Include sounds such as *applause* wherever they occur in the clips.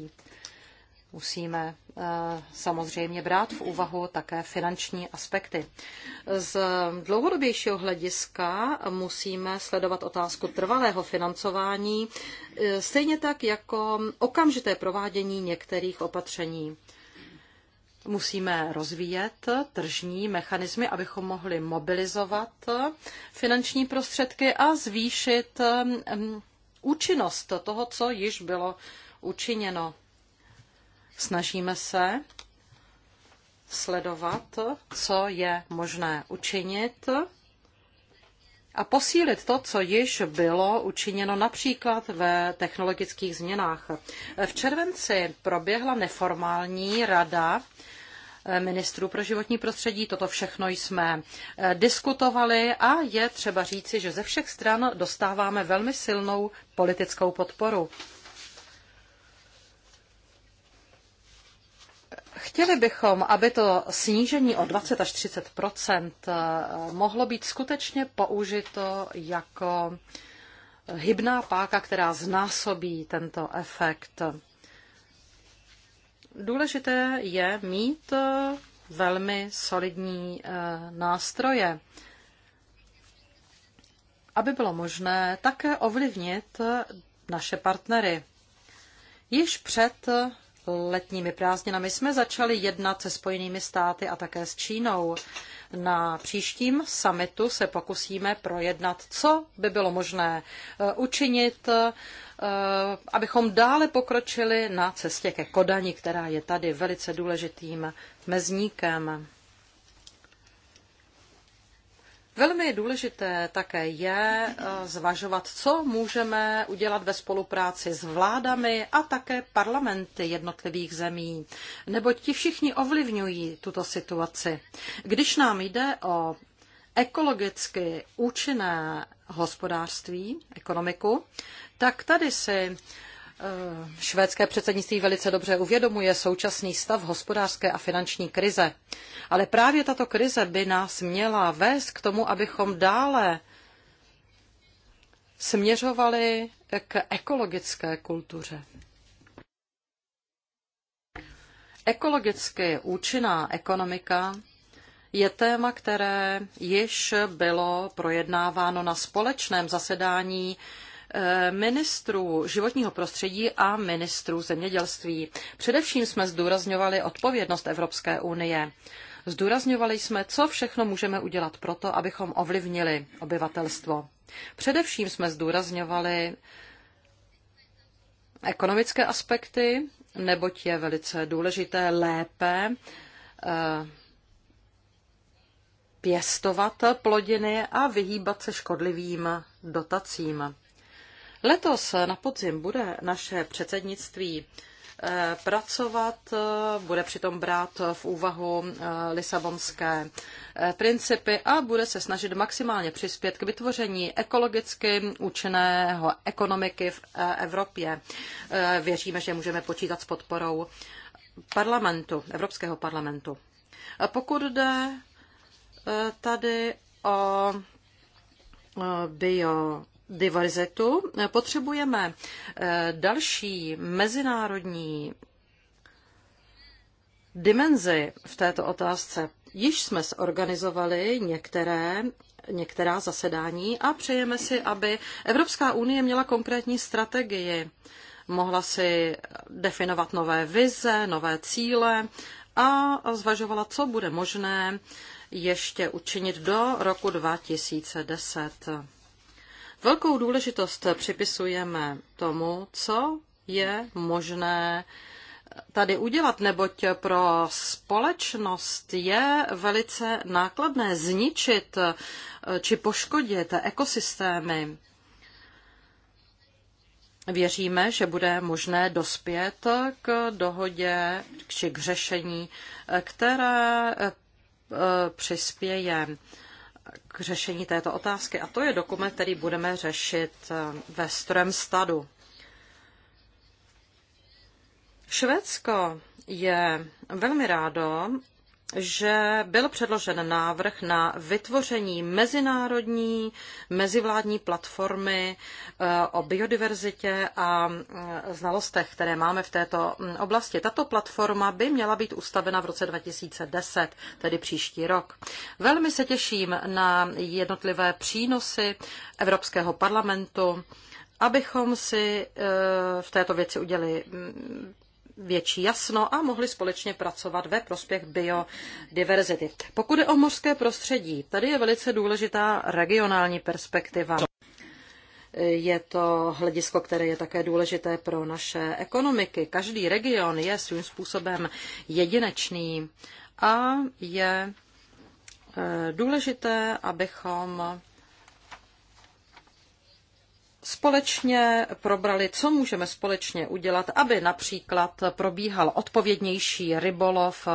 financí. Musíme eh, samozřejmě brát v úvahu také finanční aspekty. Z dlouhodobějšího hlediska musíme sledovat otázku trvalého financování, eh, stejně tak jako okamžité provádění některých opatření. Musíme rozvíjet tržní mechanismy, abychom mohli mobilizovat finanční prostředky a zvýšit eh, účinnost toho, co již bylo učiněno. Snažíme se sledovat, co je možné učinit a posílit to, co již bylo učiněno například ve technologických změnách. V červenci proběhla neformální rada ministrů pro životní prostředí. Toto všechno jsme diskutovali a je třeba říci, že ze všech stran dostáváme velmi silnou politickou podporu. Chtěli bychom, aby to snížení o 20 až 30 eh, mohlo být skutečně použito jako hybná páka, která znásobí tento efekt. Důležité je mít eh, velmi solidní eh, nástroje, aby bylo možné také ovlivnit naše partnery. Již před letními prázdninami jsme začali jednat se Spojenými státy a také s Čínou. Na příštím summitu se pokusíme projednat, co by bylo možné eh, učinit, eh, abychom dále pokročili na cestě ke Kodani, která je tady velice důležitým mezníkem. Velmi důležité také je eh, zvažovat, co můžeme udělat ve spolupráci s vládami a také parlamenty jednotlivých zemí, neboť ti všichni ovlivňují tuto situaci. Když nám jde o ekologicky účinné hospodářství, ekonomiku, tak tady si Eh, švédské předsednictví velice dobře uvědomuje současný stav hospodářské a finanční krize. Ale právě tato krize by nás měla vést k tomu, abychom dále směřovali k ekologické kultuře. Ekologicky účinná ekonomika je téma, které již bylo projednáváno na společném zasedání Eh, ministrů životního prostředí a ministrů zemědělství. Především jsme zdůrazňovali odpovědnost Evropské unie. Zdůrazňovali jsme, co všechno můžeme udělat proto, abychom ovlivnili obyvatelstvo. Především jsme zdůrazňovali ekonomické aspekty, neboť je velice důležité lépe eh, pěstovat plodiny a vyhýbat se škodlivým dotacím. Letos na podzim bude naše předsednictví eh, pracovat, eh, bude přitom brát v úvahu eh, lisabonské principy a bude se snažit maximálně přispět k vytvoření ekologicky účinného ekonomiky v Evropě. Věříme, že můžeme počítat s podporou parlamentu, Evropského parlamentu. pokud jde tady o bio diverzitu, potřebujeme eh, další mezinárodní dimenzi v této otázce. Již jsme zorganizovali některé některá zasedání a přejeme si, aby Evropská unie měla konkrétní strategii, mohla si definovat nové vize, nové cíle a zvažovala, co bude možné ještě učinit do roku 2010. Velkou důležitost připisujeme tomu, co je možné tady udělat, neboť pro společnost je velice nákladné zničit eh, či poškodit ekosystémy. Věříme, že bude možné dospět k dohodě či k řešení, eh, které eh, přispěje k řešení této otázky. A to je dokument, který budeme řešit eh, ve Strömstadu. Švédsko je velmi rádo že byl předložen návrh na vytvoření mezinárodní mezivládní platformy eh, o biodiverzitě a eh, znalostech, které máme v této mm, oblasti. Tato platforma by měla být ustavena v roce 2010, tedy příští rok. Velmi se těším na jednotlivé přínosy Evropského parlamentu abychom si eh, v této věci udělali mm, větší jasno a mohli společně pracovat ve prospěch biodiverzity. Pokud je o mořské prostředí, tady je velice důležitá regionální perspektiva. Je to hledisko, které je také důležité pro naše ekonomiky. Každý region je svým způsobem jedinečný a je eh, důležité, abychom společně probrali, co můžeme společně udělat, aby například probíhal odpovědnější rybolov,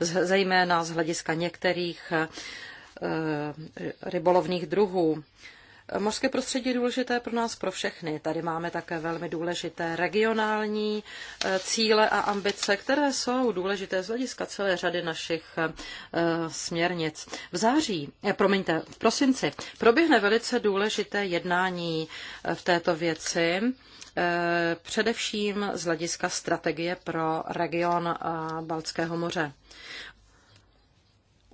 zejména z hlediska některých eh, rybolovných druhů. Mořské prostředí je důležité pro nás, pro všechny. Tady máme také velmi důležité regionální eh, cíle a ambice, které jsou důležité z hlediska celé řady našich eh, směrnic. V září, eh, promiňte, v prosinci proběhne velice důležité jednání v této věci především z hlediska strategie pro region Baltského moře.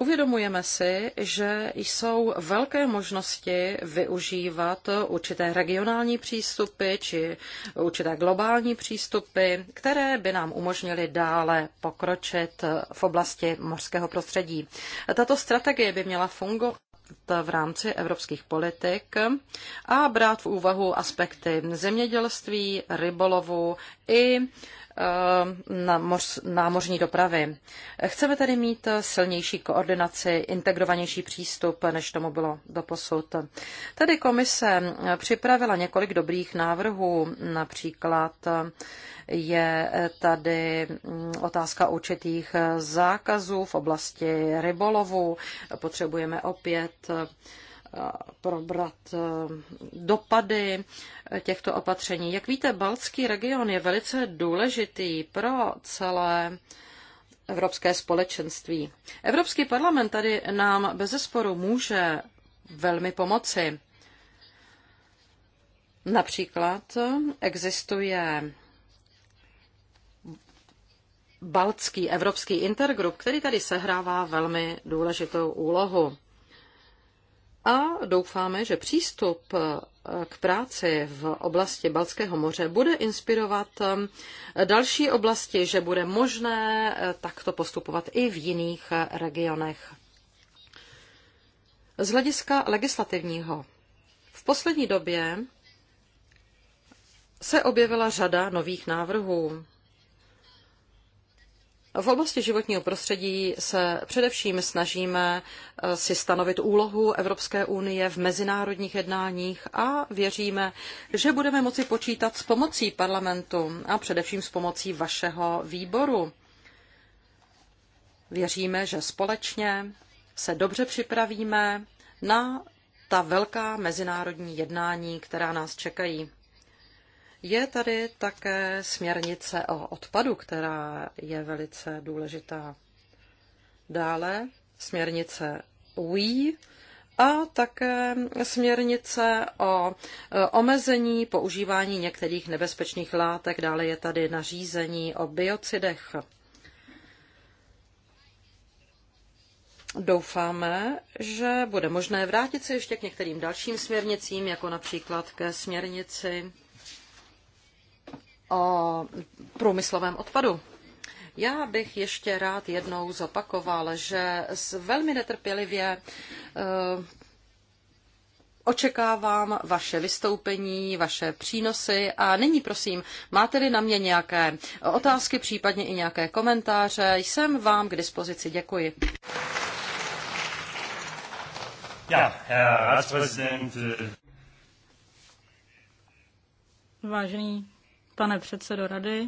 Uvědomujeme si, že jsou velké možnosti využívat určité regionální přístupy či určité globální přístupy, které by nám umožnily dále pokročit v oblasti mořského prostředí. Tato strategie by měla fungovat v rámci evropských politik a brát v úvahu aspekty zemědělství, rybolovu i Eh, námoř, námořní dopravy. Chceme tedy mít silnější koordinaci, integrovanější přístup, než tomu bylo doposud. Tady komise připravila několik dobrých návrhů, například je tady otázka určitých zákazů v oblasti rybolovu. Potřebujeme opět probrat e, dopady těchto opatření. Jak víte, Balcký region je velice důležitý pro celé Evropské společenství. Evropský parlament tady nám bez zesporu může velmi pomoci. Například existuje Balcký evropský intergrup, který tady sehrává velmi důležitou úlohu a doufáme, že přístup eh, k práci v oblasti Balckého moře bude inspirovat eh, další oblasti, že bude možné eh, takto postupovat i v jiných regionech. Z hlediska legislativního. V poslední době se objevila řada nových návrhů v oblasti životního prostředí se především snažíme eh, si stanovit úlohu Evropské unie v mezinárodních jednáních a věříme, že budeme moci počítat s pomocí parlamentu a především s pomocí vašeho výboru. Věříme, že společně se dobře připravíme na ta velká mezinárodní jednání, která nás čekají. Je tady také směrnice o odpadu, která je velice důležitá. Dále směrnice UI a také směrnice o e, omezení používání některých nebezpečných látek. Dále je tady nařízení o biocidech. Doufáme, že bude možné vrátit se ještě k některým dalším směrnicím, jako například ke směrnici o průmyslovém odpadu. Já bych ještě rád jednou zopakoval, že velmi netrpělivě eh, očekávám vaše vystoupení, vaše přínosy a nyní prosím, máte-li na mě nějaké otázky, případně i nějaké komentáře, jsem vám k dispozici. Děkuji. Ja, Herr eh, eh, Vážený pane předsedo rady.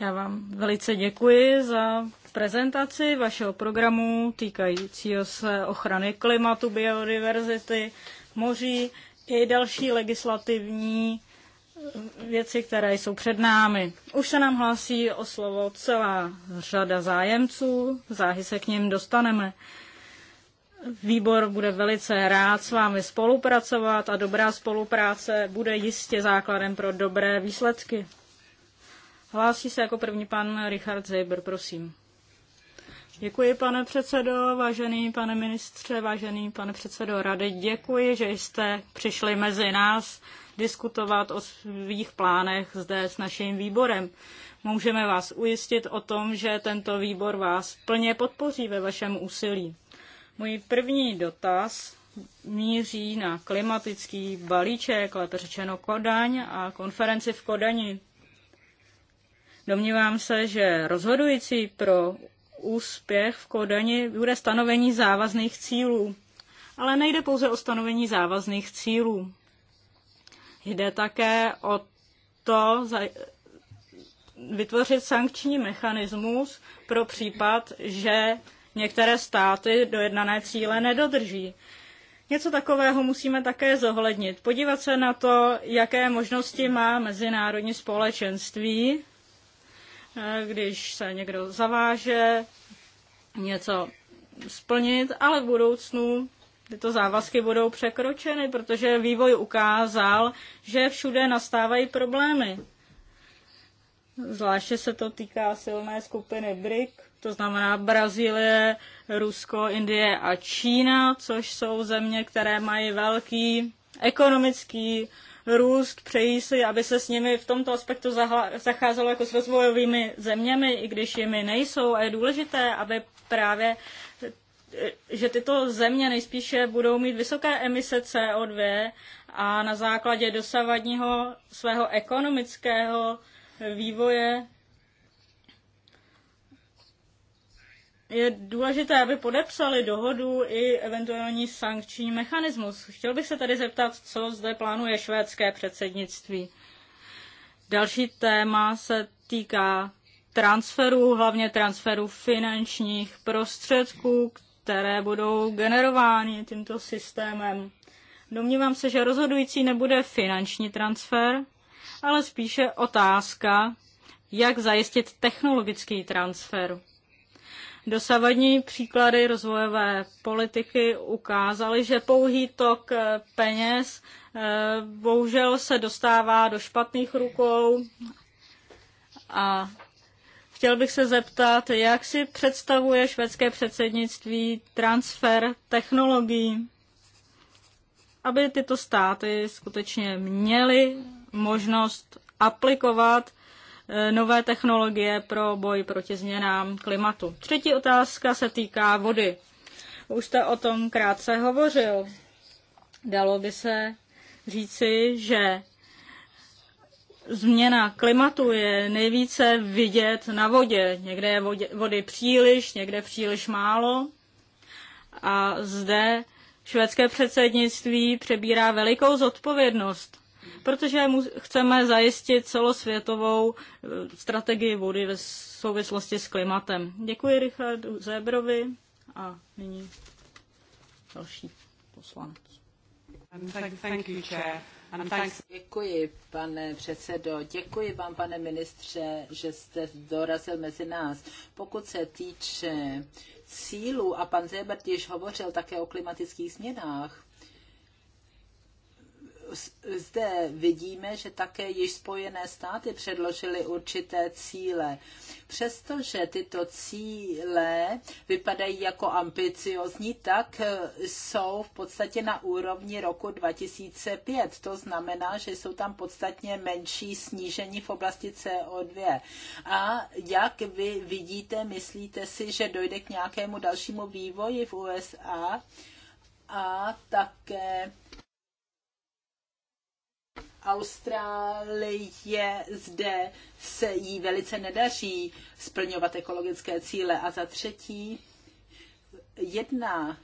Já vám velice děkuji za prezentaci vašeho programu týkajícího se ochrany klimatu, biodiverzity, moří i další legislativní věci, které jsou před námi. Už se nám hlásí o slovo celá řada zájemců, záhy se k ním dostaneme. Výbor bude velice rád s vámi spolupracovat a dobrá spolupráce bude jistě základem pro dobré výsledky. Hlásí se jako první pan Richard Zeber, prosím. Děkuji, pane předsedo, vážený pane ministře, vážený pane předsedo rady. Děkuji, že jste přišli mezi nás diskutovat o svých plánech zde s naším výborem. Můžeme vás ujistit o tom, že tento výbor vás plně podpoří ve vašem úsilí. Můj první dotaz míří na klimatický balíček, lépe řečeno Kodaň a konferenci v Kodani. Domnívám se, že rozhodující pro úspěch v Kodani bude stanovení závazných cílů. Ale nejde pouze o stanovení závazných cílů. Jde také o to vytvořit sankční mechanismus pro případ, že některé státy dojednané cíle nedodrží. Něco takového musíme také zohlednit. Podívat se na to, jaké možnosti má mezinárodní společenství, eh, když se někdo zaváže něco splnit, ale v budoucnu tyto závazky budou překročeny, protože vývoj ukázal, že všude nastávají problémy. Zvláště se to týká silné skupiny BRIC, to znamená Brazílie, Rusko, Indie a Čína, což jsou země, které mají velký ekonomický růst, přejí si, aby se s nimi v tomto aspektu zacházelo jako s rozvojovými zeměmi, i když jimi nejsou. A je důležité, aby právě že tyto země nejspíše budou mít vysoké emise CO2 a na základě dosavadního svého ekonomického vývoje je důležité, aby podepsali dohodu i eventuální sankční mechanismus. Chtěl bych se tady zeptat, co zde plánuje švédské předsednictví. Další téma se týká transferů, hlavně transferů finančních prostředků, které budou generovány tímto systémem. Domnívám se, že rozhodující nebude finanční transfer, ale spíše otázka, jak zajistit technologický transfer. Dosavadní příklady rozvojové politiky ukázaly, že pouhý tok eh, peněz eh, bohužel se dostává do špatných rukou a Chtěl bych se zeptat, jak si představuje švédské předsednictví transfer technologií, aby tyto státy skutečně měly možnost aplikovat Eh, nové technologie pro boj proti změnám klimatu. Třetí otázka se týká vody. Už jste o tom krátce hovořil. Dalo by se říci, že změna klimatu je nejvíce vidět na vodě. Někde je vody příliš, někde příliš málo. A zde švédské předsednictví přebírá velikou zodpovědnost protože mu chceme zajistit celosvětovou eh, strategii vody ve souvislosti s klimatem. Děkuji Richardu Zébrovi a nyní další poslanec. Thank, you, chair. Děkuji, pane předsedo. Děkuji vám, pane ministře, že jste dorazil mezi nás. Pokud se týče cílů, a pan Zébert již hovořil také o klimatických změnách, zde vidíme, že také již Spojené státy předložily určité cíle. Přestože tyto cíle vypadají jako ambiciozní, tak eh, jsou v podstatě na úrovni roku 2005. To znamená, že jsou tam podstatně menší snížení v oblasti CO2. A jak vy vidíte, myslíte si, že dojde k nějakému dalšímu vývoji v USA? a také Austrálie zde se jí velice nedaří splňovat ekologické cíle. A za třetí, jedna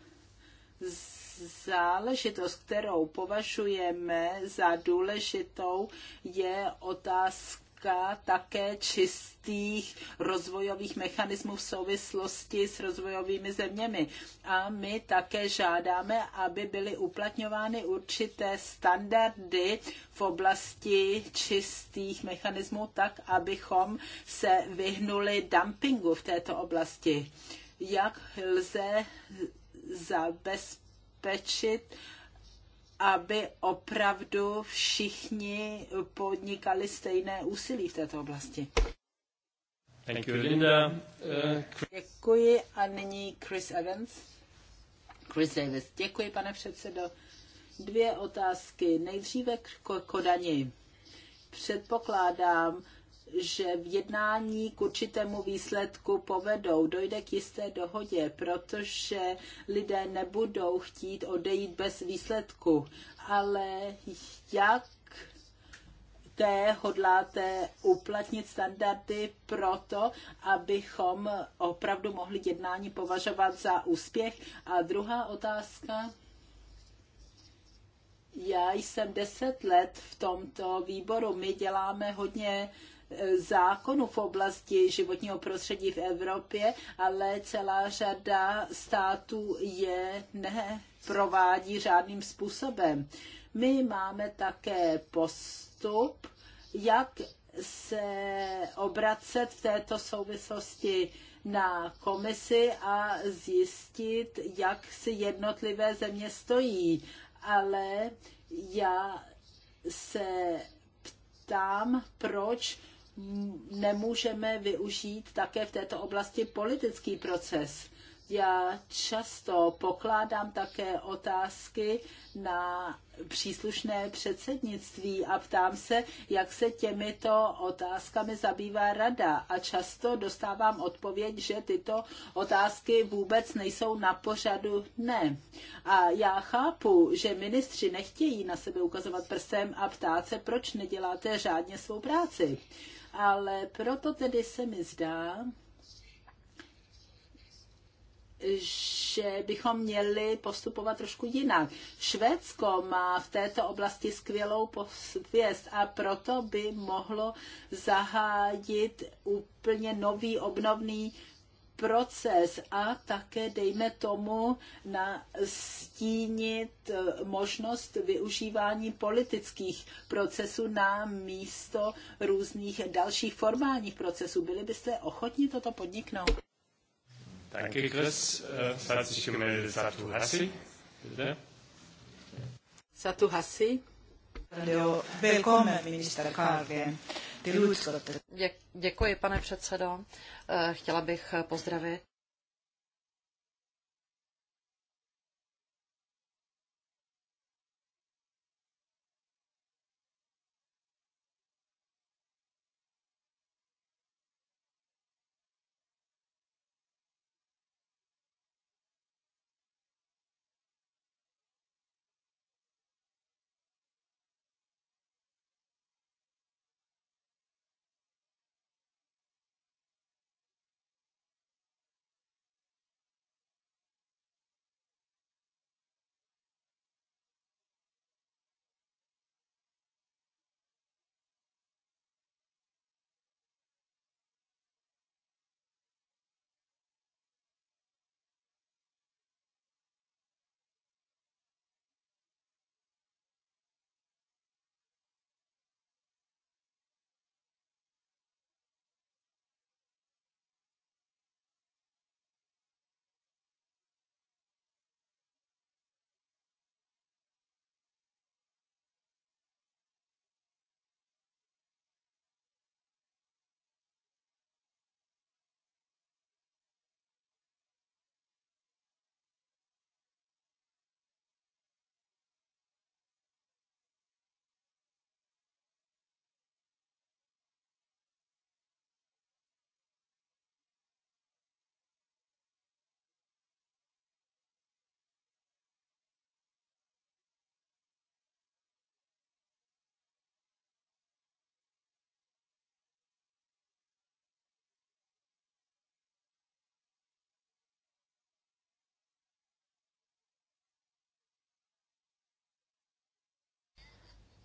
záležitost, kterou považujeme za důležitou, je otázka otázka také čistých rozvojových mechanismů v souvislosti s rozvojovými zeměmi. A my také žádáme, aby byly uplatňovány určité standardy v oblasti čistých mechanismů, tak abychom se vyhnuli dumpingu v této oblasti. Jak lze zabezpečit, aby opravdu všichni podnikali stejné úsilí v této oblasti. Thank you, Linda. Uh, Děkuji a nyní Chris Evans. Chris Davis. Děkuji, pane předsedo. Dvě otázky. Nejdříve k Kodani. Předpokládám, že v jednání k určitému výsledku povedou, dojde k jisté dohodě, protože lidé nebudou chtít odejít bez výsledku. Ale jak té hodláte uplatnit standardy pro to, abychom opravdu mohli jednání považovat za úspěch? A druhá otázka. Já jsem deset let v tomto výboru. My děláme hodně uh, zákonů v oblasti životního prostředí v Evropě, ale celá řada států je neprovádí žádným způsobem. My máme také postup, jak se obracet v této souvislosti na komisi a zjistit, jak si jednotlivé země stojí. Ale já se ptám, proč nemůžeme využít také v této oblasti politický proces. Já často pokládám také otázky na příslušné předsednictví a ptám se, jak se těmito otázkami zabývá rada. A často dostávám odpověď, že tyto otázky vůbec nejsou na pořadu ne. A já chápu, že ministři nechtějí na sebe ukazovat prstem a ptát se, proč neděláte řádně svou práci. Ale proto tedy se mi zdá, že bychom měli postupovat trošku jinak. Švédsko má v této oblasti skvělou pověst a proto by mohlo zahájit úplně nový obnovný proces a také, dejme tomu, nastínit eh, možnost využívání politických procesů na místo různých dalších formálních procesů. Byli byste ochotni toto podniknout? Danke, Chris. Es eh, hat sich gemeldet Satu Hassi. Bitte. Satu Hassi. minister Karlgren. Děkuji, pane předsedo. Eh, chtěla bych pozdravit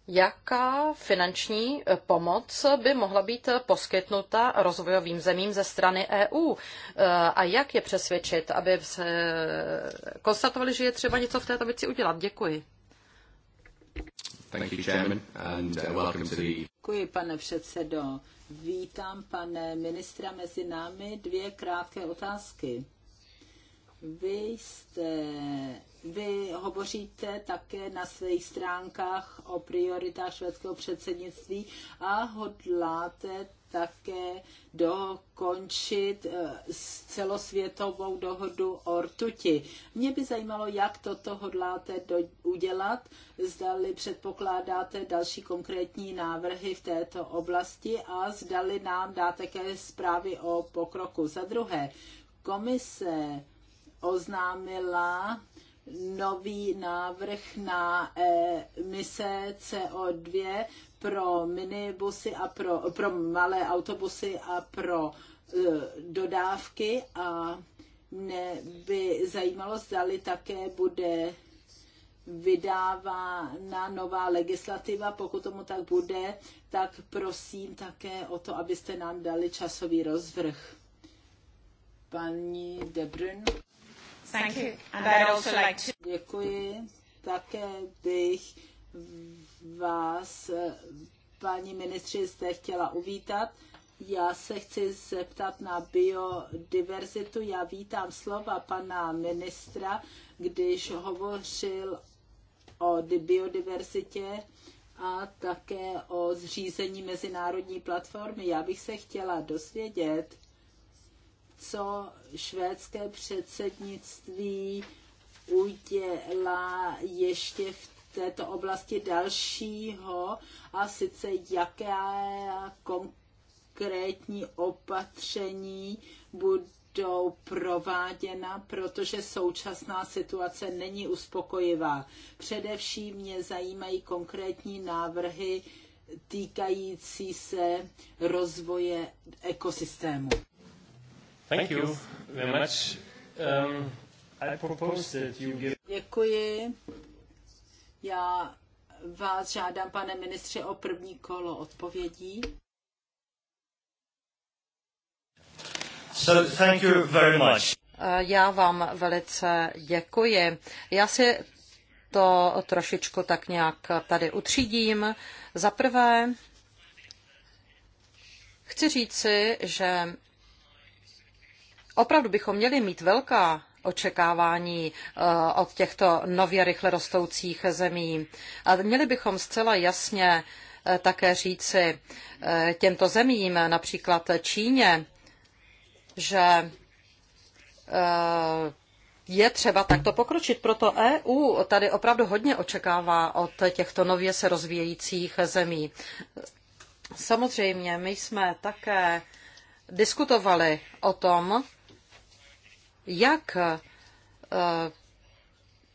jaká finanční eh, pomoc by mohla být eh, poskytnuta rozvojovým zemím ze strany EU eh, a jak je přesvědčit, aby se konstatovali, že je třeba něco v této věci udělat. Děkuji. Děkuji, pane předsedo. Vítám, pane ministra, mezi námi dvě krátké otázky. Vy jste, vy hovoříte také na svých stránkách o prioritách švédského předsednictví a hodláte také dokončit eh, celosvětovou dohodu o rtuti. Mě by zajímalo, jak toto hodláte do, udělat, zdali předpokládáte další konkrétní návrhy v této oblasti a zdali nám dáte také zprávy o pokroku. Za druhé, komise oznámila nový návrh na eh, mise CO2 pro minibusy a pro, pro malé autobusy a pro eh, dodávky a mě by zajímalo, zdali také bude vydávána nová legislativa. Pokud tomu tak bude, tak prosím také o to, abyste nám dali časový rozvrh. Paní Debrun. Thank you. And I'd also like to... Děkuji. Také bych vás, paní ministři, jste chtěla uvítat. Já se chci zeptat na biodiverzitu. Já vítám slova pana ministra, když hovořil o biodiverzitě a také o zřízení mezinárodní platformy. Já bych se chtěla dosvědět, co švédské předsednictví udělá ještě v této oblasti dalšího a sice jaké konkrétní opatření budou prováděna, protože současná situace není uspokojivá. Především mě zajímají konkrétní návrhy týkající se rozvoje ekosystému. Thank you very much. Um, um, I propose that you give... Děkuji. Já vás žádám, pane ministře, o první kolo odpovědí. So thank you very much. Eh, já vám velice děkuji. Já si to trošičku tak nějak tady utřídím. Za prvé chci říci, že Opravdu bychom měli mít velká očekávání eh, od těchto nově rychle rostoucích zemí. A měli bychom zcela jasně eh, také říci eh, těmto zemím, například Číně, že je třeba takto pokročit. Proto EU tady opravdu hodně očekává od těchto nově se rozvíjejících zemí. Samozřejmě, my jsme také diskutovali o tom, jak eh,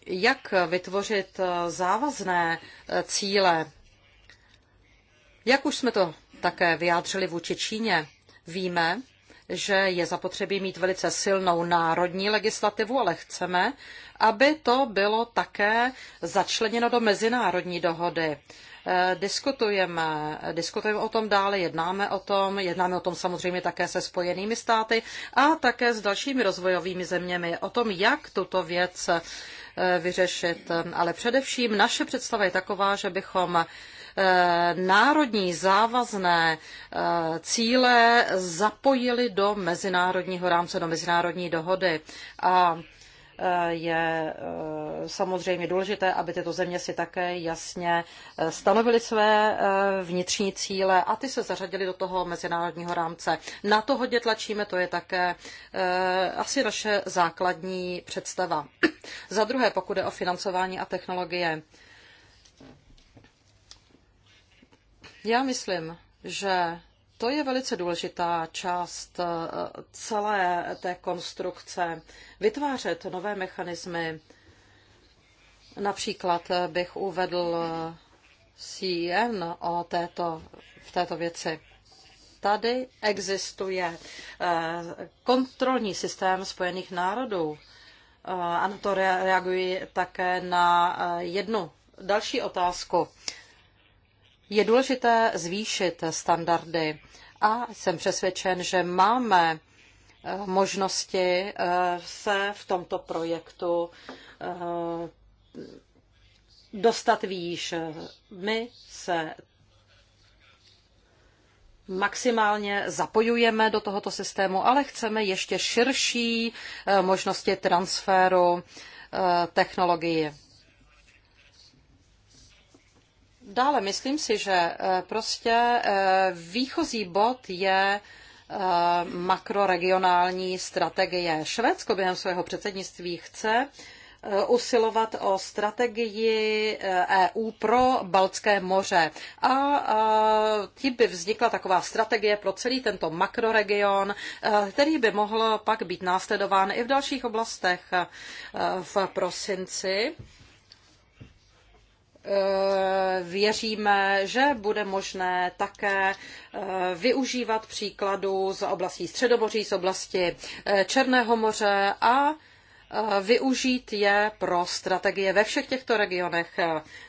jak vytvořit eh, závazné eh, cíle. Jak už jsme to také vyjádřili vůči Číně, víme, že je zapotřebí mít velice silnou národní legislativu, ale chceme, aby to bylo také začleněno do mezinárodní dohody. Eh, diskutujeme. Diskutujeme o tom dále, jednáme o tom, jednáme o tom samozřejmě také se spojenými státy a také s dalšími rozvojovými zeměmi o tom, jak tuto věc eh, vyřešit. Ale především naše představa je taková, že bychom eh, národní závazné cíle zapojili do mezinárodního rámce, do mezinárodní dohody. A je eh, samozřejmě důležité, aby tyto země si také jasně eh, stanovily své eh, vnitřní cíle a ty se zařadily do toho mezinárodního rámce. Na to hodně tlačíme, to je také asi naše základní představa. *clears throat* Za druhé, pokud je o financování a technologie. Já myslím, že to je velice důležitá část eh, celé té konstrukce. Vytvářet nové mechanismy. Například eh, bych uvedl eh, CN o této, v této věci. Tady existuje kontrolní systém Spojených národů. A na to reaguji také na jednu další otázku. Je důležité zvýšit standardy a jsem přesvědčen, že máme eh, možnosti eh, se v tomto projektu eh, dostat výš. My se maximálně zapojujeme do tohoto systému, ale chceme ještě širší možnosti transferu technologií. Dále myslím si, že eh, prostě eh, výchozí bod je eh, makroregionální strategie. Švédsko během svého předsednictví chce usilovat o strategii EU e pro Baltské moře. A tím by vznikla taková strategie pro celý tento makroregion, který by mohl pak být následován i v dalších oblastech v prosinci. Eh, věříme, že bude možné také eh, využívat příkladů z oblastí Středomoří, z oblasti eh, Černého moře a využít je pro strategie ve všech těchto regionech.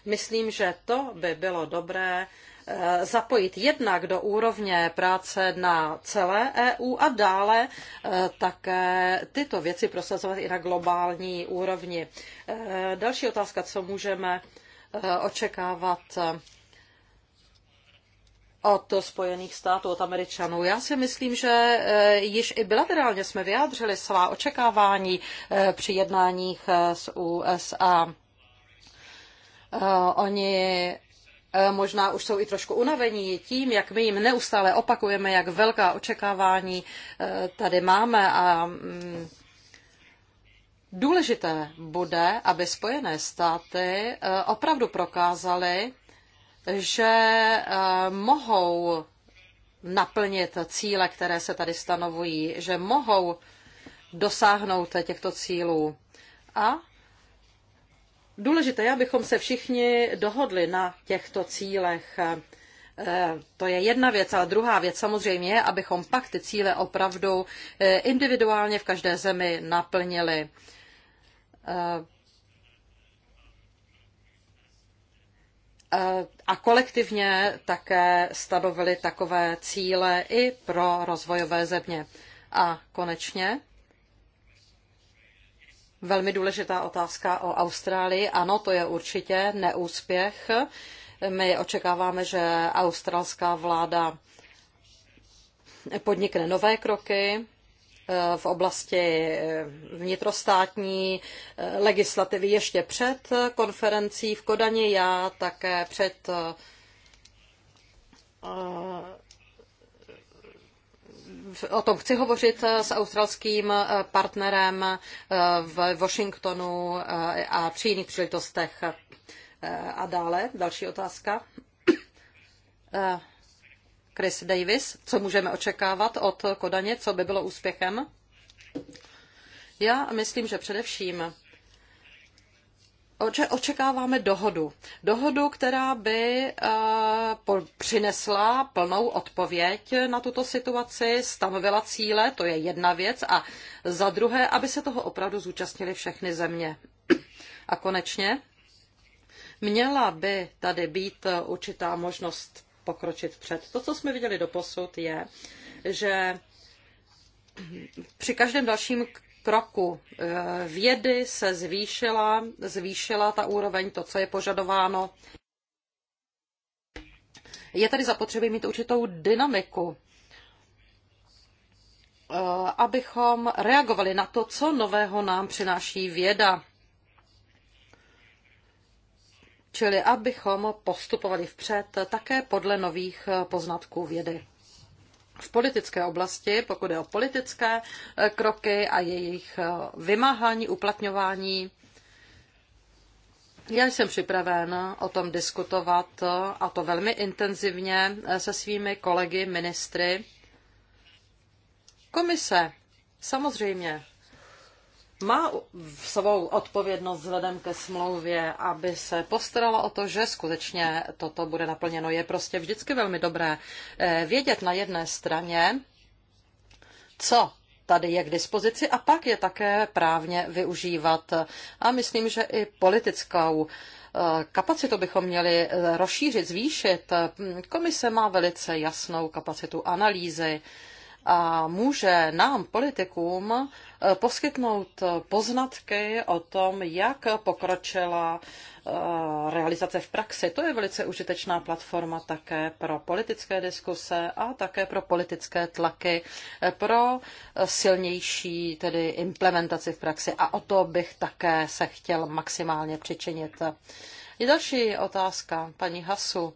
Myslím, že to by bylo dobré zapojit jednak do úrovně práce na celé EU a dále také tyto věci prosazovat i na globální úrovni. Další otázka, co můžeme Eh, očekávat eh, od Spojených států, od Američanů. Já si myslím, že eh, již i bilaterálně jsme vyjádřili svá očekávání při jednáních s USA. Oni možná už jsou i trošku unavení tím, jak my jim neustále opakujeme, jak velká očekávání tady máme a mm, Důležité bude, aby Spojené státy eh, opravdu prokázaly, že eh, mohou naplnit cíle, které se tady stanovují, že mohou dosáhnout těchto cílů. A důležité je, abychom se všichni dohodli na těchto cílech. Eh, to je jedna věc, ale druhá věc samozřejmě je, abychom pak ty cíle opravdu individuálně v každé zemi naplnili a kolektivně také stanovili takové cíle i pro rozvojové země. A konečně velmi důležitá otázka o Austrálii. Ano, to je určitě neúspěch. My očekáváme, že australská vláda podnikne nové kroky, v oblasti eh, vnitrostátní eh, legislativy ještě před konferencí v Kodani, já také před eh, o tom chci hovořit s australským partnerem v Washingtonu a při jiných příležitostech. A dále, další otázka. Chris Davis, co můžeme očekávat od Kodaně, co by bylo úspěchem? Já myslím, že především očekáváme dohodu. Dohodu, která by eh, přinesla plnou odpověď na tuto situaci, stanovila cíle, to je jedna věc, a za druhé, aby se toho opravdu zúčastnili všechny země. A konečně, měla by tady být určitá možnost pokročit vpřed. To, co jsme viděli do posud, je, že při každém dalším kroku eh, vědy se zvýšila, zvýšila ta úroveň, to, co je požadováno. Je tady zapotřebí mít určitou dynamiku, eh, abychom reagovali na to, co nového nám přináší věda čili abychom postupovali vpřed také podle nových eh, poznatků vědy. V politické oblasti, pokud je o politické eh, kroky a jejich eh, vymáhání, uplatňování, já jsem připraven o tom diskutovat, a to velmi intenzivně, se svými kolegy ministry. Komise samozřejmě má svou odpovědnost vzhledem ke smlouvě, aby se postarala o to, že skutečně toto bude naplněno. Je prostě vždycky velmi dobré eh, vědět na jedné straně, co tady je k dispozici a pak je také právně využívat. A myslím, že i politickou eh, kapacitu bychom měli eh, rozšířit, zvýšit. Hm, komise má velice jasnou kapacitu analýzy a může nám, politikům, eh, poskytnout poznatky o tom, jak pokročila eh, realizace v praxi. To je velice užitečná platforma také pro politické diskuse a také pro politické tlaky, eh, pro silnější tedy implementaci v praxi. A o to bych také se chtěl maximálně přičinit. Je další otázka, paní Hasu.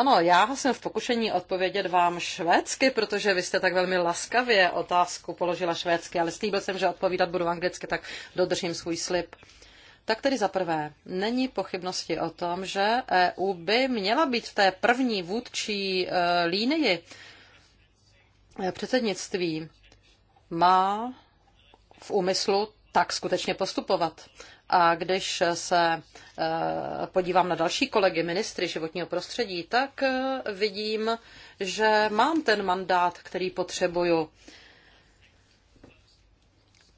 Ano, já jsem v pokušení odpovědět vám švédsky, protože vy jste tak velmi laskavě otázku položila švédsky, ale slíbil jsem, že odpovídat budu anglicky, tak dodržím svůj slib. Tak tedy za prvé, není pochybnosti o tom, že EU by měla být v té první vůdčí eh, línii eh, předsednictví. Má v úmyslu tak skutečně postupovat. A když se eh, podívám na další kolegy, ministry životního prostředí, tak eh, vidím, že mám ten mandát, který potřebuju.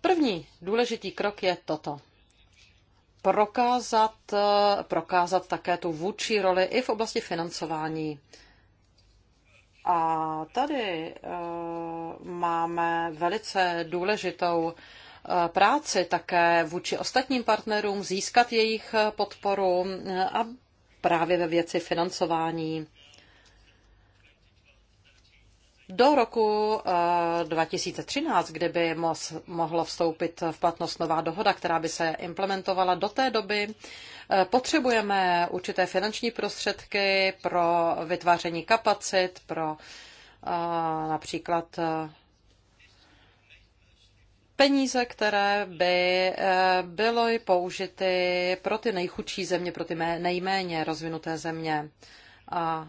První důležitý krok je toto. Prokázat, eh, prokázat také tu vůči roli i v oblasti financování. A tady máme velice důležitou Eh, práci také vůči ostatním partnerům, získat jejich eh, podporu eh, a právě ve věci financování. Do roku 2013, kdyby mohlo vstoupit v platnost nová dohoda, která by se implementovala, do té doby potřebujeme určité finanční prostředky pro vytváření kapacit, pro například peníze, které by eh, byly použity pro ty nejchudší země, pro ty nejméně rozvinuté země. A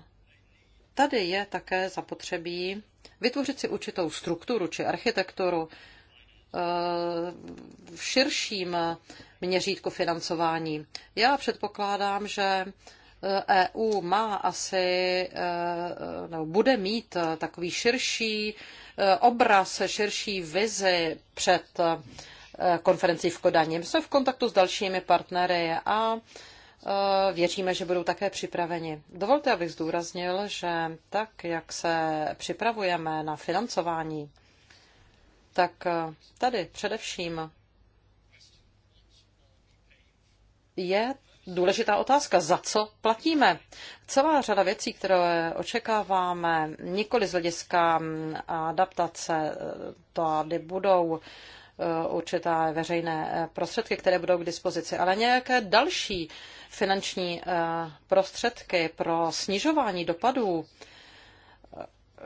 tady je také zapotřebí vytvořit si určitou strukturu či architekturu eh, v širším měřítku financování. Já předpokládám, že EU e má asi, e, nebo bude mít takový širší e, obraz, širší vizi před konferencí v Kodani. Jsme v kontaktu s dalšími partnery a věříme, že budou také připraveni. Dovolte, abych zdůraznil, že tak, jak se připravujeme na financování, tak tady především je důležitá otázka, za co platíme. Celá řada věcí, které očekáváme, nikoli z hlediska mm, adaptace, tady budou e, určité veřejné e, prostředky, které budou k dispozici, ale nějaké další finanční e, prostředky pro snižování dopadů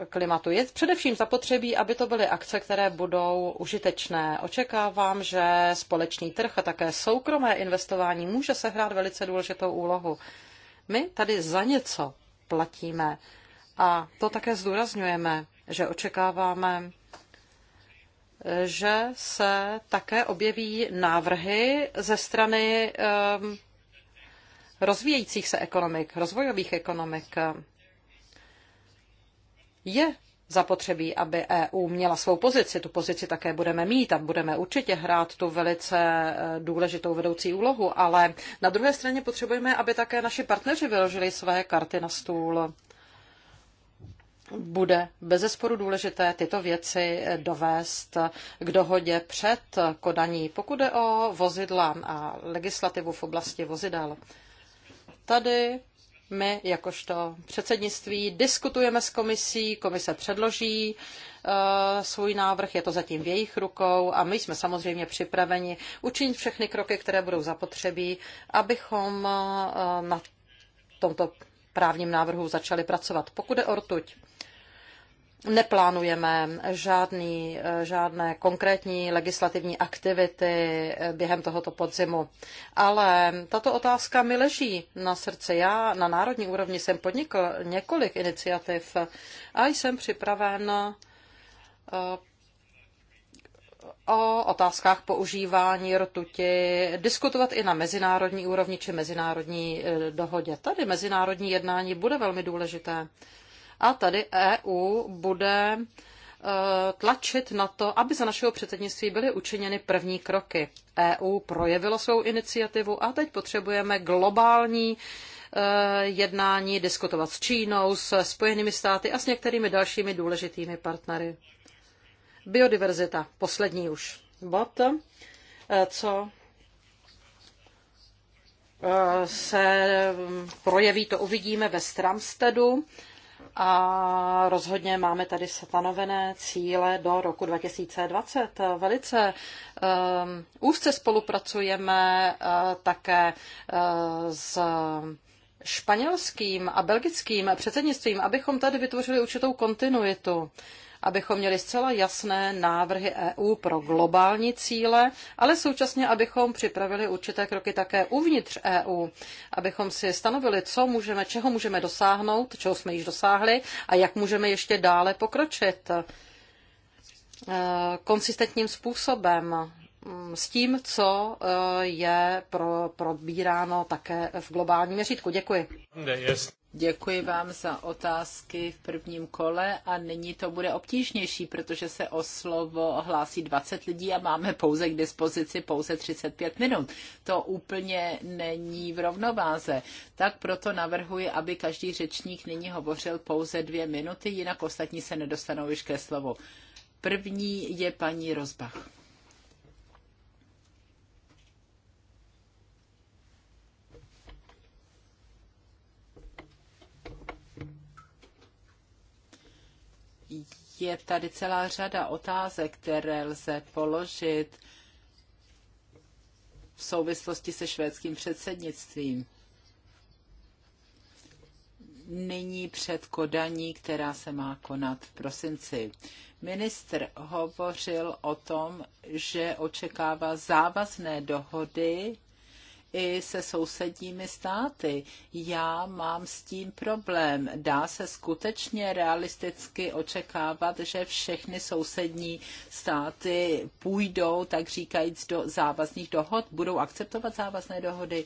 klimatu. Je především zapotřebí, aby to byly akce, které budou užitečné. Očekávám, že společný trh a také soukromé investování může sehrát velice důležitou úlohu. My tady za něco platíme a to také zdůrazňujeme, že očekáváme, že se také objeví návrhy ze strany ehm, rozvíjejících se ekonomik, rozvojových ekonomik je zapotřebí, aby EU měla svou pozici. Tu pozici také budeme mít a budeme určitě hrát tu velice eh, důležitou vedoucí úlohu, ale na druhé straně potřebujeme, aby také naši partneři vyložili své karty na stůl. Bude bezesporu důležité tyto věci eh, dovést k dohodě před kodaní, pokud je o vozidla a legislativu v oblasti vozidel. Tady my, jakožto předsednictví, diskutujeme s komisí, komise předloží eh, svůj návrh, je to zatím v jejich rukou a my jsme samozřejmě připraveni učinit všechny kroky, které budou zapotřebí, abychom eh, na tomto právním návrhu začali pracovat. Pokud je o rtuť, Neplánujeme žádný, žádné konkrétní legislativní aktivity během tohoto podzimu, ale tato otázka mi leží na srdci. Já na národní úrovni jsem podnikl několik iniciativ a jsem připraven eh, o otázkách používání rtuti diskutovat i na mezinárodní úrovni či mezinárodní eh, dohodě. Tady mezinárodní jednání bude velmi důležité. A tady EU bude e, tlačit na to, aby za našeho předsednictví byly učiněny první kroky. EU projevilo svou iniciativu a teď potřebujeme globální e, jednání, diskutovat s Čínou, s Spojenými státy a s některými dalšími důležitými partnery. Biodiverzita, poslední už bod, e, co se projeví, to uvidíme ve Stramstedu a rozhodně máme tady stanovené cíle do roku 2020. Velice um, úzce spolupracujeme uh, také uh, s španělským a belgickým předsednictvím, abychom tady vytvořili určitou kontinuitu. Uh, abychom měli zcela jasné návrhy EU pro globální cíle, ale současně, abychom připravili určité kroky také uvnitř EU, abychom si stanovili, co můžeme, čeho můžeme dosáhnout, čeho jsme již dosáhli a jak můžeme ještě dále pokročit eh, konsistentním způsobem mm, s tím, co eh, je pro, probíráno také v globálním měřítku. Děkuji. Děkuji vám za otázky v prvním kole a nyní to bude obtížnější, protože se o slovo hlásí 20 lidí a máme pouze k dispozici pouze 35 minut. To úplně není v rovnováze. Tak proto navrhuji, aby každý řečník nyní hovořil pouze dvě minuty, jinak ostatní se nedostanou již ke slovu. První je paní Rozbach. je tady celá řada otázek, které lze položit v souvislosti se švédským předsednictvím. Nyní před Kodaní, která se má konat v prosinci. Ministr hovořil o tom, že očekává závazné dohody i se sousedními státy. Já mám s tím problém. Dá se skutečně realisticky očekávat, že všechny sousední státy půjdou, tak říkajíc, do závazných dohod, budou akceptovat závazné dohody?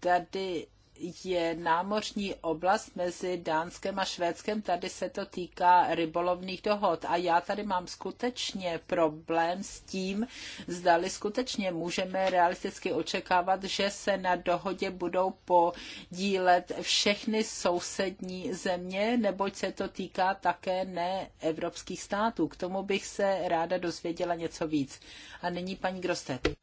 Tady je námořní oblast mezi Dánskem a Švédskem. Tady se to týká rybolovných dohod. A já tady mám skutečně problém s tím, zdali skutečně můžeme realisticky očekávat, že se na dohodě budou podílet všechny sousední země, neboť se to týká také neevropských států. K tomu bych se ráda dozvěděla něco víc. A nyní paní Grostet.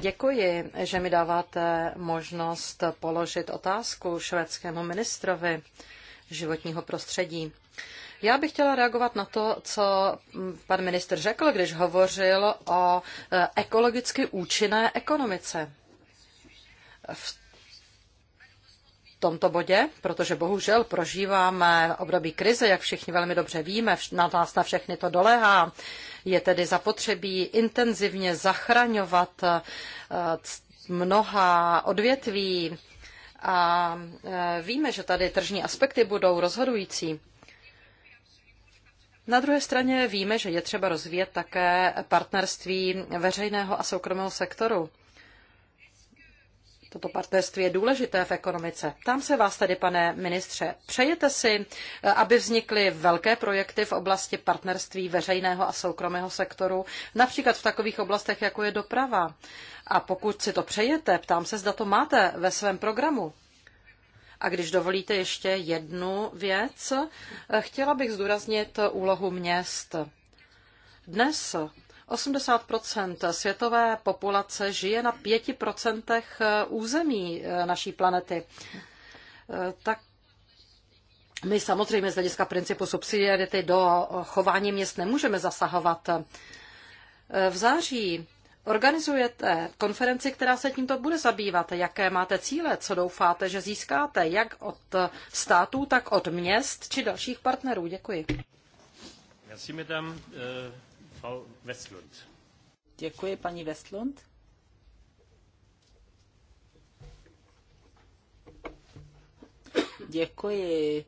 Děkuji, že mi dáváte možnost položit otázku švédskému ministrovi životního prostředí. Já bych chtěla reagovat na to, co pan ministr řekl, když hovořil o e, ekologicky účinné ekonomice. V tomto bodě, protože bohužel prožíváme období krize, jak všichni velmi dobře víme, na nás na všechny to doléhá. Je tedy zapotřebí intenzivně zachraňovat eh, mnoha odvětví a eh, víme, že tady tržní aspekty budou rozhodující. Na druhé straně víme, že je třeba rozvíjet také partnerství veřejného a soukromého sektoru. Toto partnerství je důležité v ekonomice. Tam se vás tedy, pane ministře, přejete si, eh, aby vznikly velké projekty v oblasti partnerství veřejného a soukromého sektoru, například v takových oblastech, jako je doprava. A pokud si to přejete, ptám se, zda to máte ve svém programu. A když dovolíte ještě jednu věc, eh, chtěla bych zdůraznit úlohu měst. Dnes 80 světové populace žije na 5 eh, území eh, naší planety. Eh, tak my samozřejmě z hlediska principu subsidiarity do chování měst nemůžeme zasahovat. V září organizujete konferenci, která se tímto bude zabývat. Jaké máte cíle, co doufáte, že získáte, jak od států, tak od měst či dalších partnerů? Děkuji. Merci, madame. Euh, Frau Westlund. Děkuji, paní Westlund. Děkuji.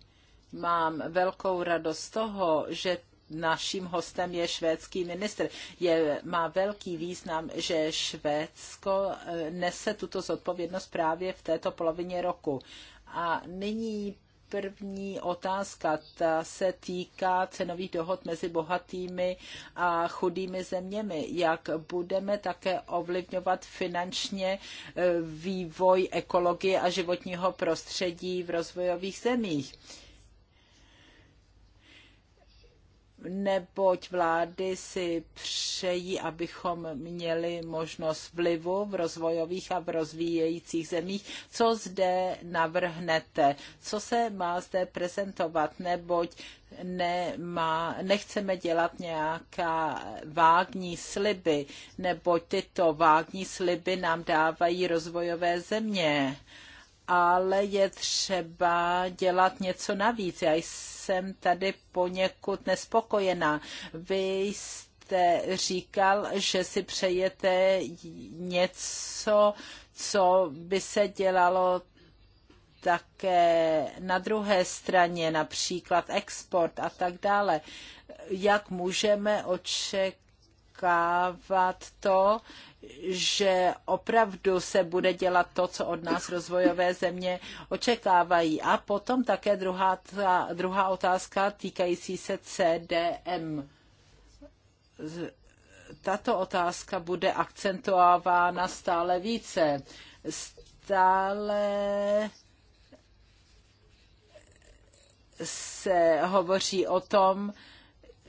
Mám velkou radost z toho, že naším hostem je švédský ministr. Je, má velký význam, že Švédsko eh, nese tuto zodpovědnost právě v této polovině roku. A nyní první otázka, ta se týká cenových dohod mezi bohatými a chudými zeměmi. Jak budeme také ovlivňovat finančně eh, vývoj ekologie a životního prostředí v rozvojových zemích? neboť vlády si přejí, abychom měli možnost vlivu v rozvojových a v rozvíjejících zemích. Co zde navrhnete? Co se má zde prezentovat? Neboť nemá, nechceme dělat nějaká vágní sliby, neboť tyto vágní sliby nám dávají rozvojové země ale je třeba dělat něco navíc. Já jsem tady poněkud nespokojená. Vy jste říkal, že si přejete něco, co by se dělalo také na druhé straně, například export a tak dále. Jak můžeme očekávat to, že opravdu se bude dělat to, co od nás rozvojové země očekávají. A potom také druhá, ta, druhá otázka týkající se CDM. Tato otázka bude akcentována stále více. Stále se hovoří o tom,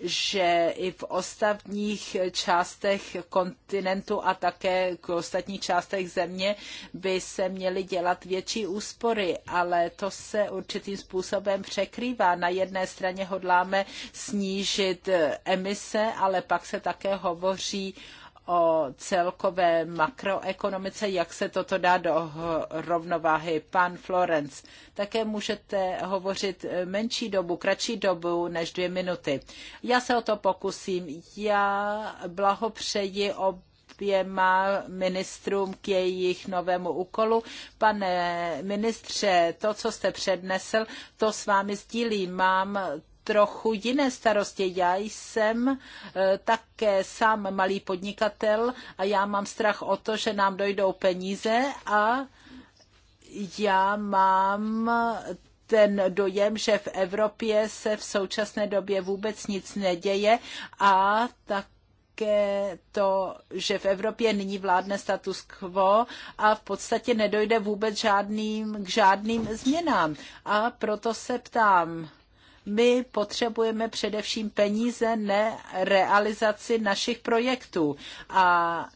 že i v ostatních částech kontinentu a také v ostatních částech země by se měly dělat větší úspory, ale to se určitým způsobem překrývá. Na jedné straně hodláme snížit emise, ale pak se také hovoří o celkové makroekonomice, jak se toto dá do rovnováhy. Pan Florence, také můžete hovořit menší dobu, kratší dobu než dvě minuty. Já se o to pokusím. Já blahopřeji o oběma ministrům k jejich novému úkolu. Pane ministře, to, co jste přednesl, to s vámi sdílím. Mám trochu jiné starosti. Já jsem e, také sám malý podnikatel a já mám strach o to, že nám dojdou peníze a já mám ten dojem, že v Evropě se v současné době vůbec nic neděje a tak také to, že v Evropě nyní vládne status quo a v podstatě nedojde vůbec žádným, k žádným změnám. A proto se ptám, my potřebujeme především peníze, ne realizaci našich projektů. A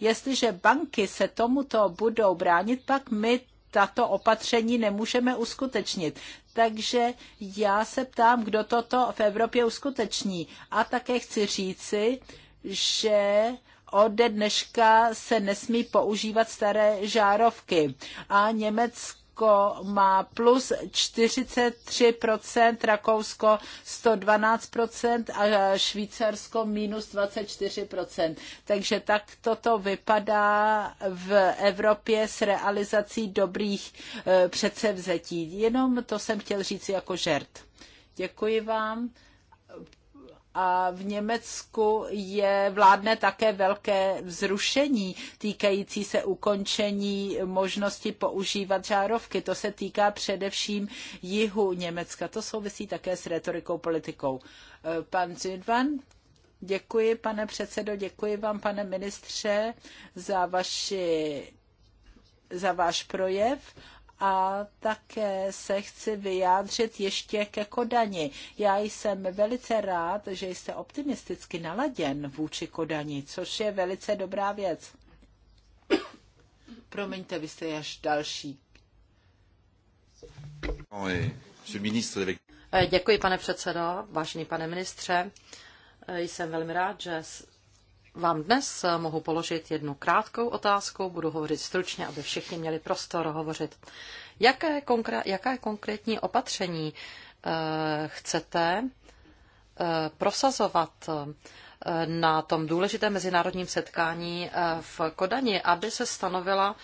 jestliže banky se tomuto budou bránit, pak my tato opatření nemůžeme uskutečnit. Takže já se ptám, kdo toto v Evropě uskuteční. A také chci říci, že ode dneška se nesmí používat staré žárovky. A Německo Německo má plus 43%, Rakousko 112% a e, Švýcarsko minus 24%. Takže tak toto vypadá v Evropě s realizací dobrých e, předsevzetí. Jenom to jsem chtěl říct jako žert. Děkuji vám a v Německu je vládne také velké vzrušení týkající se ukončení možnosti používat žárovky. To se týká především jihu Německa. To souvisí také s retorikou politikou. E, pan Zidvan, děkuji, pane předsedo, děkuji vám, pane ministře, za vaši za váš projev a také se chci vyjádřit ještě ke Kodani. Já jsem velice rád, že jste optimisticky naladěn vůči Kodani, což je velice dobrá věc. Promiňte, vy jste až další. Děkuji, pane předsedo, vážený pane ministře. Jsem velmi rád, že vám dnes eh, mohu položit jednu krátkou otázku, budu hovořit stručně, aby všichni měli prostor hovořit. Jaké, konkré, jaké konkrétní opatření eh, chcete eh, prosazovat na tom důležitém mezinárodním setkání v Kodani, aby se stanovila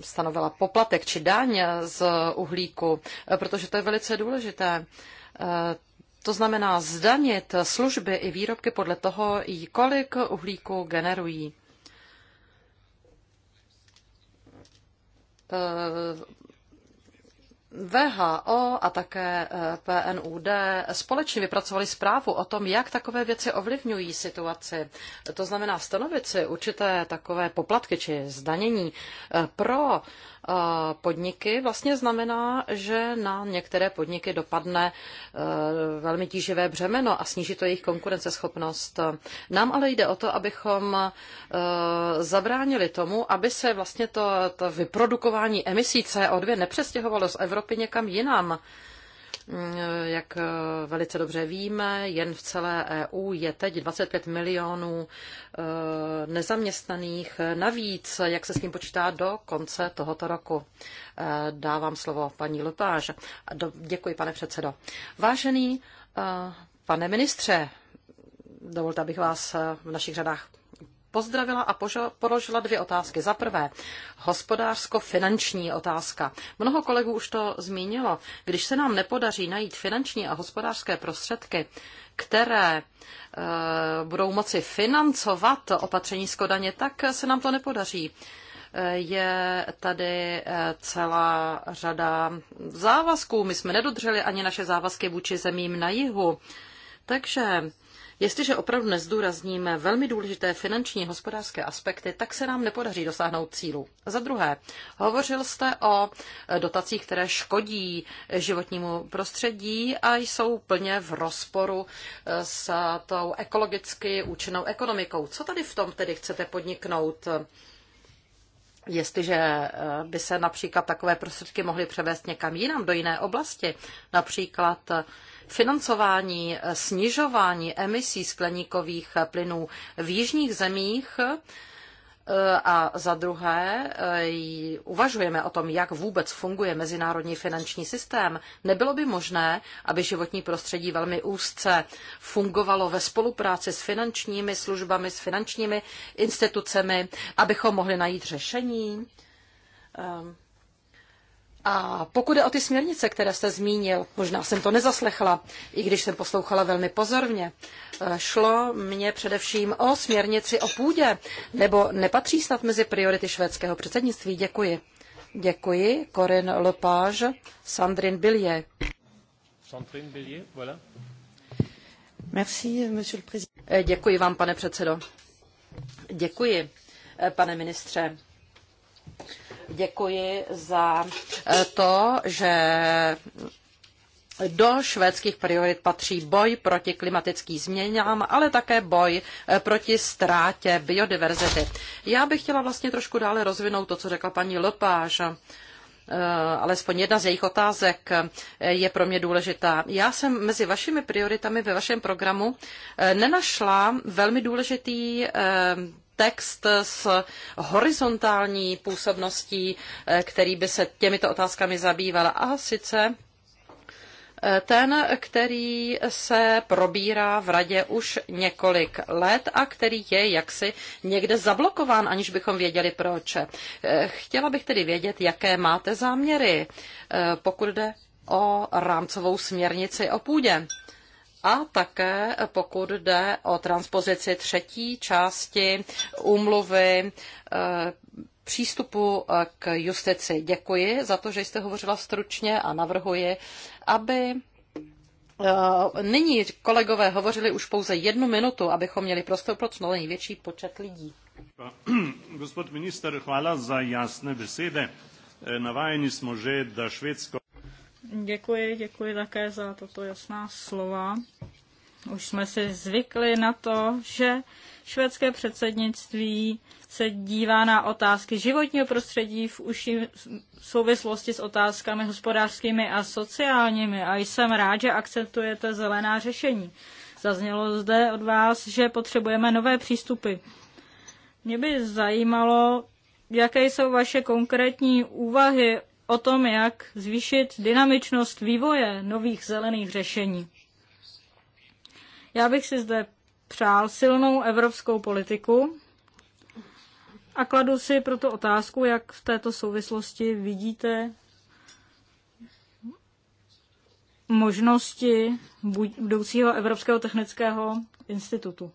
stanovila poplatek či daň z uhlíku, protože to je velice důležité. To znamená zdanit služby i výrobky podle toho, kolik uhlíku generují. VHO a také eh, PNUD společně vypracovali zprávu o tom, jak takové věci ovlivňují situaci. To znamená stanovit si určité takové poplatky či zdanění eh, pro eh, podniky vlastně znamená, že na některé podniky dopadne velmi tíživé břemeno a sníží to jejich konkurenceschopnost. Nám ale jde o to, abychom zabránili tomu, aby se vlastně to, to vyprodukování emisí CO2 nepřestěhovalo z Evropy Evropy někam jinam. Mm, jak eh, velice dobře víme, jen v celé EU je teď 25 milionů eh, nezaměstnaných. Navíc, jak se s tím počítá do konce tohoto roku? Eh, dávám slovo paní Lupáž. Děkuji, pane předsedo. Vážený pane ministře, dovolte, abych vás v našich řadách pozdravila a položila dvě otázky. Za prvé, hospodářsko-finanční otázka. Mnoho kolegů už to zmínilo. Když se nám nepodaří najít finanční a hospodářské prostředky, které eh, budou moci financovat opatření skodaně, tak se nám to nepodaří eh, je tady eh, celá řada závazků. My jsme nedodrželi ani naše závazky vůči zemím na jihu. Takže Jestliže opravdu nezdůrazníme velmi důležité finanční hospodářské aspekty, tak se nám nepodaří dosáhnout cílu. Za druhé, hovořil jste o dotacích, které škodí životnímu prostředí a jsou plně v rozporu eh, s tou ekologicky účinnou ekonomikou. Co tady v tom tedy chcete podniknout? Jestliže eh, by se například takové prostředky mohly převést někam jinam, do jiné oblasti, například Financování eh, snižování emisí skleníkových plynů v jižních zemích eh, a za druhé, eh, uvažujeme o tom, jak vůbec funguje mezinárodní finanční systém. Nebylo by možné, aby životní prostředí velmi úzce fungovalo ve spolupráci s finančními službami, s finančními institucemi, abychom mohli najít řešení? Ehm, a pokud jde o ty směrnice, které jste zmínil, možná jsem to nezaslechla, i když jsem poslouchala velmi pozorně, eh, šlo mně především o směrnici o půdě, nebo nepatří snad mezi priority švédského předsednictví? Děkuji. Děkuji. Corinne Lepage, Sandrine Billier. Sandrine Billier, voilà. Merci, monsieur le président. Eh, děkuji vám, pane předsedo. Děkuji, eh, pane ministře děkuji za eh, to, že do švédských priorit patří boj proti klimatickým změnám, ale také boj eh, proti ztrátě biodiverzity. Já bych chtěla vlastně trošku dále rozvinout to, co řekla paní Lopáš eh, alespoň jedna z jejich otázek je pro mě důležitá. Já jsem mezi vašimi prioritami ve vašem programu nenašla velmi důležitý text s horizontální působností, eh, který by se těmito otázkami zabýval. A sice eh, ten, který se probírá v radě už několik let a který je jaksi někde zablokován, aniž bychom věděli proč. Eh, chtěla bych tedy vědět, jaké máte záměry, pokud jde o rámcovou směrnici o půdě a také pokud jde o transpozici třetí části úmluvy eh, přístupu eh, k justici. Děkuji za to, že jste hovořila stručně a navrhuji, aby eh, nyní kolegové hovořili už pouze jednu minutu, abychom měli prostor pro co největší počet lidí. Gospod minister, hvala za jasné besede. Navajeni jsme že, da Švédsko Děkuji, děkuji také za toto jasná slova. Už jsme si zvykli na to, že švédské předsednictví se dívá na otázky životního prostředí v uší souvislosti s otázkami hospodářskými a sociálními. A jsem rád, že akceptujete zelená řešení. Zaznělo zde od vás, že potřebujeme nové přístupy. Mě by zajímalo, jaké jsou vaše konkrétní úvahy o tom, jak zvýšit dynamičnost vývoje nových zelených řešení. Já bych si zde přál silnou evropskou politiku a kladu si proto otázku, jak v této souvislosti vidíte možnosti budoucího Evropského technického institutu.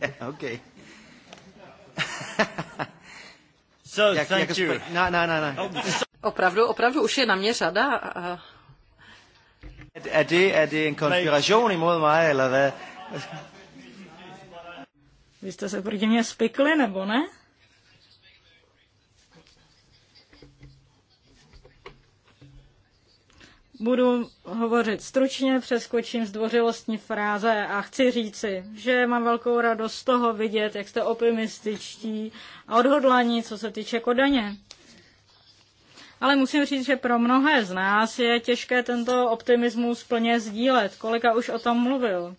Yeah, *laughs* okay. *laughs* So, jak, thank jak you. No, no, no, no. Opravdu, opravdu už je na mě řada. A... Er det, er det en konspiration imod mig, eller hvad? Vy jste se proti mě spikli, nebo ne? Budu hovořit stručně, přeskočím zdvořilostní fráze a chci říci, že mám velkou radost z toho vidět, jak jste optimističtí a odhodlaní, co se týče Kodaně. Ale musím říct, že pro mnohé z nás je těžké tento optimismus plně sdílet. Kolika už o tom mluvil.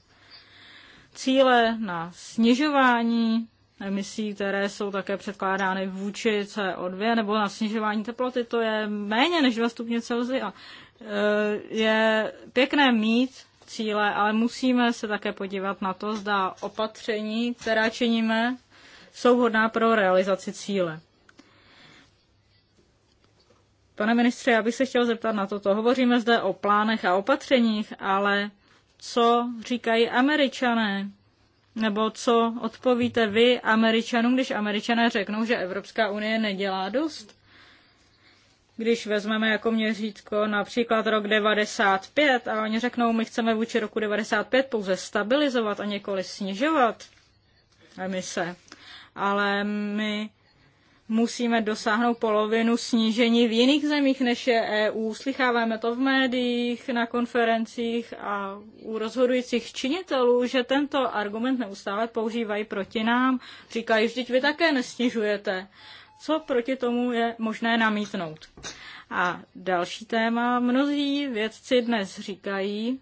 Cíle na snižování emisí, které jsou také předkládány vůči CO2 nebo na snižování teploty, to je méně než 2 stupně Celsia. Eh, je pěkné mít cíle, ale musíme se také podívat na to, zda opatření, která činíme, jsou vhodná pro realizaci cíle. Pane ministře, já bych se chtěl zeptat na toto. Hovoříme zde o plánech a opatřeních, ale co říkají američané? Nebo co odpovíte vy američanům, když američané řeknou, že Evropská unie nedělá dost? když vezmeme jako měřítko například rok 95 a oni řeknou, my chceme vůči roku 95 pouze stabilizovat a několik snižovat emise, ale my musíme dosáhnout polovinu snížení v jiných zemích, než je EU. Slycháváme to v médiích, na konferencích a u rozhodujících činitelů, že tento argument neustále používají proti nám. Říkají, že vy také nesnižujete co proti tomu je možné namítnout. A další téma. Mnozí vědci dnes říkají,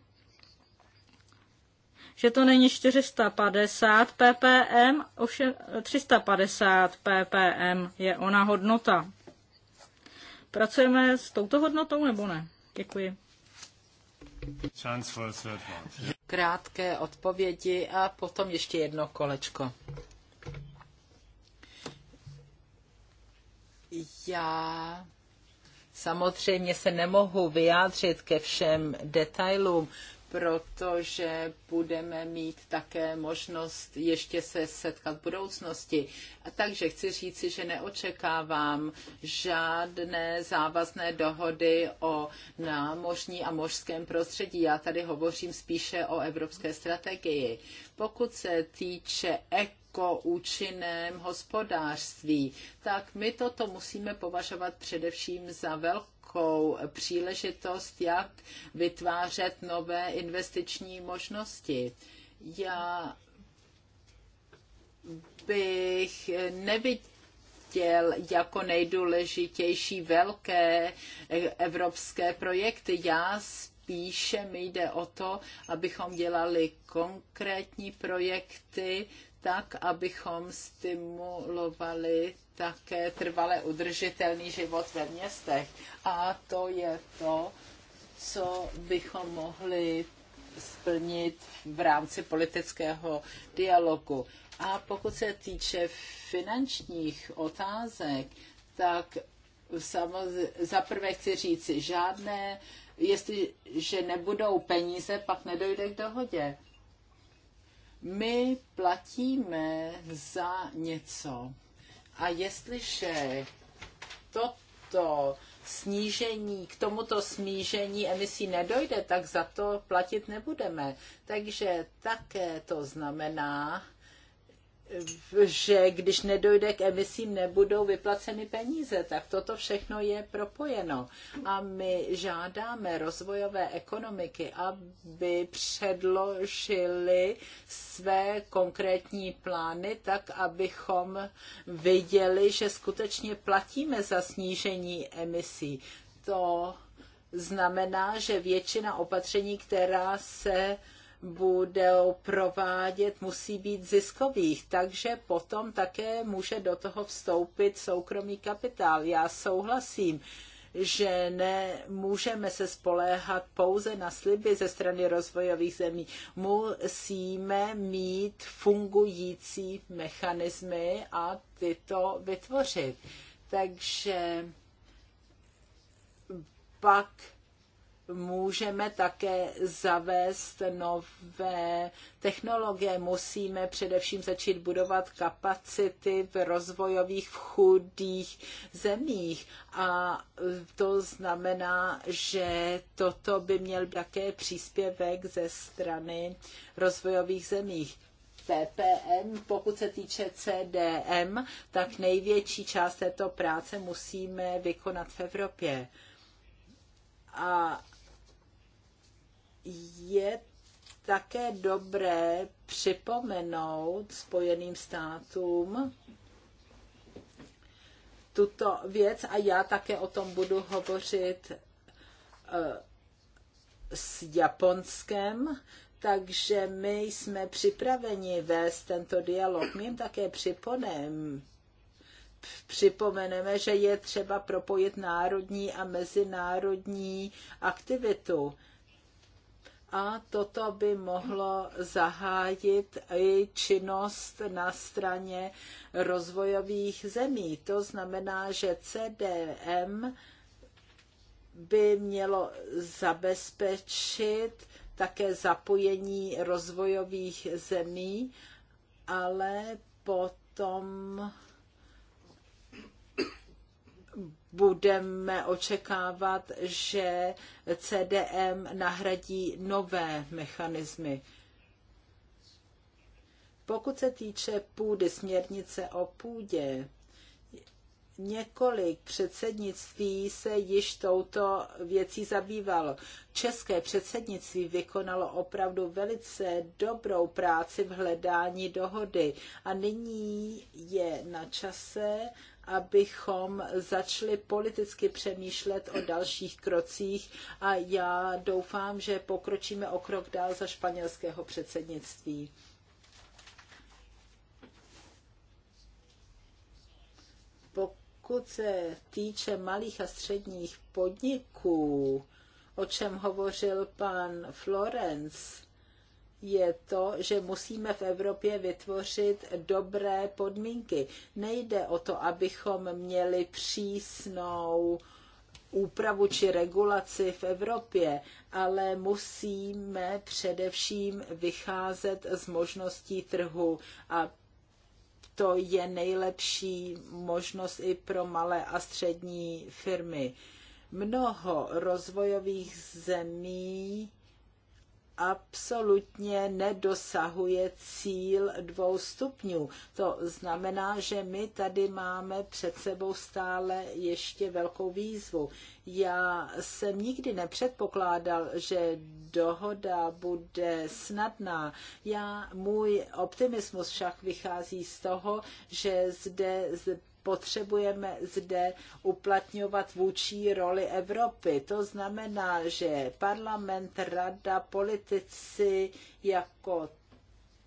že to není 450 ppm, ovšem 350 ppm je ona hodnota. Pracujeme s touto hodnotou nebo ne? Děkuji. Krátké odpovědi a potom ještě jedno kolečko. Já samozřejmě se nemohu vyjádřit ke všem detailům, protože budeme mít také možnost ještě se setkat v budoucnosti. A takže chci říci, že neočekávám žádné závazné dohody o námořní a mořském prostředí. Já tady hovořím spíše o evropské strategii. Pokud se týče ek nízkoúčinném hospodářství, tak my toto musíme považovat především za velkou příležitost, jak vytvářet nové investiční možnosti. Já bych neviděl, jako nejdůležitější velké evropské projekty. Já spíše mi jde o to, abychom dělali konkrétní projekty, tak, abychom stimulovali také trvale udržitelný život ve městech. A to je to, co bychom mohli splnit v rámci politického dialogu. A pokud se týče finančních otázek, tak za prvé chci říci, žádné, jestliže nebudou peníze, pak nedojde k dohodě. My platíme za něco. A jestliže toto snížení, k tomuto snížení emisí nedojde, tak za to platit nebudeme. Takže také to znamená, že když nedojde k emisím, nebudou vyplaceny peníze. Tak toto všechno je propojeno. A my žádáme rozvojové ekonomiky, aby předložili své konkrétní plány tak, abychom viděli, že skutečně platíme za snížení emisí. To znamená, že většina opatření, která se budou provádět, musí být ziskových, takže potom také může do toho vstoupit soukromý kapitál. Já souhlasím že nemůžeme se spoléhat pouze na sliby ze strany rozvojových zemí. Musíme mít fungující mechanismy a tyto vytvořit. Takže pak můžeme také zavést nové technologie. Musíme především začít budovat kapacity v rozvojových v chudých zemích. A to znamená, že toto by měl také příspěvek ze strany rozvojových zemích. PPM, pokud se týče CDM, tak největší část této práce musíme vykonat v Evropě. A je také dobré připomenout Spojeným státům tuto věc a já také o tom budu hovořit eh, s Japonskem, takže my jsme připraveni vést tento dialog. My jim také připomeneme, připomeneme, že je třeba propojit národní a mezinárodní aktivitu a toto by mohlo zahájit i činnost na straně rozvojových zemí. To znamená, že CDM by mělo zabezpečit také zapojení rozvojových zemí, ale potom budeme očekávat, že CDM nahradí nové mechanismy. Pokud se týče půdy, směrnice o půdě, několik předsednictví se již touto věcí zabývalo. České předsednictví vykonalo opravdu velice dobrou práci v hledání dohody a nyní je na čase, abychom začali politicky přemýšlet o dalších krocích a já doufám, že pokročíme o krok dál za španělského předsednictví. Pokud se týče malých a středních podniků, o čem hovořil pan Florence, je to, že musíme v Evropě vytvořit dobré podmínky. Nejde o to, abychom měli přísnou úpravu či regulaci v Evropě, ale musíme především vycházet z možností trhu a to je nejlepší možnost i pro malé a střední firmy. Mnoho rozvojových zemí absolutně nedosahuje cíl dvou stupňů. To znamená, že my tady máme před sebou stále ještě velkou výzvu. Já jsem nikdy nepředpokládal, že dohoda bude snadná. Já, můj optimismus však vychází z toho, že zde potřebujeme zde uplatňovat vůči roli Evropy. To znamená, že parlament, rada, politici jako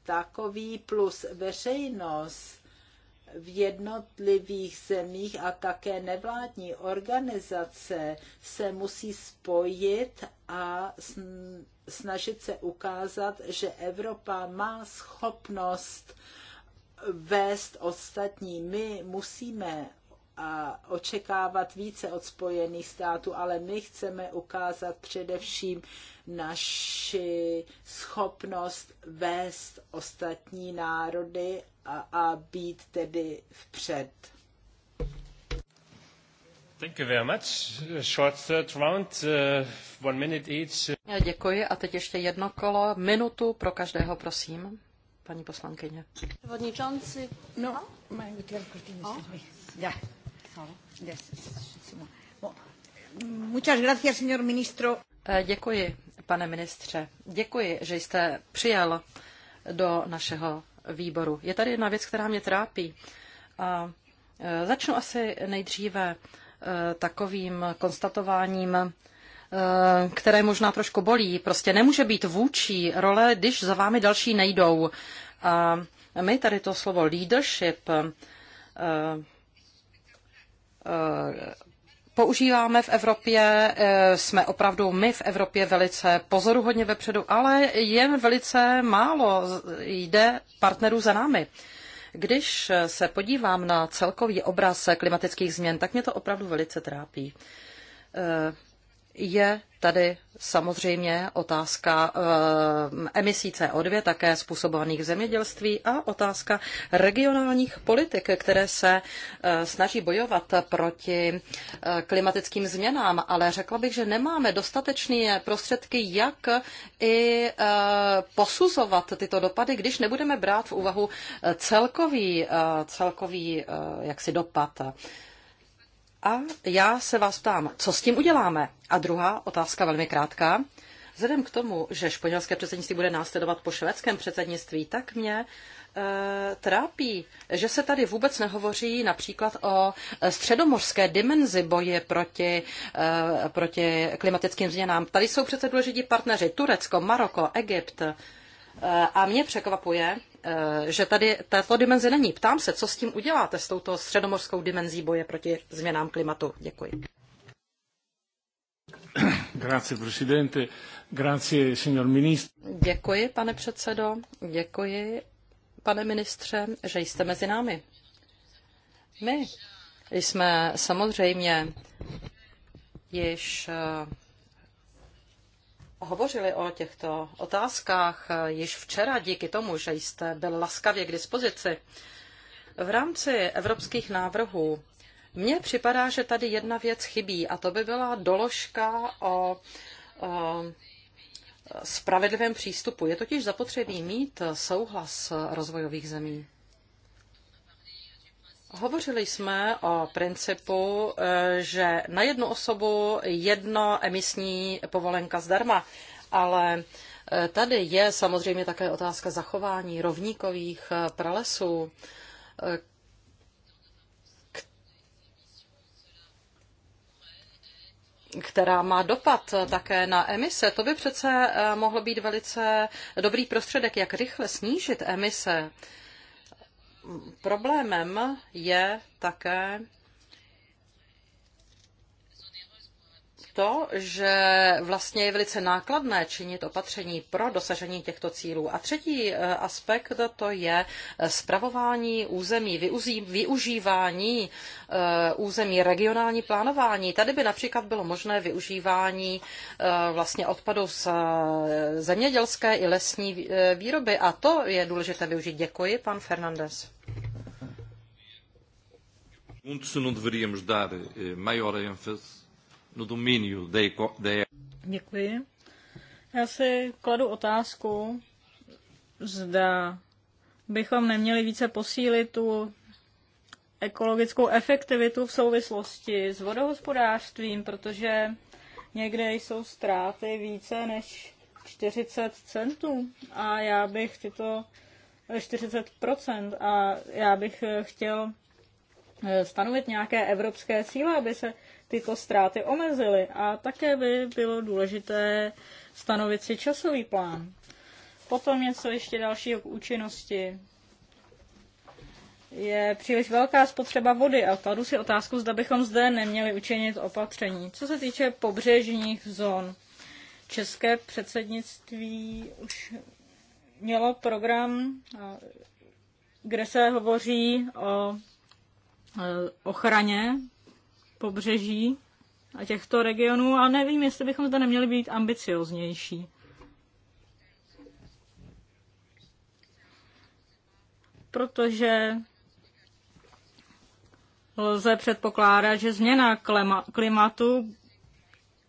takový plus veřejnost v jednotlivých zemích a také nevládní organizace se musí spojit a snažit se ukázat, že Evropa má schopnost vést ostatní. My musíme očekávat více od Spojených států, ale my chceme ukázat především naši schopnost vést ostatní národy a, a být tedy vpřed. Thank you very much. Short third round, uh, one minute each. Děkuji a teď ještě jedno kolo, minutu pro každého, prosím paní poslankyně. Vodničanci, no, mají Já. Mm, muchas gracias, e, Děkuji, pane ministře. Děkuji, že jste přijal do našeho výboru. Je tady jedna věc, která mě trápí. A e, začnu asi nejdříve e, takovým konstatováním, Eh, které možná trošku bolí. Prostě nemůže být vůči role, když za vámi další nejdou. A my tady to slovo leadership eh, eh, používáme v Evropě, jsme opravdu my v Evropě velice pozoruhodně vepředu, ale jen velice málo jde partnerů za námi. Když se podívám na celkový obraz klimatických změn, tak mě to opravdu velice trápí je tady samozřejmě otázka eh, emisí CO2, také způsobovaných v zemědělství a otázka regionálních politik, které se eh, snaží bojovat proti eh, klimatickým změnám, ale řekla bych, že nemáme dostatečné prostředky, jak i posuzovat tyto dopady, když nebudeme brát v úvahu celkový, celkový jaksi dopad. A já se vás ptám, co s tím uděláme? A druhá otázka velmi krátká. Vzhledem k tomu, že španělské předsednictví bude následovat po švédském předsednictví, tak mě e, trápí, že se tady vůbec nehovoří například o eh, středomořské dimenzi boje proti, e, proti klimatickým změnám. Tady jsou přece důležití partneři Turecko, Maroko, Egypt. E, a mě překvapuje, Eh, že tady tato dimenze není. Ptám se, co s tím uděláte, s touto středomorskou dimenzí boje proti změnám klimatu. Děkuji. *coughs* Děkuji, pane předsedo. Děkuji, pane ministře, že jste mezi námi. My jsme samozřejmě již eh, hovořili o těchto otázkách eh, již včera díky tomu, že jste byl laskavě k dispozici. V rámci evropských návrhů mně připadá, že tady jedna věc chybí a to by byla doložka o, o eh, spravedlivém přístupu. Je totiž zapotřebí mít souhlas rozvojových zemí. Hovořili jsme o principu, e, že na jednu osobu jedno emisní povolenka zdarma, ale e, tady je samozřejmě také otázka zachování rovníkových e, pralesů, která má dopad také na emise. To by přece mohl být velice dobrý prostředek, jak rychle snížit emise problémem je také to, že vlastně je velice nákladné činit opatření pro dosažení těchto cílů. A třetí eh, aspekt to je eh, spravování území, využívání eh, území, regionální plánování. Tady by například bylo možné využívání vlastně odpadu z zemědělské i lesní výroby a to je důležité využít. Děkuji, pan Fernandez. Se não deveríamos dar maior ênfase no domínio de... Děkuji. Já si kladu otázku, zda bychom neměli více posílit tu ekologickou efektivitu v souvislosti s vodohospodářstvím, protože někde jsou ztráty více než 40 centů a já bych tyto 40% a já bych chtěl eh, stanovit nějaké evropské cíle, aby se tyto ztráty omezily. A také by bylo důležité stanovit si časový plán. Potom něco ještě dalšího k účinnosti. Je příliš velká spotřeba vody a kladu si otázku, zda bychom zde neměli učinit opatření. Co se týče pobřežních zón, české předsednictví už mělo program, eh, kde se hovoří o eh, ochraně pobřeží a těchto regionů a nevím, jestli bychom zde neměli být ambicioznější. Protože lze předpokládat, že změna klimatu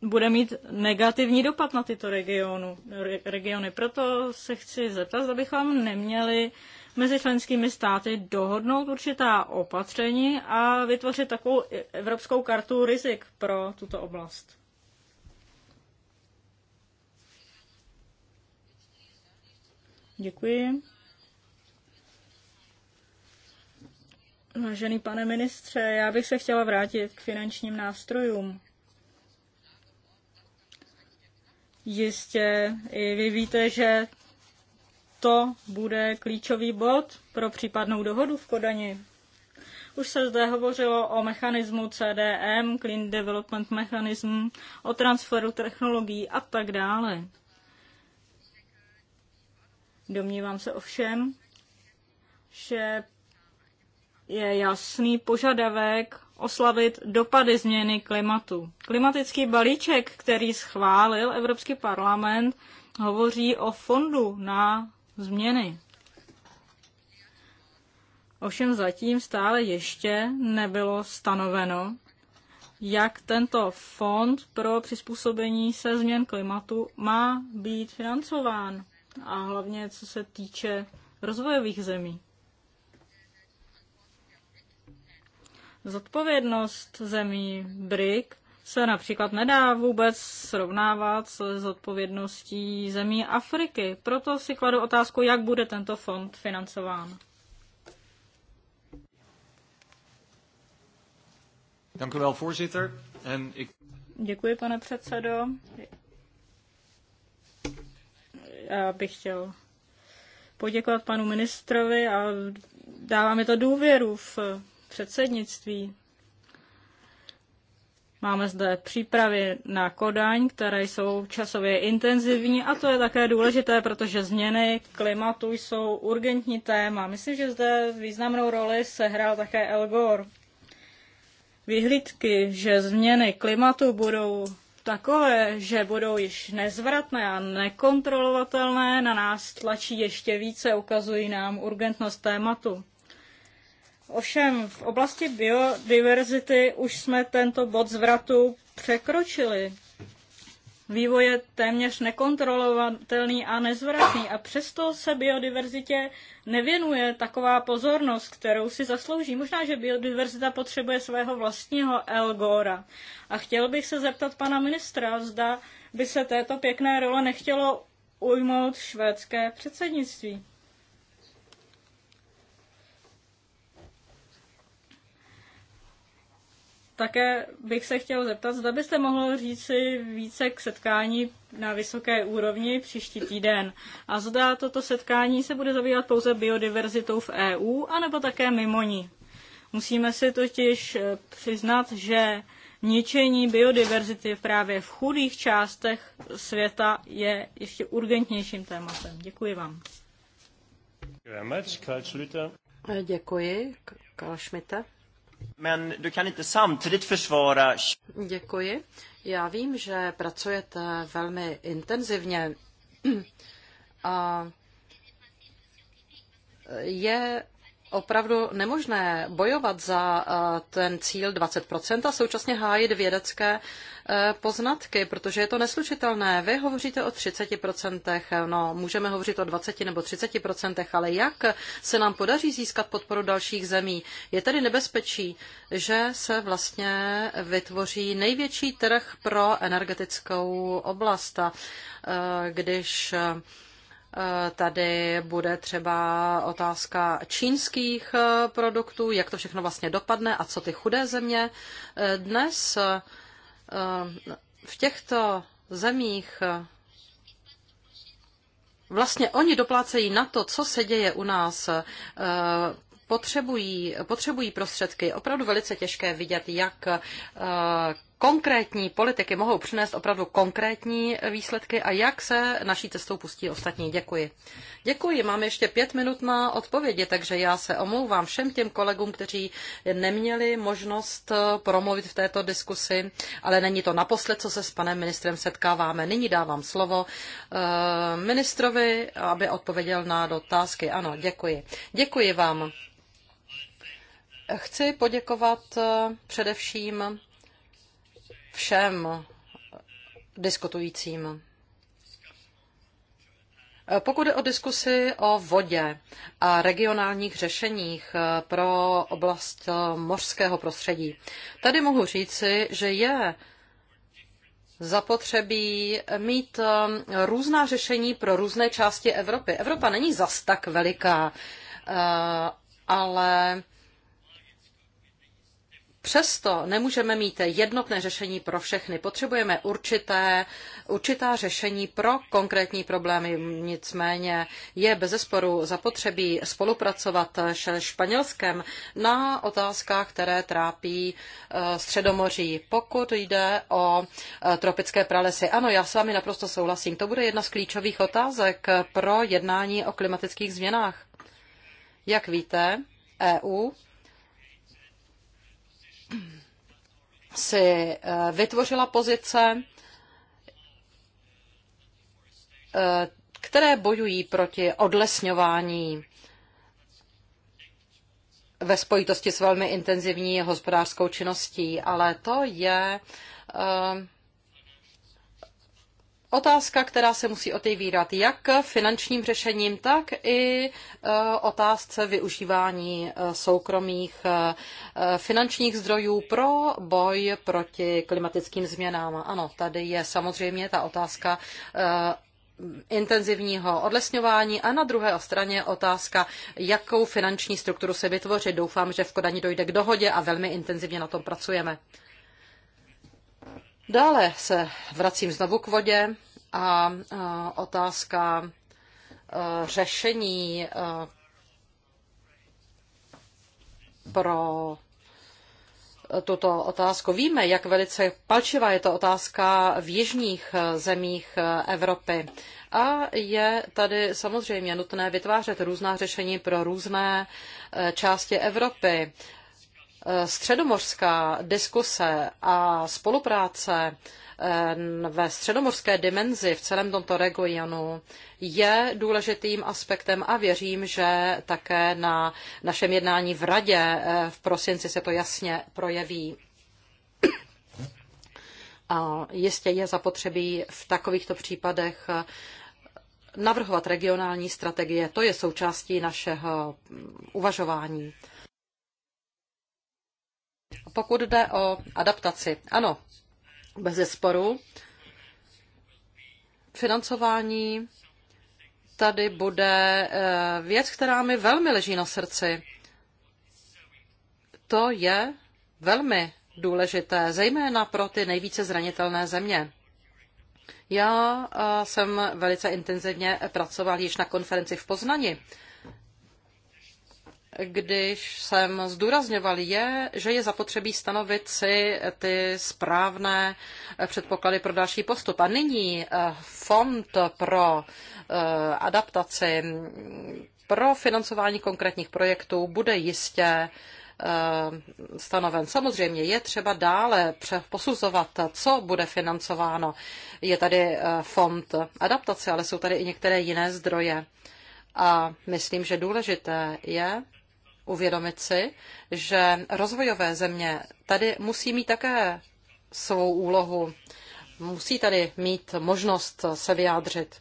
bude mít negativní dopad na tyto regionu, regiony. Proto se chci zeptat, zda bychom neměli mezi členskými státy dohodnout určitá opatření a vytvořit takovou evropskou kartu rizik pro tuto oblast. Děkuji. Vážený pane ministře, já bych se chtěla vrátit k finančním nástrojům. Jistě i vy víte, že to bude klíčový bod pro případnou dohodu v Kodani. Už se zde hovořilo o mechanismu CDM, Clean Development Mechanism, o transferu technologií a tak dále. Domnívám se ovšem, že je jasný požadavek oslavit dopady změny klimatu. Klimatický balíček, který schválil Evropský parlament, hovoří o fondu na změny. Ovšem zatím stále ještě nebylo stanoveno, jak tento fond pro přizpůsobení se změn klimatu má být financován a hlavně co se týče rozvojových zemí. Zodpovědnost zemí BRIC se například nedá vůbec srovnávat s odpovědností zemí Afriky. Proto si kladu otázku, jak bude tento fond financován. Děkuji, pane předsedo. Já bych chtěl poděkovat panu ministrovi a dává mi to důvěru v předsednictví. Máme zde přípravy na Kodaň, které jsou časově intenzivní a to je také důležité, protože změny klimatu jsou urgentní téma. Myslím, že zde významnou roli sehrál také El Gore. Vyhlídky, že změny klimatu budou takové, že budou již nezvratné a nekontrolovatelné, na nás tlačí ještě více, ukazují nám urgentnost tématu. Ovšem v oblasti biodiverzity už jsme tento bod zvratu překročili. Vývoj je téměř nekontrolovatelný a nezvratný a přesto se biodiverzitě nevěnuje taková pozornost, kterou si zaslouží. Možná, že biodiverzita potřebuje svého vlastního Elgora. A chtěl bych se zeptat pana ministra, zda by se této pěkné role nechtělo ujmout švédské předsednictví. Také bych se chtěl zeptat, zda byste mohl říci více k setkání na vysoké úrovni příští týden. A zda toto setkání se bude zabývat pouze biodiverzitou v EU, anebo také mimo ní. Musíme si totiž eh, přiznat, že ničení biodiverzity právě v chudých částech světa je ještě urgentnějším tématem. Děkuji vám. Děkuji, Karl Schmitte. Men du kan inte samtidigt försvara... Děkuji. Já vím, že pracujete velmi intenzivně *clears throat* a je opravdu nemožné bojovat za eh, ten cíl 20% a současně hájit vědecké Eh, poznatky, protože je to neslučitelné. Vy hovoříte o 30%, no můžeme hovořit o 20 nebo 30%, ale jak se nám podaří získat podporu dalších zemí? Je tedy nebezpečí, že se vlastně vytvoří největší trh pro energetickou oblast, eh, když eh, Tady bude třeba otázka čínských produktů, jak to všechno vlastně dopadne a co ty chudé země. Dnes Eh, v těchto zemích eh, vlastně oni doplácejí na to, co se děje u nás. Eh, potřebují, potřebují prostředky. Opravdu velice těžké vidět, jak konkrétní politiky mohou přinést opravdu konkrétní výsledky a jak se naší cestou pustí ostatní. Děkuji. Děkuji, mám ještě pět minut na odpovědi, takže já se omlouvám všem těm kolegům, kteří neměli možnost promluvit v této diskusi, ale není to naposled, co se s panem ministrem setkáváme. Nyní dávám slovo eh, ministrovi, aby odpověděl na dotázky. Ano, děkuji. Děkuji vám. Chci poděkovat eh, především všem diskutujícím. Pokud je o diskusi o vodě a regionálních řešeních pro oblast mořského prostředí, tady mohu říci, že je zapotřebí mít um, různá řešení pro různé části Evropy. Evropa není zas tak veliká, uh, ale Přesto nemůžeme mít jednotné řešení pro všechny. Potřebujeme určité, určitá řešení pro konkrétní problémy. Nicméně je bezesporu zapotřebí spolupracovat se Španělskem na otázkách, které trápí eh, Středomoří. Pokud jde o eh, tropické pralesy, ano, já s vámi naprosto souhlasím. To bude jedna z klíčových otázek pro jednání o klimatických změnách. Jak víte, EU si eh, vytvořila pozice, eh, které bojují proti odlesňování ve spojitosti s velmi intenzivní hospodářskou činností, ale to je eh, Otázka, která se musí otevírat jak finančním řešením, tak i e, otázce využívání e, soukromých e, finančních zdrojů pro boj proti klimatickým změnám. Ano, tady je samozřejmě ta otázka intenzivního odlesňování a na druhé straně otázka, jakou finanční strukturu se vytvořit. Doufám, že v Kodani dojde k dohodě a velmi intenzivně na tom pracujeme. Dále se vracím znovu k vodě a otázka e, řešení e, pro e, tuto otázku. Víme, jak velice palčivá je to otázka v jižních zemích Evropy. A je tady samozřejmě nutné vytvářet různá řešení pro různé části Evropy. Eh, středomořská diskuse a spolupráce eh, ve středomorské dimenzi v celém tomto regionu je důležitým aspektem a věřím, že také na našem jednání v Radě eh, v prosinci se to jasně projeví. A jistě je zapotřebí v takovýchto případech navrhovat regionální strategie. To je součástí našeho mm, uvažování. Pokud jde o adaptaci, ano, bez zesporu, financování tady bude eh, věc, která mi velmi leží na srdci. To je velmi důležité, zejména pro ty nejvíce zranitelné země. Já eh, jsem velice intenzivně pracoval již na konferenci v Poznani když jsem zdůrazňoval, je, že je zapotřebí stanovit si ty správné předpoklady pro další postup. A nyní eh, fond pro eh, adaptaci pro financování konkrétních projektů bude jistě eh, stanoven. Samozřejmě je třeba dále posuzovat, co bude financováno. Je tady fond adaptace, ale jsou tady i některé jiné zdroje. A myslím, že důležité je, uvědomit si, že rozvojové země tady musí mít také svou úlohu, musí tady mít možnost se vyjádřit.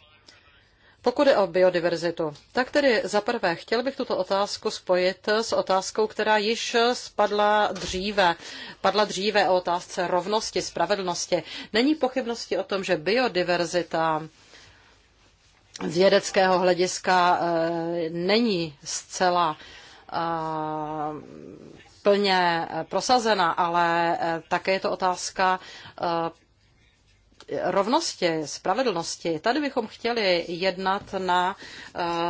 Pokud je o biodiverzitu, tak tedy zaprvé chtěl bych tuto otázku spojit s otázkou, která již spadla dříve. Padla dříve o otázce rovnosti, spravedlnosti. Není pochybnosti o tom, že biodiverzita z vědeckého hlediska eh, není zcela Eh, plně prosazena, ale eh, také je to otázka eh, rovnosti, spravedlnosti. Tady bychom chtěli jednat na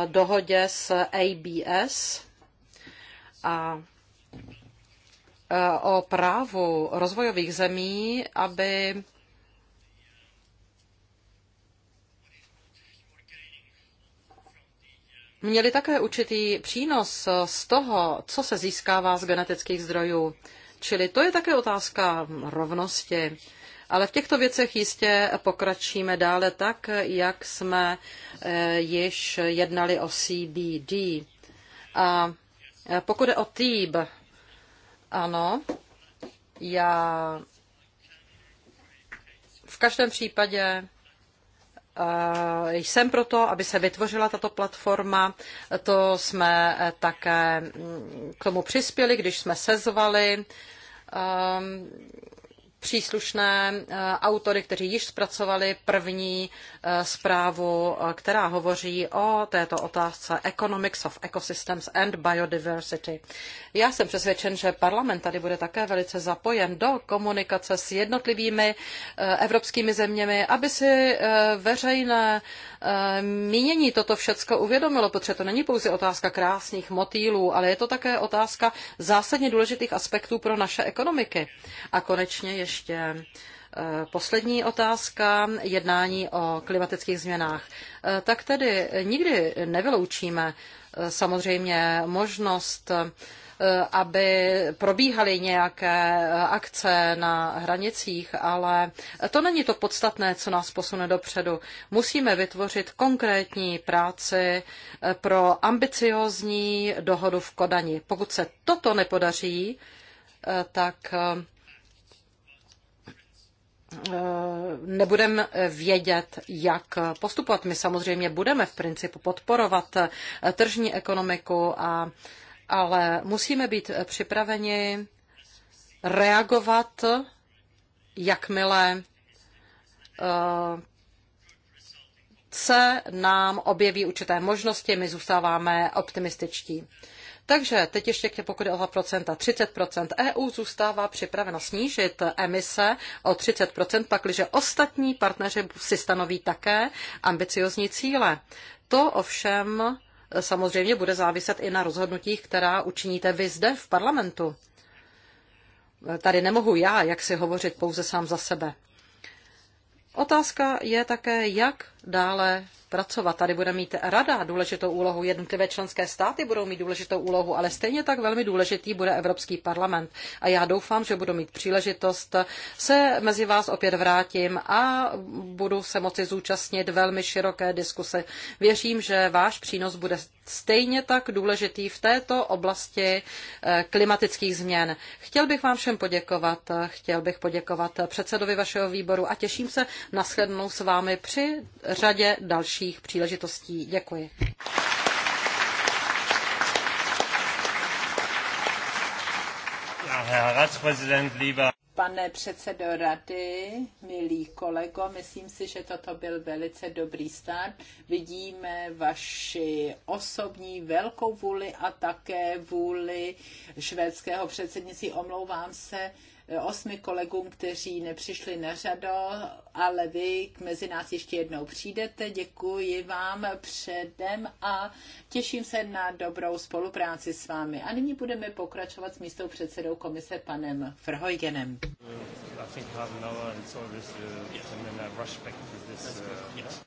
dohodě s ABS a o právu rozvojových zemí, aby měli také určitý přínos eh, z toho, co se získává z genetických zdrojů. Čili to je také otázka rovnosti. Ale v těchto věcech jistě pokračíme dále tak, jak jsme eh, již jednali o CBD. A eh, pokud je o TIB, ano, já v každém případě Eh, jsem proto, aby se vytvořila tato platforma. To jsme eh, také mm, k tomu přispěli, když jsme sezvali ehm, příslušné eh, autory, kteří již zpracovali první eh, zprávu, eh, která hovoří o této otázce Economics of Ecosystems and Biodiversity. Já jsem přesvědčen, že parlament tady bude také velice zapojen do komunikace s jednotlivými evropskými zeměmi, aby si veřejné mínění toto všecko uvědomilo, protože to není pouze otázka krásných motýlů, ale je to také otázka zásadně důležitých aspektů pro naše ekonomiky. A konečně ještě ještě eh, poslední otázka, jednání o klimatických změnách. Eh, tak tedy nikdy nevyloučíme eh, samozřejmě možnost, aby probíhaly nějaké akce na hranicích, ale to není to podstatné, co nás posune dopředu. Musíme vytvořit konkrétní práci pro ambiciozní dohodu v Kodani. Pokud se toto nepodaří, tak nebudeme vědět, jak postupovat. My samozřejmě budeme v principu podporovat tržní ekonomiku, a, ale musíme být připraveni reagovat, jakmile eh, se nám objeví určité možnosti, my zůstáváme optimističtí. Takže teď ještě, pokud je o 2%, 30%. EU zůstává připraveno snížit emise o 30%, pakliže ostatní partneři si stanoví také ambiciozní cíle. To ovšem e, samozřejmě bude záviset i na rozhodnutích, která učiníte vy zde v parlamentu. E, tady nemohu já, jak si hovořit pouze sám za sebe. Otázka je také, jak dále pracovat. Tady bude mít rada důležitou úlohu, jednotlivé členské státy budou mít důležitou úlohu, ale stejně tak velmi důležitý bude Evropský parlament. A já doufám, že budu mít příležitost se mezi vás opět vrátím a budu se moci zúčastnit velmi široké diskuse. Věřím, že váš přínos bude stejně tak důležitý v této oblasti eh, klimatických změn. Chtěl bych vám všem poděkovat, eh, chtěl bych poděkovat předsedovi vašeho výboru a těším se na s vámi při eh, řadě dalších příležitostí. Děkuji. Pane předsedo rady, milí kolego, myslím si, že toto byl velice dobrý start. Vidíme vaši osobní velkou vůli a také vůli švédského předsednictví. Omlouvám se, osmi kolegům, kteří nepřišli na řadu, ale vy mezi nás ještě jednou přijdete. Děkuji vám předem a těším se na dobrou spolupráci s vámi. A nyní budeme pokračovat s místou předsedou komise panem Verheugenem. No uh,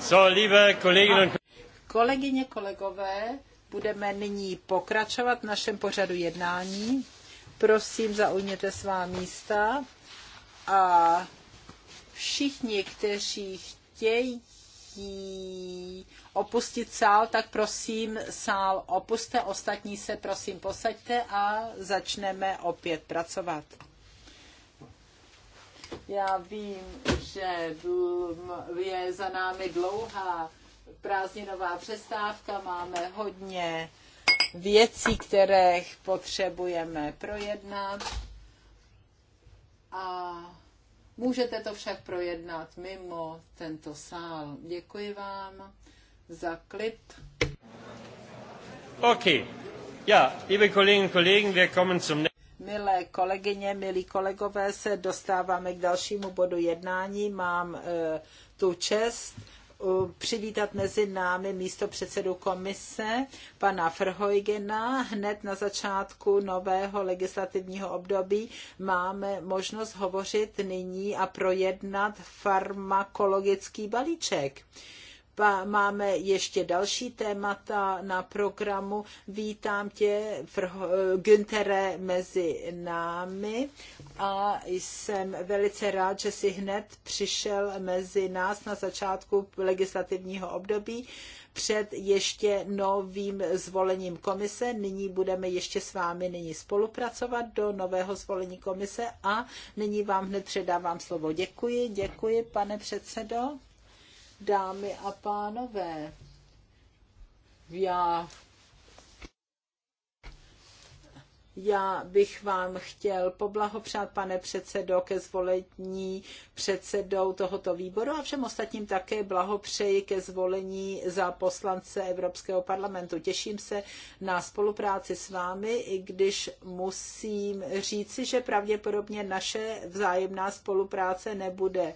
So, liebe Kolleginnen und Kolegyně, kolegové, budeme nyní pokračovat v našem pořadu jednání. Prosím, zaujměte svá místa a všichni, kteří chtějí opustit sál, tak prosím sál opuste, ostatní se prosím posaďte a začneme opět pracovat. Já vím, že je za námi dlouhá prázdninová přestávka, máme hodně věcí, které potřebujeme projednat. A můžete to však projednat mimo tento sál. Děkuji vám za klip. OK. Ja, liebe Kolleginnen und Kollegen, wir kommen zum Milé kolegyně, milí kolegové, se dostáváme k dalšímu bodu jednání. Mám e, tu čest přivítat mezi námi místo předsedu komise, pana Frhojgena. Hned na začátku nového legislativního období máme možnost hovořit nyní a projednat farmakologický balíček máme ještě další témata na programu. Vítám tě, Güntere, mezi námi a jsem velice rád, že jsi hned přišel mezi nás na začátku legislativního období před ještě novým zvolením komise. Nyní budeme ještě s vámi nyní spolupracovat do nového zvolení komise a nyní vám hned předávám slovo. Děkuji, děkuji, pane předsedo dámy a pánové. Já, já bych vám chtěl poblahopřát, pane předsedo, ke zvolení předsedou tohoto výboru a všem ostatním také blahopřeji ke zvolení za poslance Evropského parlamentu. Těším se na spolupráci s vámi, i když musím říci, že pravděpodobně naše vzájemná spolupráce nebude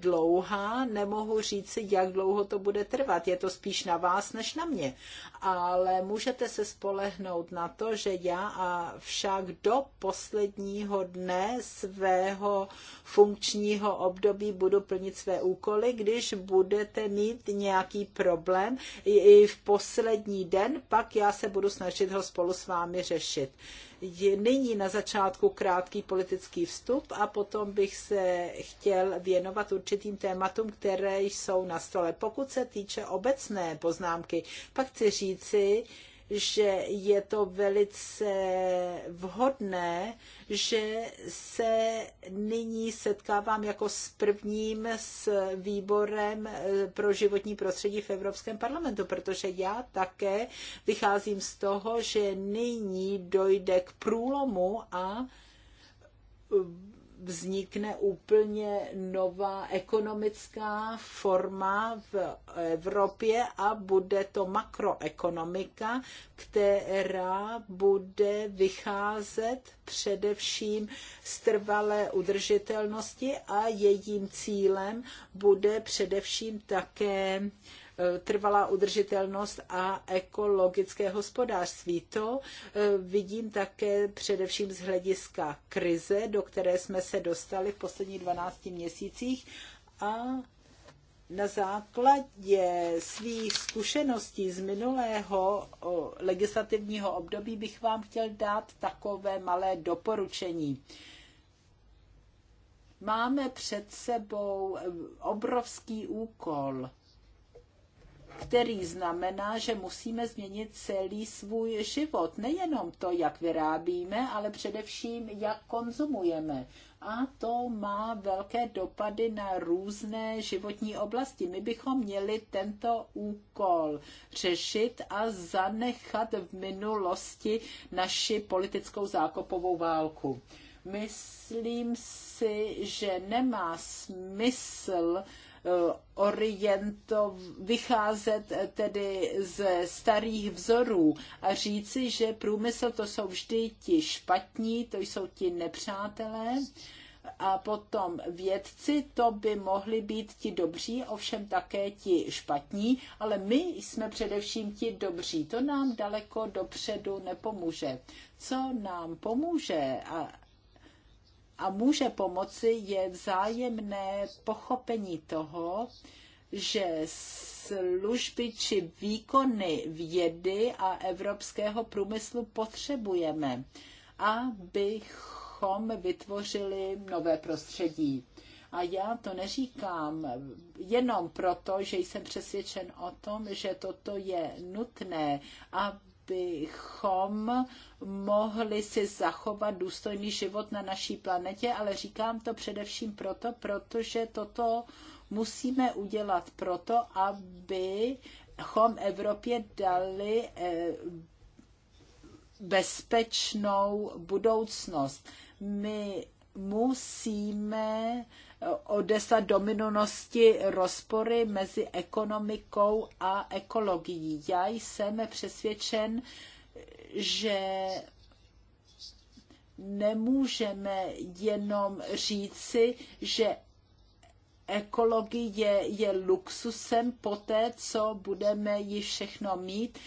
dlouhá, nemohu říci, jak dlouho to bude trvat. Je to spíš na vás než na mě. Ale můžete se spolehnout na to, že já a však do posledního dne svého funkčního období budu plnit své úkoly. Když budete mít nějaký problém i v poslední den, pak já se budu snažit ho spolu s vámi řešit nyní na začátku krátký politický vstup a potom bych se chtěl věnovat určitým tématům, které jsou na stole. Pokud se týče obecné poznámky, pak chci říci, že je to velice vhodné, že se nyní setkávám jako s prvním s výborem eh, pro životní prostředí v Evropském parlamentu, protože já také vycházím z toho, že nyní dojde k průlomu a eh, vznikne úplně nová ekonomická forma v Evropě a bude to makroekonomika, která bude vycházet především z trvalé udržitelnosti a jejím cílem bude především také Eh, trvalá udržitelnost a ekologické hospodářství. To eh, vidím také především z hlediska krize, do které jsme se dostali v posledních 12 měsících a na základě svých zkušeností z minulého legislativního období bych vám chtěl dát takové malé doporučení. Máme před sebou eh, obrovský úkol který znamená, že musíme změnit celý svůj život. Nejenom to, jak vyrábíme, ale především, jak konzumujeme. A to má velké dopady na různé životní oblasti. My bychom měli tento úkol řešit a zanechat v minulosti naši politickou zákopovou válku. Myslím si, že nemá smysl Eh, orientov, vycházet eh, tedy ze starých vzorů a říci, že průmysl to jsou vždy ti špatní, to jsou ti nepřátelé a potom vědci, to by mohli být ti dobří, ovšem také ti špatní, ale my jsme především ti dobří. To nám daleko dopředu nepomůže. Co nám pomůže, a a může pomoci je vzájemné pochopení toho, že služby či výkony vědy a evropského průmyslu potřebujeme, abychom vytvořili nové prostředí. A já to neříkám jenom proto, že jsem přesvědčen o tom, že toto je nutné, aby abychom mohli si zachovat důstojný život na naší planetě, ale říkám to především proto, protože toto musíme udělat proto, abychom Evropě dali eh, bezpečnou budoucnost. My musíme odesa dominonosti rozpory mezi ekonomikou a ekologií. Já jsem přesvědčen, že nemůžeme jenom říci, že ekologie je luxusem poté, co budeme ji všechno mít,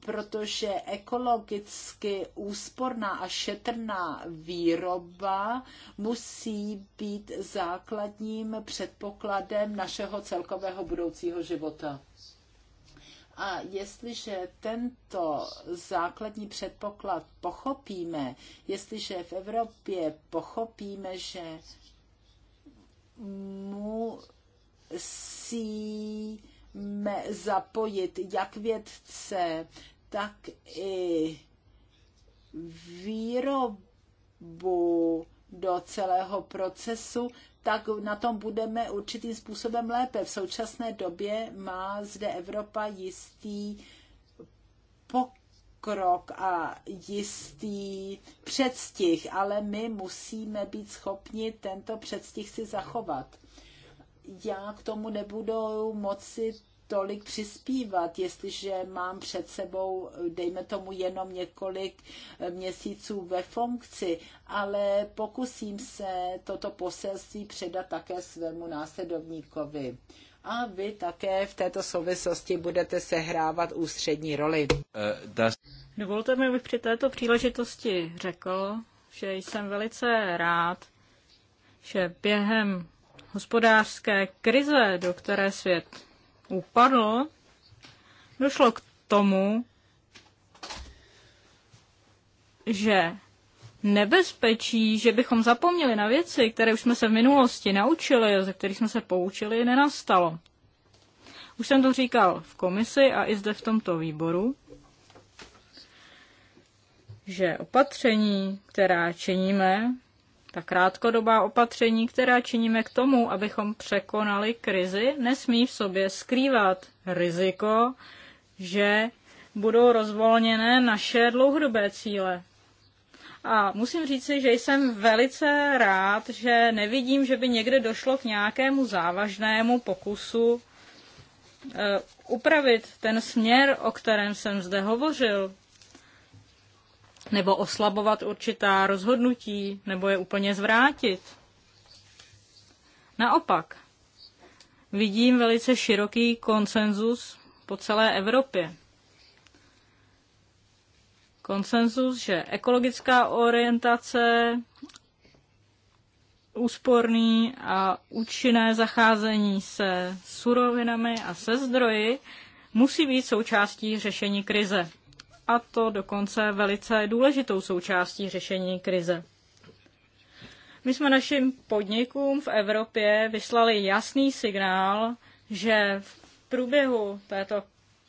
protože ekologicky úsporná a šetrná výroba musí být základním předpokladem našeho celkového budoucího života. A jestliže tento základní předpoklad pochopíme, jestliže v Evropě pochopíme, že musíme zapojit jak vědce, tak i výrobu do celého procesu, tak na tom budeme určitým způsobem lépe. V současné době má zde Evropa jistý pokud krok a jistý předstih, ale my musíme být schopni tento předstih si zachovat. Já k tomu nebudu moci tolik přispívat, jestliže mám před sebou, dejme tomu, jenom několik měsíců ve funkci, ale pokusím se toto poselství předat také svému následovníkovi a vy také v této souvislosti budete sehrávat ústřední roli. Eh, Dovolte mi, abych při této příležitosti řekl, že jsem velice rád, že během hospodářské krize, do které svět upadl, došlo k tomu, že nebezpečí, že bychom zapomněli na věci, které už jsme se v minulosti naučili, ze kterých jsme se poučili, nenastalo. Už jsem to říkal v komisi a i zde v tomto výboru, že opatření, která činíme, ta krátkodobá opatření, která činíme k tomu, abychom překonali krizi, nesmí v sobě skrývat riziko, že budou rozvolněné naše dlouhodobé cíle. A musím říci, že jsem velice rád, že nevidím, že by někde došlo k nějakému závažnému pokusu e, upravit ten směr, o kterém jsem zde hovořil, nebo oslabovat určitá rozhodnutí, nebo je úplně zvrátit. Naopak, vidím velice široký konsenzus po celé Evropě konsenzus, že ekologická orientace, úsporný a účinné zacházení se surovinami a se zdroji musí být součástí řešení krize. A to dokonce velice důležitou součástí řešení krize. My jsme našim podnikům v Evropě vyslali jasný signál, že v průběhu této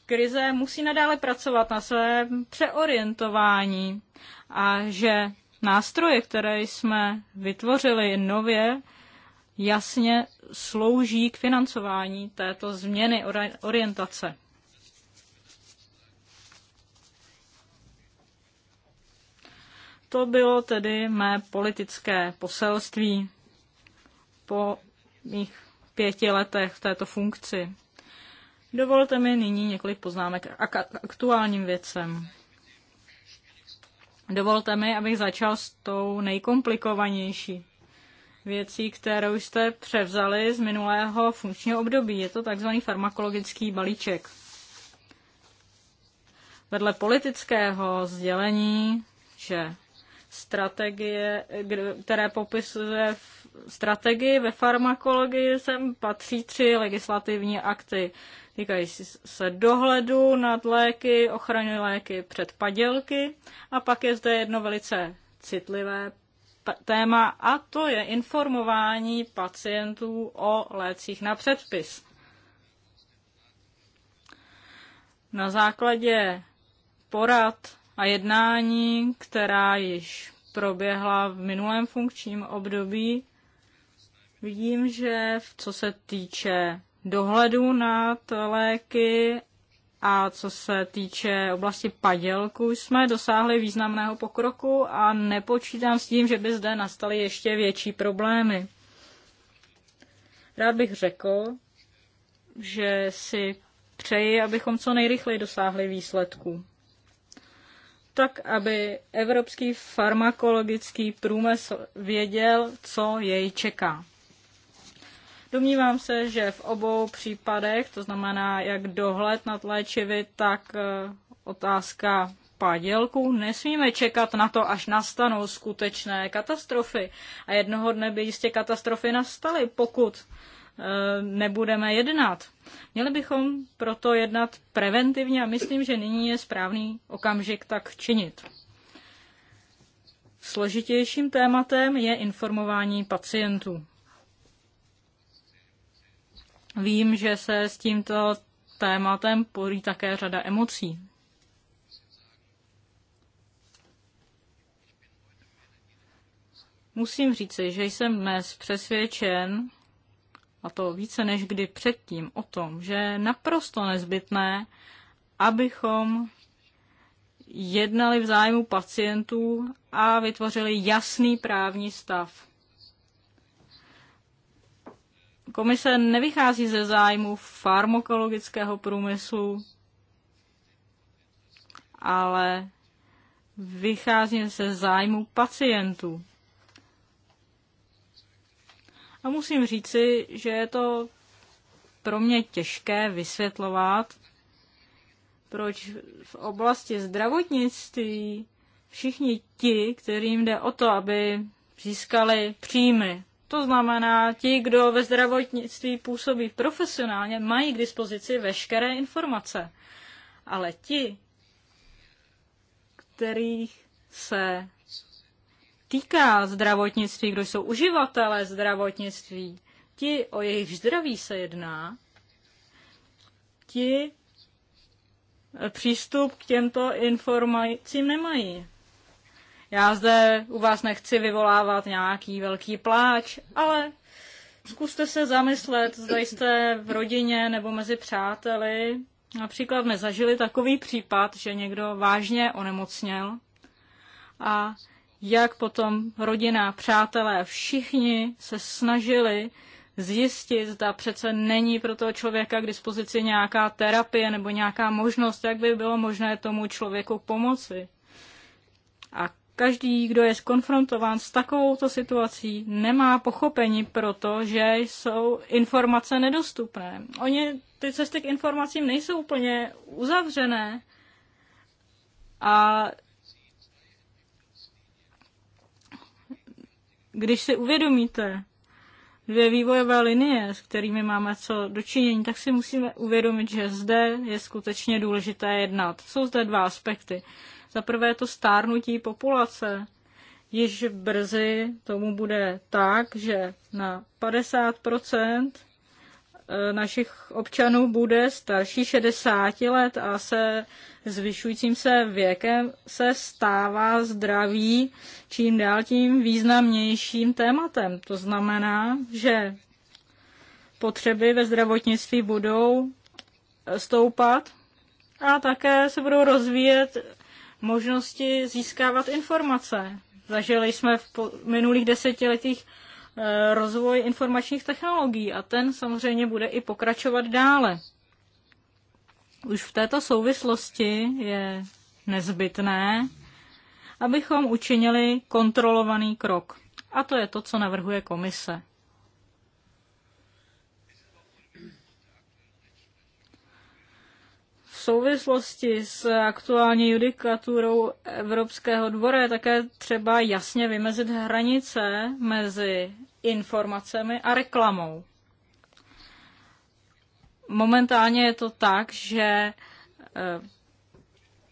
krize musí nadále pracovat na svém přeorientování a že nástroje, které jsme vytvořili nově, jasně slouží k financování této změny orientace. To bylo tedy mé politické poselství po mých pěti letech v této funkci. Dovolte mi nyní několik poznámek k aktuálním věcem. Dovolte mi, abych začal s tou nejkomplikovanější věcí, kterou jste převzali z minulého funkčního období. Je to takzvaný farmakologický balíček. Vedle politického sdělení, že strategie, které popisuje strategii ve farmakologii, sem patří tři legislativní akty. Týkají se dohledu nad léky, ochrany léky před padělky a pak je zde jedno velice citlivé téma a to je informování pacientů o lécích na předpis. Na základě porad a jednání, která již proběhla v minulém funkčním období, vidím, že co se týče dohledu nad léky a co se týče oblasti padělku, jsme dosáhli významného pokroku a nepočítám s tím, že by zde nastaly ještě větší problémy. Rád bych řekl, že si přeji, abychom co nejrychleji dosáhli výsledků. Tak, aby evropský farmakologický průmysl věděl, co jej čeká. Domnívám se, že v obou případech, to znamená jak dohled nad léčivy, tak eh, otázka padělků, nesmíme čekat na to, až nastanou skutečné katastrofy. A jednoho dne by jistě katastrofy nastaly, pokud eh, nebudeme jednat. Měli bychom proto jednat preventivně a myslím, že nyní je správný okamžik tak činit. Složitějším tématem je informování pacientů. Vím, že se s tímto tématem porí také řada emocí. Musím říci, že jsem dnes přesvědčen, a to více než kdy předtím, o tom, že je naprosto nezbytné, abychom jednali v zájmu pacientů a vytvořili jasný právní stav komise nevychází ze zájmu farmakologického průmyslu, ale vychází ze zájmu pacientů. A musím říci, že je to pro mě těžké vysvětlovat, proč v oblasti zdravotnictví všichni ti, kterým jde o to, aby získali příjmy to znamená, ti, kdo ve zdravotnictví působí profesionálně, mají k dispozici veškeré informace. Ale ti, kterých se týká zdravotnictví, kdo jsou uživatelé zdravotnictví, ti, o jejich zdraví se jedná, ti přístup k těmto informacím nemají. Já zde u vás nechci vyvolávat nějaký velký pláč, ale zkuste se zamyslet, zda jste v rodině nebo mezi přáteli například nezažili takový případ, že někdo vážně onemocněl a jak potom rodina, přátelé, všichni se snažili zjistit, zda přece není pro toho člověka k dispozici nějaká terapie nebo nějaká možnost, jak by bylo možné tomu člověku pomoci. A Každý, kdo je skonfrontován s takovouto situací, nemá pochopení pro to, že jsou informace nedostupné. Oni ty cesty k informacím nejsou úplně uzavřené a když si uvědomíte, dvě vývojové linie, s kterými máme co dočinění, tak si musíme uvědomit, že zde je skutečně důležité jednat. Jsou zde dva aspekty. Za prvé to stárnutí populace. Již brzy tomu bude tak, že na 50 E, našich občanů bude starší 60 let a se zvyšujícím se věkem se stává zdraví čím dál tím významnějším tématem. To znamená, že potřeby ve zdravotnictví budou stoupat a také se budou rozvíjet možnosti získávat informace. Zažili jsme v minulých desetiletích Eh, rozvoj informačních technologií a ten samozřejmě bude i pokračovat dále. Už v této souvislosti je nezbytné, abychom učinili kontrolovaný krok. A to je to, co navrhuje komise. V souvislosti s aktuální judikaturou Evropského dvora je také třeba jasně vymezit hranice mezi informacemi a reklamou. Momentálně je to tak, že eh,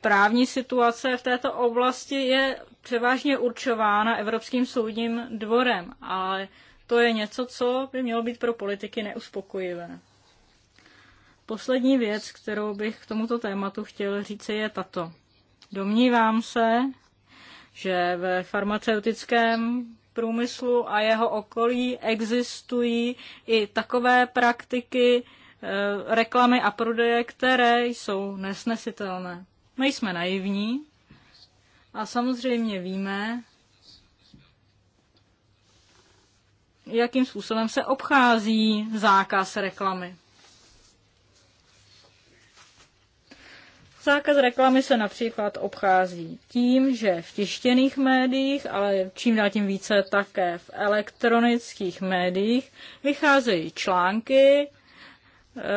právní situace v této oblasti je převážně určována Evropským soudním dvorem, ale to je něco, co by mělo být pro politiky neuspokojivé. Poslední věc, kterou bych k tomuto tématu chtěl říci, je tato. Domnívám se, že ve farmaceutickém průmyslu a jeho okolí existují i takové praktiky, eh, reklamy a prodeje, které jsou nesnesitelné. My jsme naivní a samozřejmě víme, jakým způsobem se obchází zákaz reklamy. Zákaz reklamy se například obchází tím, že v tištěných médiích, ale čím dál tím více také v elektronických médiích, vycházejí články e,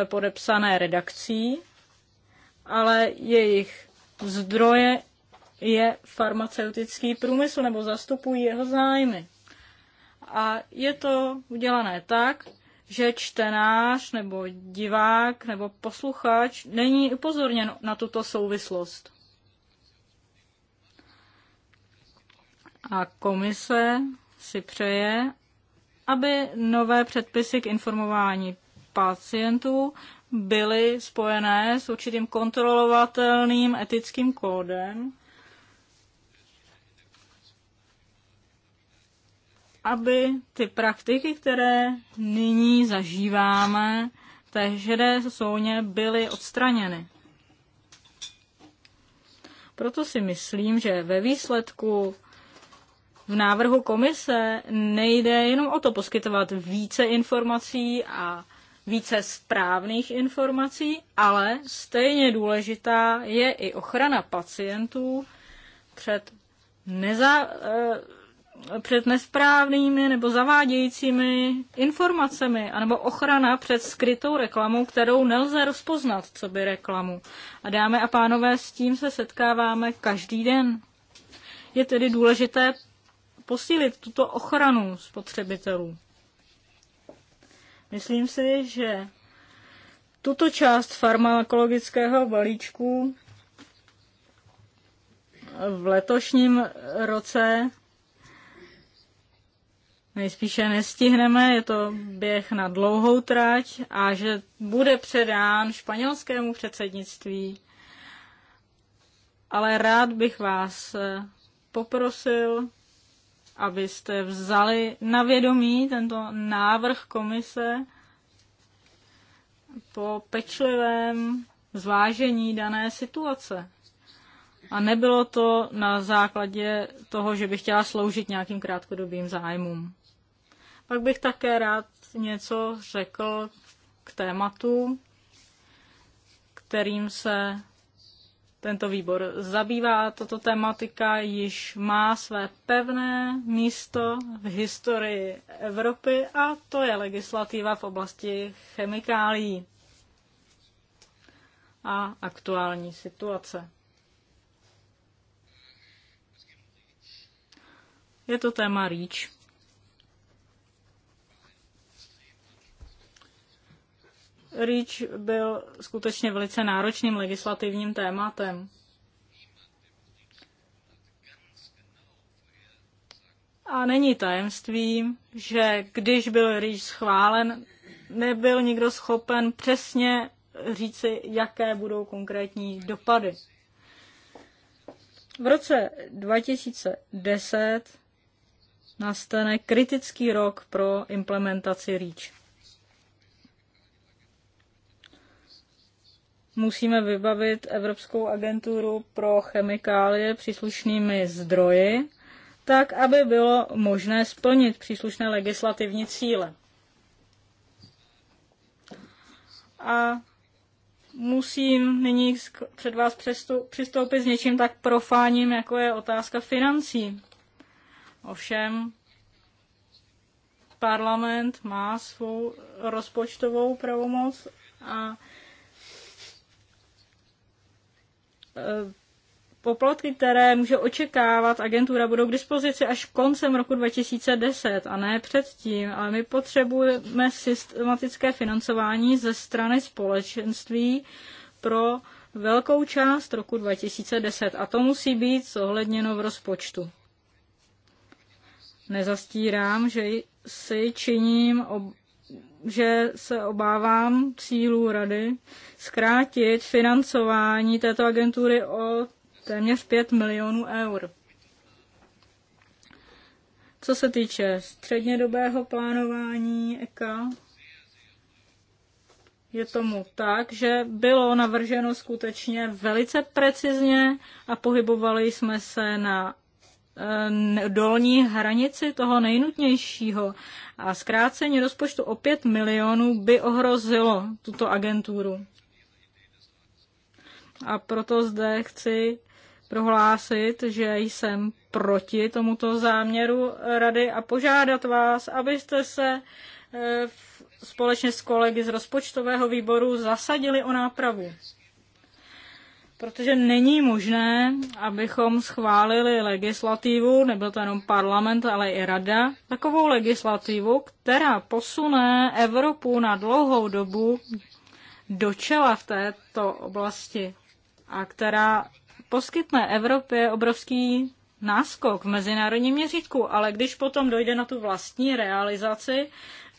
podepsané redakcí, ale jejich zdroje je farmaceutický průmysl nebo zastupují jeho zájmy. A je to udělané tak, že čtenář nebo divák nebo posluchač není upozorněn na tuto souvislost. A komise si přeje, aby nové předpisy k informování pacientů byly spojené s určitým kontrolovatelným etickým kódem, aby ty praktiky, které nyní zažíváme té šedé zóně, byly odstraněny. Proto si myslím, že ve výsledku v návrhu komise nejde jenom o to poskytovat více informací a více správných informací, ale stejně důležitá je i ochrana pacientů před neza, eh, před nesprávnými nebo zavádějícími informacemi, anebo ochrana před skrytou reklamou, kterou nelze rozpoznat, co by reklamu. A dámy a pánové, s tím se setkáváme každý den. Je tedy důležité posílit tuto ochranu spotřebitelů. Myslím si, že tuto část farmakologického balíčku v letošním roce nejspíše nestihneme, je to běh na dlouhou trať a že bude předán španělskému předsednictví. Ale rád bych vás eh, poprosil, abyste vzali na vědomí tento návrh komise po pečlivém zvážení dané situace. A nebylo to na základě toho, že bych chtěla sloužit nějakým krátkodobým zájmům. Pak bych také rád něco řekl k tématu, kterým se tento výbor zabývá. Toto tématika již má své pevné místo v historii Evropy a to je legislativa v oblasti chemikálií a aktuální situace. Je to téma REACH. REACH byl skutečně velice náročným legislativním tématem. A není tajemstvím, že když byl REACH schválen, nebyl nikdo schopen přesně říci, jaké budou konkrétní dopady. V roce 2010 nastane kritický rok pro implementaci REACH. musíme vybavit Evropskou agenturu pro chemikálie příslušnými zdroji, tak aby bylo možné splnit příslušné legislativní cíle. A musím nyní před vás přistoupit s něčím tak profáním, jako je otázka financí. Ovšem, parlament má svou rozpočtovou pravomoc a Eh, poplatky, které může očekávat agentura, budou k dispozici až koncem roku 2010 a ne předtím. Ale my potřebujeme systematické financování ze strany společenství pro velkou část roku 2010 a to musí být zohledněno v rozpočtu. Nezastírám, že si činím ob- že se obávám cílů rady zkrátit financování této agentury o téměř 5 milionů eur. Co se týče střednědobého plánování ECA, je tomu tak, že bylo navrženo skutečně velice precizně a pohybovali jsme se na Eh, dolní hranici toho nejnutnějšího. A zkrácení rozpočtu o 5 milionů by ohrozilo tuto agenturu. A proto zde chci prohlásit, že jsem proti tomuto záměru rady a požádat vás, abyste se eh, společně s kolegy z rozpočtového výboru zasadili o nápravu protože není možné, abychom schválili legislativu, nebyl to jenom parlament, ale i rada, takovou legislativu, která posune Evropu na dlouhou dobu do čela v této oblasti a která poskytne Evropě obrovský náskok v mezinárodním měřítku, ale když potom dojde na tu vlastní realizaci,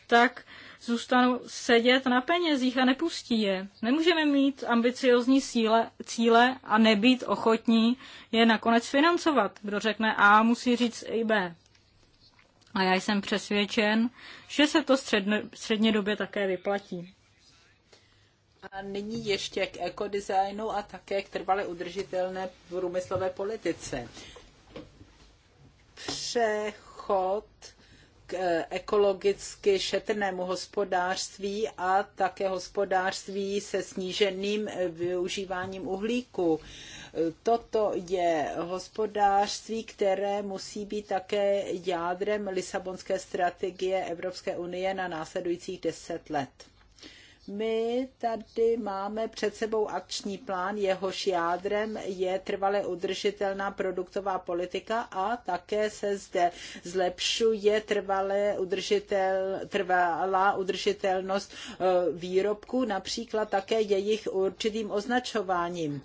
tak zůstanou sedět na penězích a nepustí je. Nemůžeme mít ambiciozní síle, cíle a nebýt ochotní je nakonec financovat. Kdo řekne A, musí říct i B. A já jsem přesvědčen, že se to středne, středně době také vyplatí. A nyní ještě k ekodesignu a také k trvale udržitelné průmyslové politice. Přechod Eh, ekologicky šetrnému hospodářství a také hospodářství se sníženým eh, využíváním uhlíku. Eh, toto je hospodářství, které musí být také jádrem Lisabonské strategie Evropské unie na následujících deset let. My tady máme před sebou akční plán, jehož jádrem je trvale udržitelná produktová politika a také se zde zlepšuje trvalé udržitel, trvalá udržitelnost eh, výrobků, například také jejich určitým označováním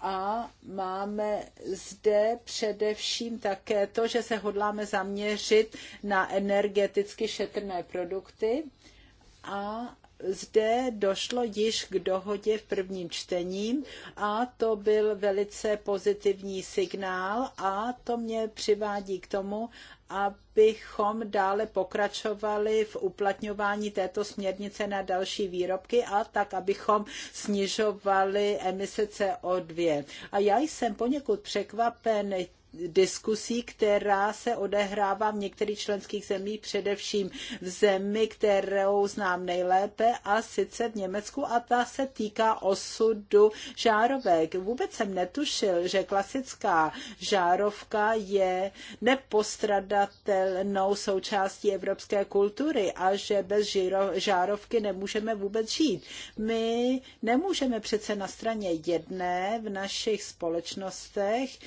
a máme zde především také to, že se hodláme zaměřit na energeticky šetrné produkty a zde došlo již k dohodě v prvním čtení a to byl velice pozitivní signál a to mě přivádí k tomu, abychom dále pokračovali v uplatňování této směrnice na další výrobky a tak, abychom snižovali emise CO2. A já jsem poněkud překvapen diskusí, která se odehrává v některých členských zemích, především v zemi, kterou znám nejlépe, a sice v Německu, a ta se týká osudu žárovek. Vůbec jsem netušil, že klasická žárovka je nepostradatelnou součástí evropské kultury a že bez žárovky nemůžeme vůbec žít. My nemůžeme přece na straně jedné v našich společnostech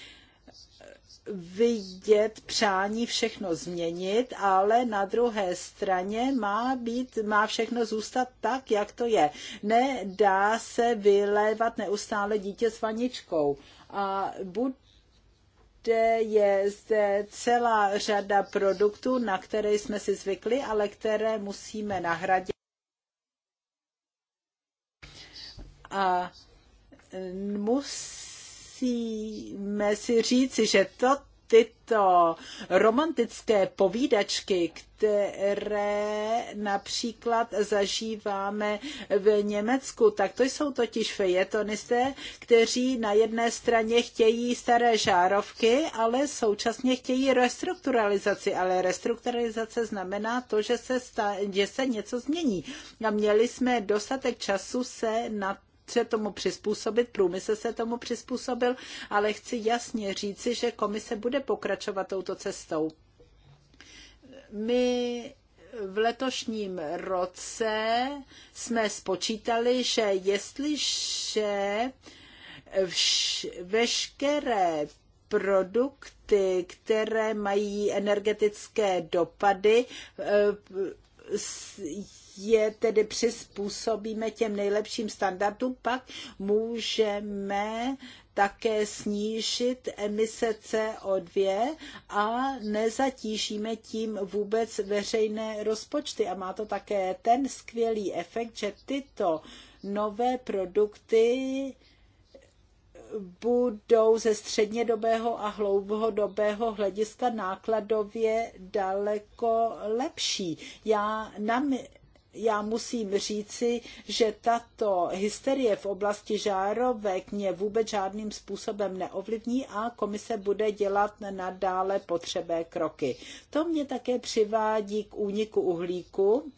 vidět přání všechno změnit, ale na druhé straně má být, má všechno zůstat tak, jak to je. Nedá se vylévat neustále dítě s vaničkou. A buď kde je zde celá řada produktů, na které jsme si zvykli, ale které musíme nahradit. A musí musíme si říci, že to, tyto romantické povídačky, které například zažíváme v Německu, tak to jsou totiž fejetonisté, kteří na jedné straně chtějí staré žárovky, ale současně chtějí restrukturalizaci. Ale restrukturalizace znamená to, že se, sta- že se něco změní. A měli jsme dostatek času se na se tomu přizpůsobit, průmysl se tomu přizpůsobil, ale chci jasně říci, že komise bude pokračovat touto cestou. My v letošním roce jsme spočítali, že jestliže vš, veškeré produkty, které mají energetické dopady, eh, je tedy přizpůsobíme těm nejlepším standardům, pak můžeme také snížit emise CO2 a nezatížíme tím vůbec veřejné rozpočty. A má to také ten skvělý efekt, že tyto nové produkty budou ze střednědobého a dlouhodobého hlediska nákladově daleko lepší. Já na já musím říci, že tato hysterie v oblasti žárovek mě vůbec žádným způsobem neovlivní a komise bude dělat nadále potřebné kroky. To mě také přivádí k úniku uhlíku,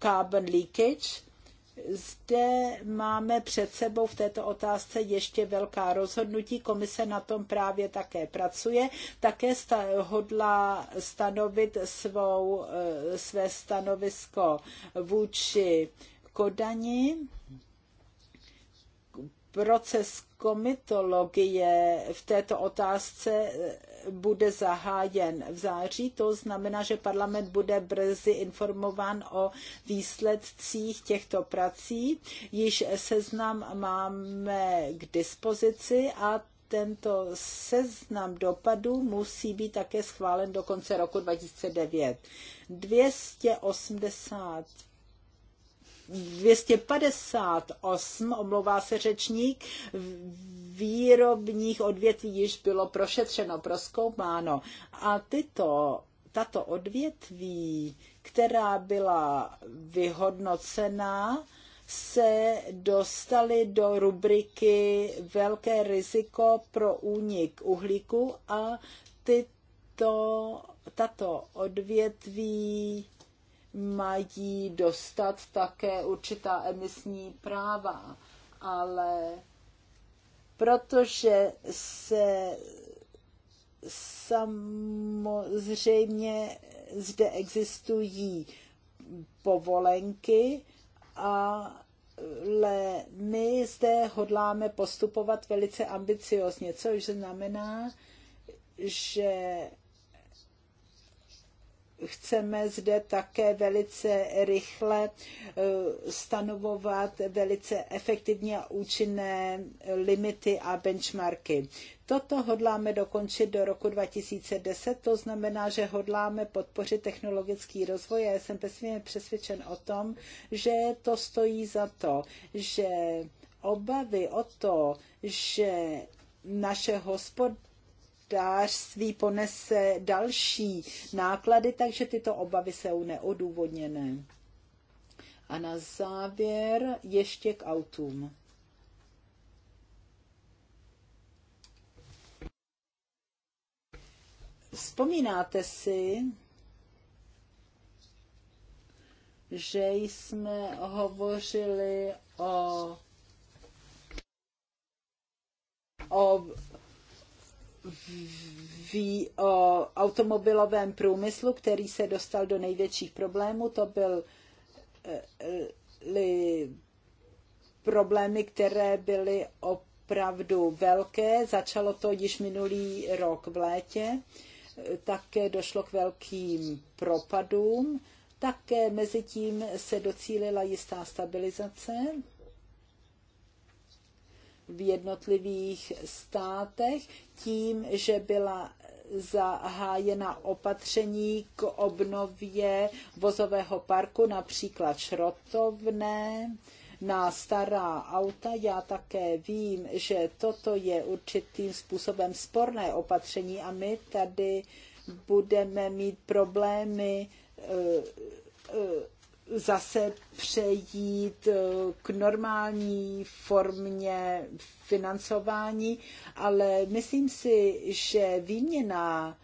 carbon leakage, zde máme před sebou v této otázce ještě velká rozhodnutí. Komise na tom právě také pracuje. Také sta- hodlá stanovit svou, eh, své stanovisko vůči Kodani proces komitologie v této otázce eh, bude zahájen v září. To znamená, že parlament bude brzy informován o výsledcích těchto prací. Již seznam máme k dispozici a tento seznam dopadů musí být také schválen do konce roku 2009. 280 258, omlouvá se řečník, výrobních odvětví již bylo prošetřeno, proskoumáno. A tyto, tato odvětví, která byla vyhodnocena, se dostali do rubriky velké riziko pro únik uhlíku a tyto, tato odvětví mají dostat také určitá emisní práva, ale protože se samozřejmě zde existují povolenky, ale my zde hodláme postupovat velice ambiciozně, což znamená, že chceme zde také velice rychle eh, stanovovat velice efektivní a účinné limity a benchmarky. Toto hodláme dokončit do roku 2010, to znamená, že hodláme podpořit technologický rozvoj a já jsem pevně přesvědčen o tom, že to stojí za to, že obavy o to, že naše hospod, hospodářství ponese další náklady, takže tyto obavy jsou neodůvodněné. A na závěr ještě k autům. Vzpomínáte si, že jsme hovořili o o ví o automobilovém průmyslu, který se dostal do největších problémů. To byly eh, eh, problémy, které byly opravdu velké. Začalo to již minulý rok v létě. Také došlo k velkým propadům. Také mezi tím se docílila jistá stabilizace v jednotlivých státech tím, že byla zahájena opatření k obnově vozového parku, například šrotovné, na stará auta. Já také vím, že toto je určitým způsobem sporné opatření a my tady budeme mít problémy eh, eh, zase přejít eh, k normální formě financování, ale myslím si, že výměna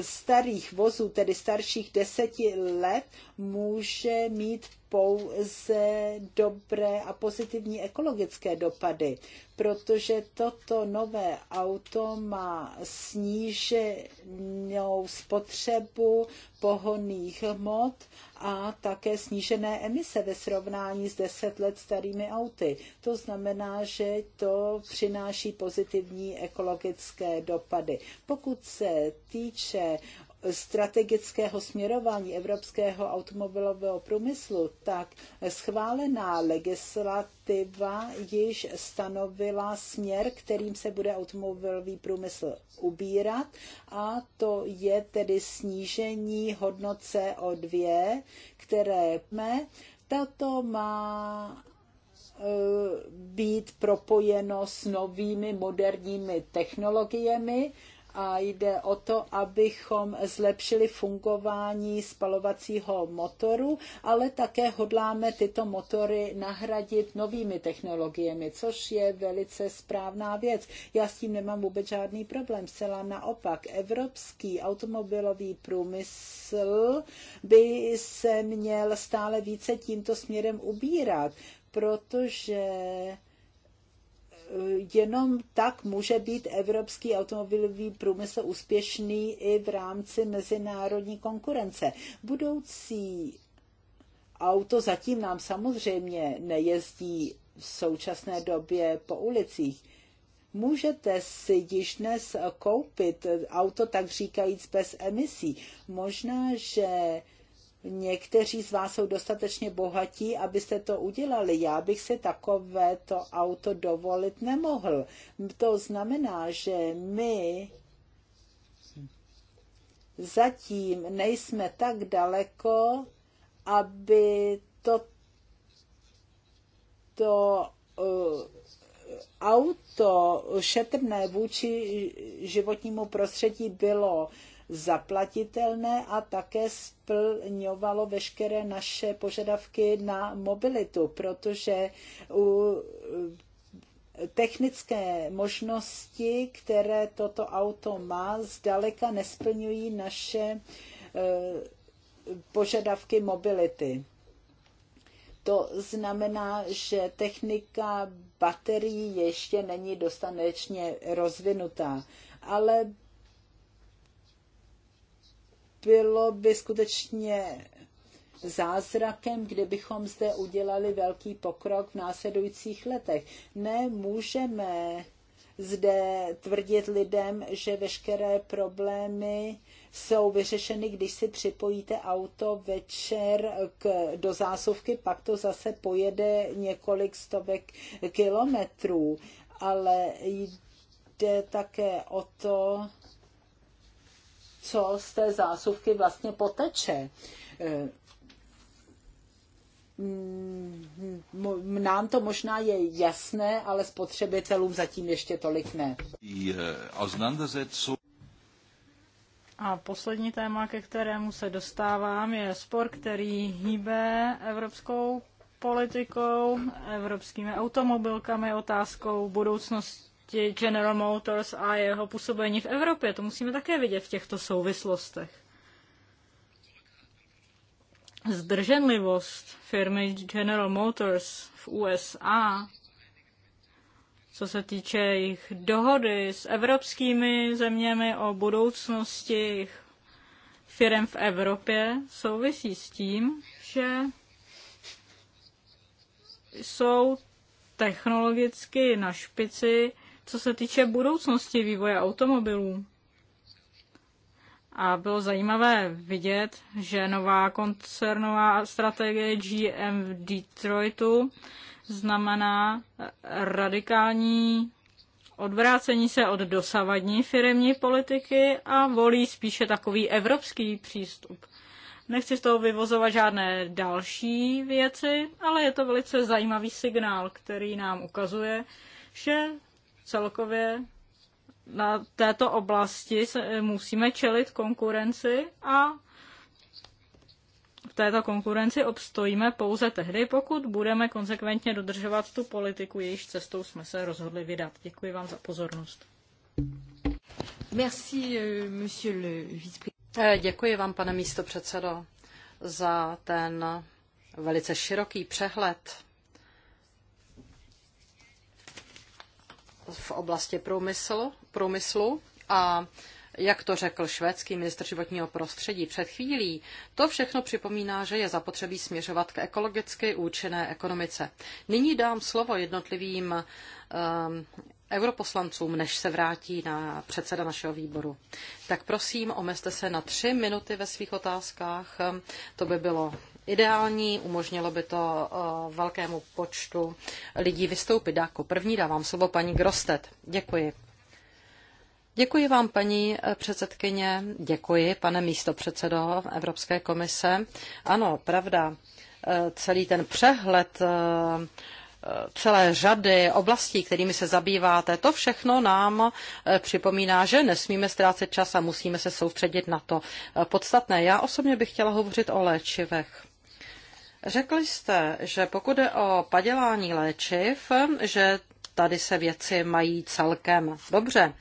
starých vozů, tedy starších deseti let, může mít pouze dobré a pozitivní ekologické dopady, protože toto nové auto má sníženou spotřebu pohonných hmot a také snížené emise ve srovnání s deset let starými auty. To znamená, že to přináší pozitivní ekologické dopady. Pokud se týče strategického směrování evropského automobilového průmyslu, tak schválená legislativa již stanovila směr, kterým se bude automobilový průmysl ubírat a to je tedy snížení hodnot CO2, které mé, tato má e, být propojeno s novými moderními technologiemi, a jde o to, abychom zlepšili fungování spalovacího motoru, ale také hodláme tyto motory nahradit novými technologiemi, což je velice správná věc. Já s tím nemám vůbec žádný problém, zcela naopak. Evropský automobilový průmysl by se měl stále více tímto směrem ubírat, protože jenom tak může být evropský automobilový průmysl úspěšný i v rámci mezinárodní konkurence. Budoucí auto zatím nám samozřejmě nejezdí v současné době po ulicích. Můžete si již dnes koupit auto, tak říkajíc, bez emisí. Možná, že Někteří z vás jsou dostatečně bohatí, abyste to udělali. Já bych si to auto dovolit nemohl. To znamená, že my zatím nejsme tak daleko, aby to, to uh, auto šetrné vůči životnímu prostředí bylo zaplatitelné a také splňovalo veškeré naše požadavky na mobilitu, protože u eh, technické možnosti, které toto auto má, zdaleka nesplňují naše eh, požadavky mobility. To znamená, že technika baterií ještě není dostatečně rozvinutá, ale bylo by skutečně zázrakem, kdybychom zde udělali velký pokrok v následujících letech. Nemůžeme zde tvrdit lidem, že veškeré problémy jsou vyřešeny, když si připojíte auto večer k, do zásuvky, pak to zase pojede několik stovek kilometrů, ale jde také o to, co z té zásuvky vlastně poteče eh, mm, nám to možná je jasné, ale spotřebitelům zatím ještě tolik ne. A poslední téma, ke kterému se dostávám, je spor, který hýbe evropskou politikou, evropskými automobilkami, otázkou budoucnosti General Motors a jeho působení v Evropě. To musíme také vidět v těchto souvislostech. Zdrženlivost firmy General Motors v USA, co se týče jejich dohody s evropskými zeměmi o budoucnosti jejich firm v Evropě, souvisí s tím, že jsou technologicky na špici co se týče budoucnosti vývoje automobilů. A bylo zajímavé vidět, že nová koncernová strategie GM v Detroitu znamená radikální odvrácení se od dosavadní firmní politiky a volí spíše takový evropský přístup. Nechci z toho vyvozovat žádné další věci, ale je to velice zajímavý signál, který nám ukazuje, že Celkově na této oblasti se, eh, musíme čelit konkurenci a v této konkurenci obstojíme pouze tehdy, pokud budeme konsekventně dodržovat tu politiku, jejíž cestou jsme se rozhodli vydat. Děkuji vám za pozornost. Merci, euh, monsieur le vice eh, Děkuji vám, pane místopředsedo, za ten velice široký přehled v oblasti průmyslu, průmyslu a jak to řekl švédský ministr životního prostředí před chvílí, to všechno připomíná, že je zapotřebí směřovat k ekologicky účinné ekonomice. Nyní dám slovo jednotlivým um, europoslancům, než se vrátí na předseda našeho výboru. Tak prosím, omezte se na tři minuty ve svých otázkách. To by bylo ideální, umožnilo by to eh, velkému počtu lidí vystoupit. Jako první dávám slovo paní Grostet. Děkuji. Děkuji vám, paní eh, předsedkyně, děkuji, pane místopředsedo Evropské komise. Ano, pravda, eh, celý ten přehled celé řady oblastí, kterými se zabýváte, to všechno nám připomíná, že nesmíme ztrácet čas a musíme se soustředit na to podstatné. Já osobně bych chtěla hovořit o léčivech. Řekli jste, že pokud je o padělání léčiv, že tady se věci mají celkem dobře.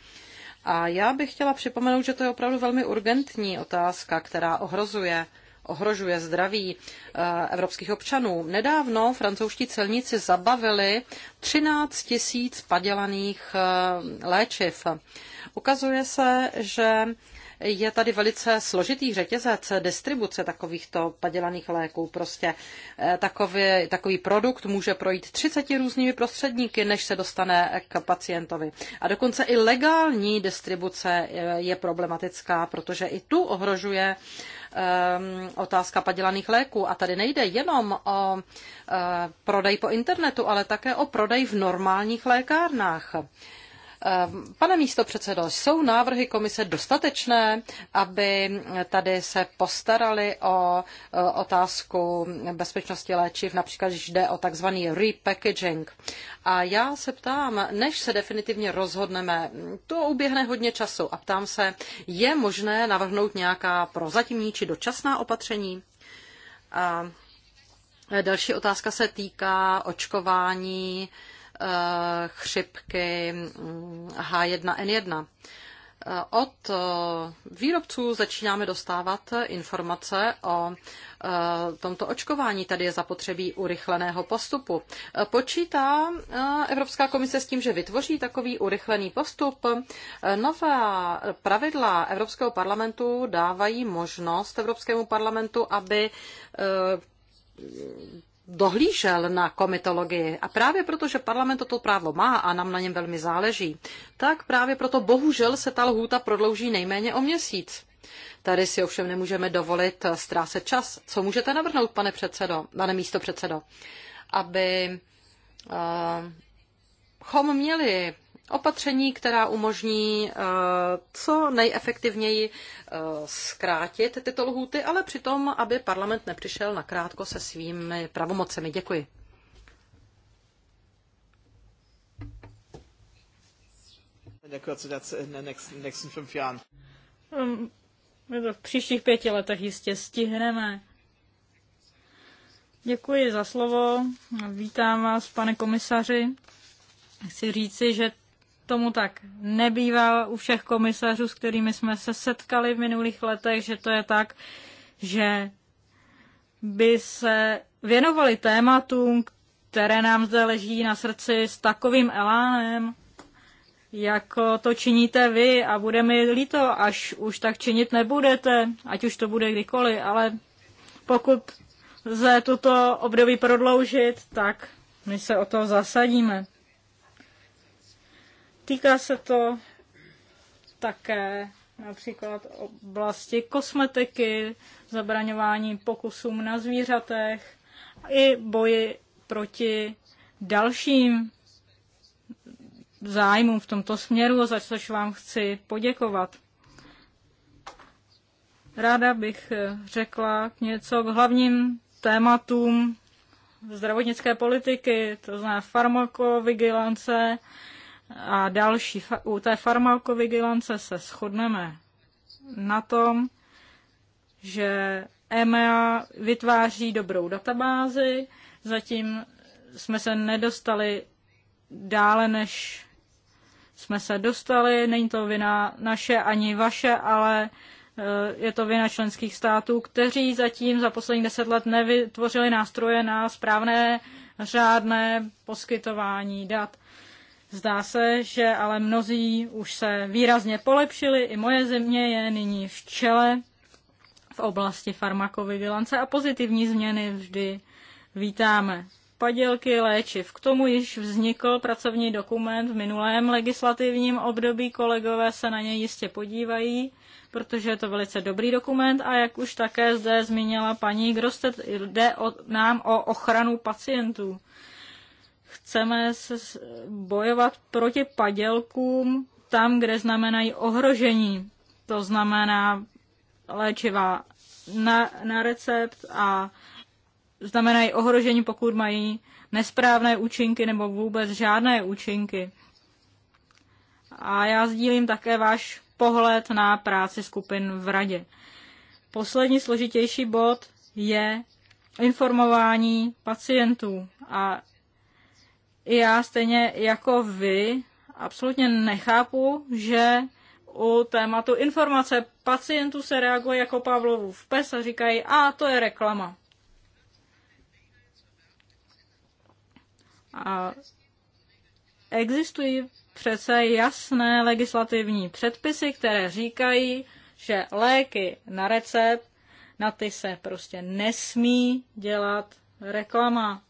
A já bych chtěla připomenout, že to je opravdu velmi urgentní otázka, která ohrozuje ohrožuje zdraví eh, evropských občanů. Nedávno francouzští celníci zabavili 13 tisíc padělaných eh, léčiv. Ukazuje se, že je tady velice složitý řetězec distribuce takovýchto padělaných léků. Prostě eh, takový, takový produkt může projít 30 různými prostředníky, než se dostane k pacientovi. A dokonce i legální distribuce eh, je problematická, protože i tu ohrožuje ehm, otázka padělaných léků. A tady nejde jenom o eh, prodej po internetu, ale také o prodej v normálních lékárnách. Ehm, pane místo předsedo, jsou návrhy komise dostatečné, aby tady se postarali o e, otázku bezpečnosti léčiv, například když jde o takzvaný repackaging. A já se ptám, než se definitivně rozhodneme, to uběhne hodně času a ptám se, je možné navrhnout nějaká prozatímní či dočasná opatření? A další otázka se týká očkování Eh, chřipky mm, H1N1. Eh, od eh, výrobců začínáme dostávat informace o tomto očkování. Tady je zapotřebí urychleného postupu. Počítá Evropská komise s tím, že vytvoří takový urychlený postup. Nová pravidla Evropského parlamentu dávají možnost Evropskému parlamentu, aby dohlížel na komitologii a právě proto, že parlament toto právo má a nám na něm velmi záleží, tak právě proto bohužel se ta lhůta prodlouží nejméně o měsíc. Tady si ovšem nemůžeme dovolit ztrácet čas. Co můžete navrhnout, pane předsedo, pane místo předsedo, aby uh, chom měli Opatření, která umožní eh, co nejefektivněji eh, zkrátit tyto lhůty, ale přitom, aby parlament nepřišel nakrátko se svými pravomocemi. Děkuji. My to v příštích pěti letech jistě stihneme. Děkuji za slovo. Vítám vás, pane komisaři. Chci říci, že tomu tak nebývá u všech komisařů, s kterými jsme se setkali v minulých letech, že to je tak, že by se věnovali tématům, které nám zde leží na srdci s takovým elánem, jako to činíte vy a bude mi líto, až už tak činit nebudete, ať už to bude kdykoliv, ale pokud lze tuto období prodloužit, tak my se o to zasadíme. Týká se to také například oblasti kosmetiky, zabraňování pokusům na zvířatech i boji proti dalším zájmům v tomto směru, za což vám chci poděkovat. Ráda bych řekla něco k hlavním tématům zdravotnické politiky, to znamená farmakovigilance, a další. U té farmakovigilance se shodneme na tom, že EMEA vytváří dobrou databázi, zatím jsme se nedostali dále, než jsme se dostali. Není to vina naše ani vaše, ale e, je to vina členských států, kteří zatím za poslední deset let nevytvořili nástroje na správné řádné poskytování dat. Zdá se, že ale mnozí už se výrazně polepšili. I moje země je nyní v čele v oblasti farmakovigilance a pozitivní změny vždy vítáme. Padělky léčiv. K tomu již vznikl pracovní dokument v minulém legislativním období. Kolegové se na něj jistě podívají, protože je to velice dobrý dokument a jak už také zde zmínila paní Grostet, jde o, nám o ochranu pacientů chceme bojovat proti padělkům tam, kde znamenají ohrožení. To znamená léčiva na, na recept a znamenají ohrožení, pokud mají nesprávné účinky nebo vůbec žádné účinky. A já sdílím také váš pohled na práci skupin v radě. Poslední složitější bod je informování pacientů. A já stejně jako vy absolutně nechápu, že u tématu informace pacientů se reaguje jako Pavlovův pes a říkají, a to je reklama. A existují přece jasné legislativní předpisy, které říkají, že léky na recept, na ty se prostě nesmí dělat reklama.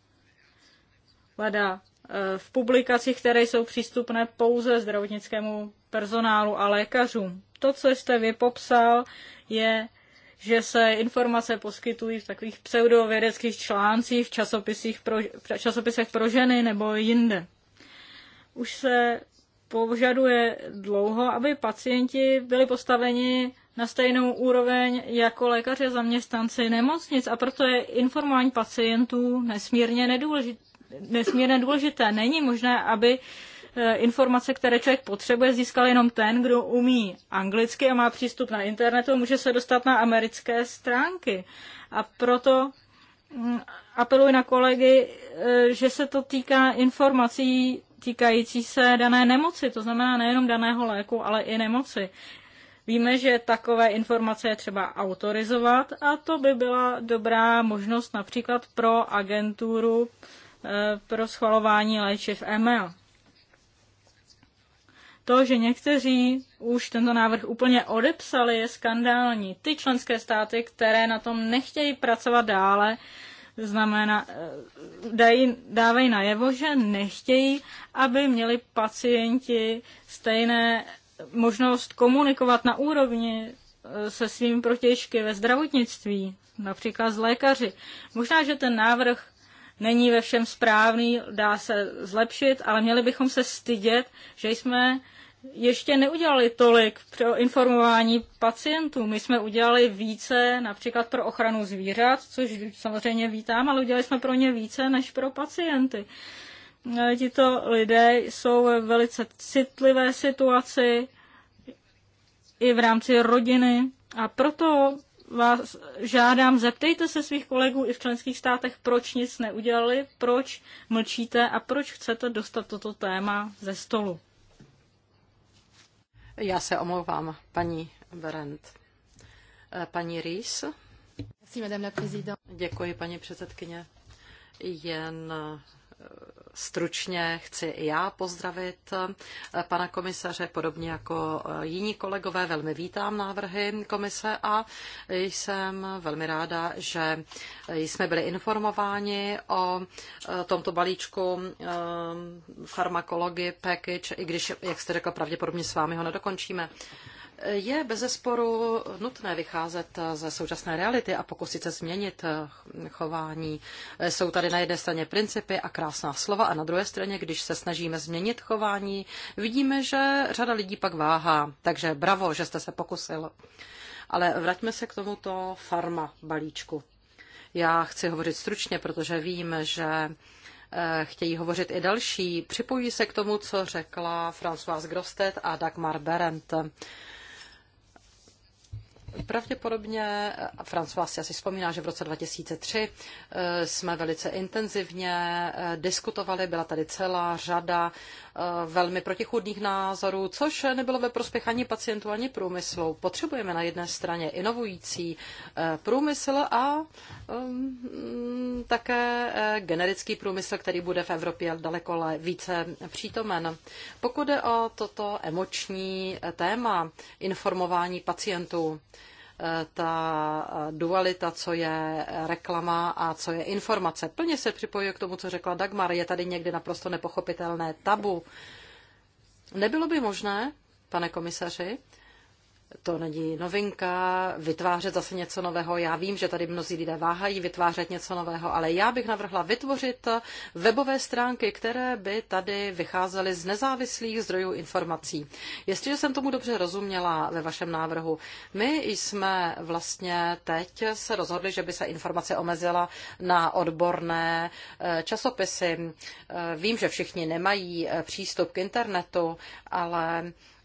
Leda v publikacích, které jsou přístupné pouze zdravotnickému personálu a lékařům. To, co jste vypopsal, je, že se informace poskytují v takových pseudovědeckých článcích, v časopisech pro, v časopisech pro ženy nebo jinde. Už se požaduje dlouho, aby pacienti byli postaveni na stejnou úroveň jako lékaři zaměstnanci nemocnic a proto je informování pacientů nesmírně nedůležité nesmírně důležité. Není možné, aby eh, informace, které člověk potřebuje, získal jenom ten, kdo umí anglicky a má přístup na internetu, může se dostat na americké stránky. A proto mm, apeluji na kolegy, eh, že se to týká informací týkající se dané nemoci, to znamená nejenom daného léku, ale i nemoci. Víme, že takové informace je třeba autorizovat a to by byla dobrá možnost například pro agenturu Eh, pro schvalování léčiv ML. To, že někteří už tento návrh úplně odepsali, je skandální. Ty členské státy, které na tom nechtějí pracovat dále, znamená, eh, dají, dávají najevo, že nechtějí, aby měli pacienti stejné možnost komunikovat na úrovni eh, se svými protěžky ve zdravotnictví, například s lékaři. Možná, že ten návrh není ve všem správný, dá se zlepšit, ale měli bychom se stydět, že jsme ještě neudělali tolik pro informování pacientů. My jsme udělali více například pro ochranu zvířat, což samozřejmě vítám, ale udělali jsme pro ně více než pro pacienty. Eh, tito lidé jsou ve velice citlivé situaci i v rámci rodiny a proto vás žádám, zeptejte se svých kolegů i v členských státech, proč nic neudělali, proč mlčíte a proč chcete dostat toto téma ze stolu. Já se omlouvám, paní Berend. Eh, paní Rýs. Děkuji, paní předsedkyně. Jen eh, Stručně chci i já pozdravit eh, pana komisaře, podobně jako eh, jiní kolegové. Velmi vítám návrhy komise a jsem velmi ráda, že jsme byli informováni o eh, tomto balíčku farmakologie package, i když, jak jste řekl, pravděpodobně s vámi ho nedokončíme. Je bezesporu nutné vycházet ze současné reality a pokusit se změnit eh, chování. Jsou tady na jedné straně principy a krásná slova a na druhé straně, když se snažíme změnit chování, vidíme, že řada lidí pak váhá. Takže bravo, že jste se pokusil. Ale vraťme se k tomuto farma balíčku. Já chci hovořit stručně, protože vím, že eh, chtějí hovořit i další. Připojí se k tomu, co řekla Françoise Grostet a Dagmar Berendt. Pravděpodobně, François si asi vzpomíná, že v roce 2003 eh, jsme velice intenzivně eh, diskutovali, byla tady celá řada eh, velmi protichudných názorů, což nebylo ve prospěch ani pacientů, ani průmyslu. Potřebujeme na jedné straně inovující průmysl a mm, také generický průmysl, který bude v Evropě daleko více přítomen. Pokud je o toto emoční téma informování pacientů, ta dualita, co je reklama a co je informace. Plně se připojuje k tomu, co řekla Dagmar. Je tady někdy naprosto nepochopitelné tabu. Nebylo by možné, pane komisaři, to není novinka, vytvářet zase něco nového. Já vím, že tady mnozí lidé váhají vytvářet něco nového, ale já bych navrhla vytvořit webové stránky, které by tady vycházely z nezávislých zdrojů informací. Jestliže jsem tomu dobře rozuměla ve vašem návrhu, my jsme vlastně teď se rozhodli, že by se informace omezila na odborné eh, časopisy. Eh, vím, že všichni nemají eh, přístup k internetu, ale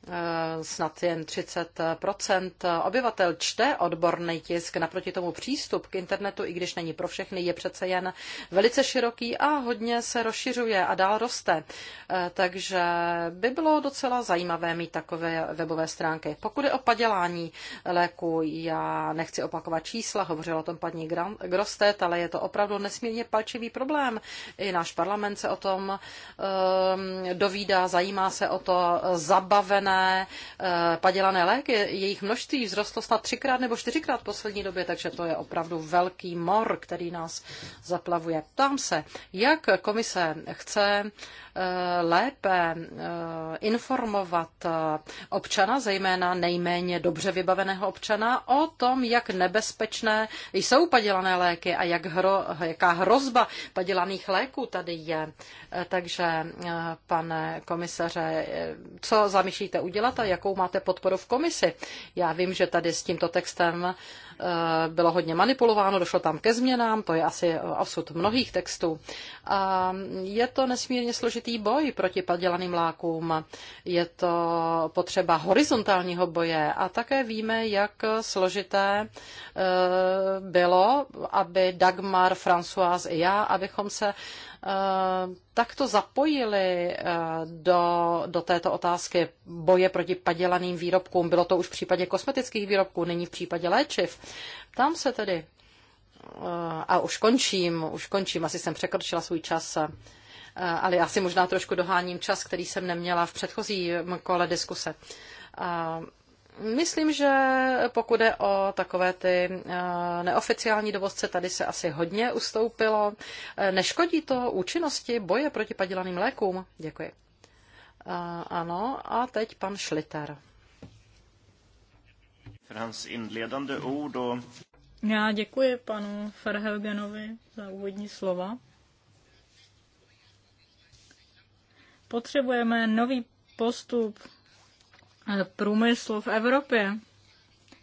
Eh, snad jen 30 obyvatel čte odborný tisk, naproti tomu přístup k internetu, i když není pro všechny, je přece jen velice široký a hodně se rozšiřuje a dál roste. Eh, takže by bylo docela zajímavé mít takové webové stránky. Pokud je o padělání léku, já nechci opakovat čísla, hovořila o tom paní Grostet, ale je to opravdu nesmírně palčivý problém. I náš parlament se o tom um, dovídá, zajímá se o to zabavené padělané, eh, padělané léky. Jejich množství vzrostlo snad třikrát nebo čtyřikrát v poslední době, takže to je opravdu velký mor, který nás zaplavuje. Ptám se, jak komise chce eh, lépe eh, informovat občana, zejména nejméně dobře vybaveného občana, o tom, jak nebezpečné jsou padělané léky a jak hro, jaká hrozba padělaných léků tady je. Takže, pane komisaře, co zamýšlíte udělat a jakou máte podporu v komisi. Já vím, že tady s tímto textem eh, bylo hodně manipulováno, došlo tam ke změnám, to je asi osud mnohých textů. A je to nesmírně složitý boj proti padělaným lákům, je to potřeba horizontálního boje a také víme, jak složité eh, bylo, aby Dagmar, Françoise i já, abychom se Eh, takto zapojili eh, do, do této otázky boje proti padělaným výrobkům. Bylo to už v případě kosmetických výrobků, není v případě léčiv. Tam se tedy, eh, a už končím, už končím, asi jsem překročila svůj čas, ale asi možná trošku doháním čas, který jsem neměla v předchozím kole diskuse. Myslím, že pokud je o takové ty eh, neoficiální dovozce, tady se asi hodně ustoupilo. Eh, neškodí to účinnosti boje proti padělaným lékům? Děkuji. Eh, ano, a teď pan Šliter. Já děkuji panu Ferhelgenovi za úvodní slova. Potřebujeme nový postup průmysl v Evropě.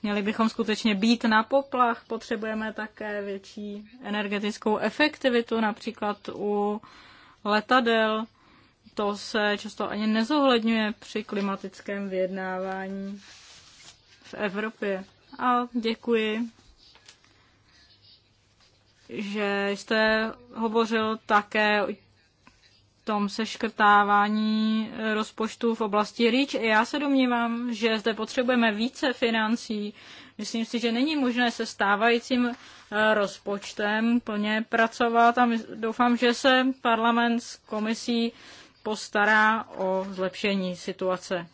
Měli bychom skutečně být na poplach, potřebujeme také větší energetickou efektivitu, například u letadel. To se často ani nezohledňuje při klimatickém vyjednávání v Evropě. A děkuji, že jste hovořil také o tom seškrtávání eh, rozpočtu v oblasti REACH. Já se domnívám, že zde potřebujeme více financí. Myslím si, že není možné se stávajícím eh, rozpočtem plně pracovat a doufám, že se parlament s komisí postará o zlepšení situace.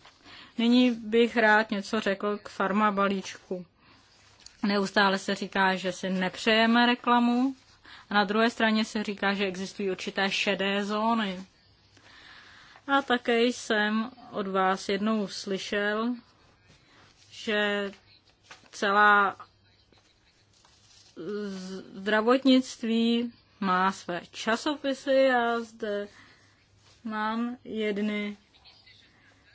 Nyní bych rád něco řekl k farmabalíčku. Neustále se říká, že si nepřejeme reklamu, a na druhé straně se říká, že existují určité šedé zóny. A také jsem od vás jednou slyšel, že celá zdravotnictví má své časopisy a zde mám jedny,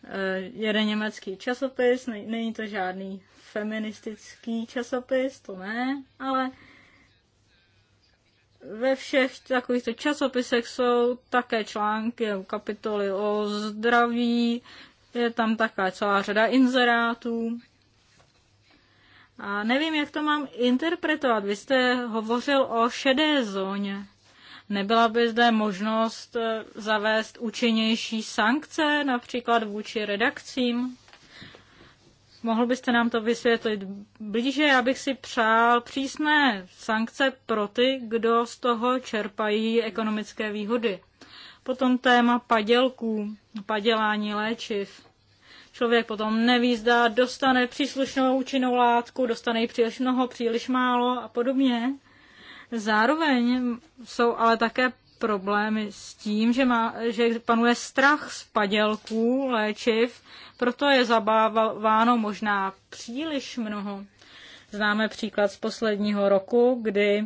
eh, jeden německý časopis, není to žádný feministický časopis, to ne, ale ve všech takovýchto časopisech jsou také články, kapitoly o zdraví, je tam taká celá řada inzerátů. A nevím, jak to mám interpretovat. Vy jste hovořil o šedé zóně. Nebyla by zde možnost eh, zavést účinnější sankce, například vůči redakcím? Mohl byste nám to vysvětlit blíže? Já bych si přál přísné sankce pro ty, kdo z toho čerpají ekonomické výhody. Potom téma padělků, padělání léčiv. Člověk potom neví, zda dostane příslušnou účinnou látku, dostane ji příliš mnoho, příliš málo a podobně. Zároveň jsou ale také problémy s tím, že, má, že panuje strach z padělků léčiv, proto je zabáváno možná příliš mnoho. Známe příklad z posledního roku, kdy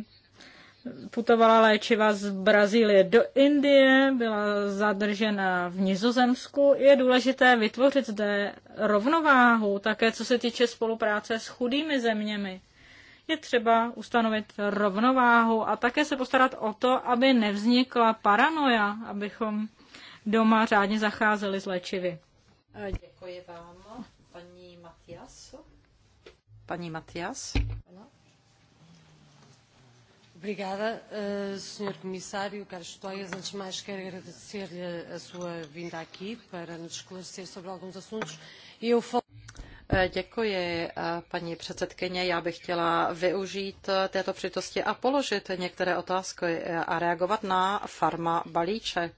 putovala léčiva z Brazílie do Indie, byla zadržena v Nizozemsku. Je důležité vytvořit zde rovnováhu, také co se týče spolupráce s chudými zeměmi je třeba ustanovit rovnováhu a také se postarat o to, aby nevznikla paranoja, abychom doma řádně zacházeli s léčivy. Děkuji vám, paní Matias. Paní Matias. Obrigada, eh, Sr. Comissário Carlos Toias. Antes de mais, quero agradecer-lhe a sua vinda aqui para nos esclarecer sobre alguns assuntos. E eu falo... Eh, děkuji, eh, paní předsedkyně. Já bych chtěla využít eh, této přitosti a položit některé otázky a reagovat na farma balíček.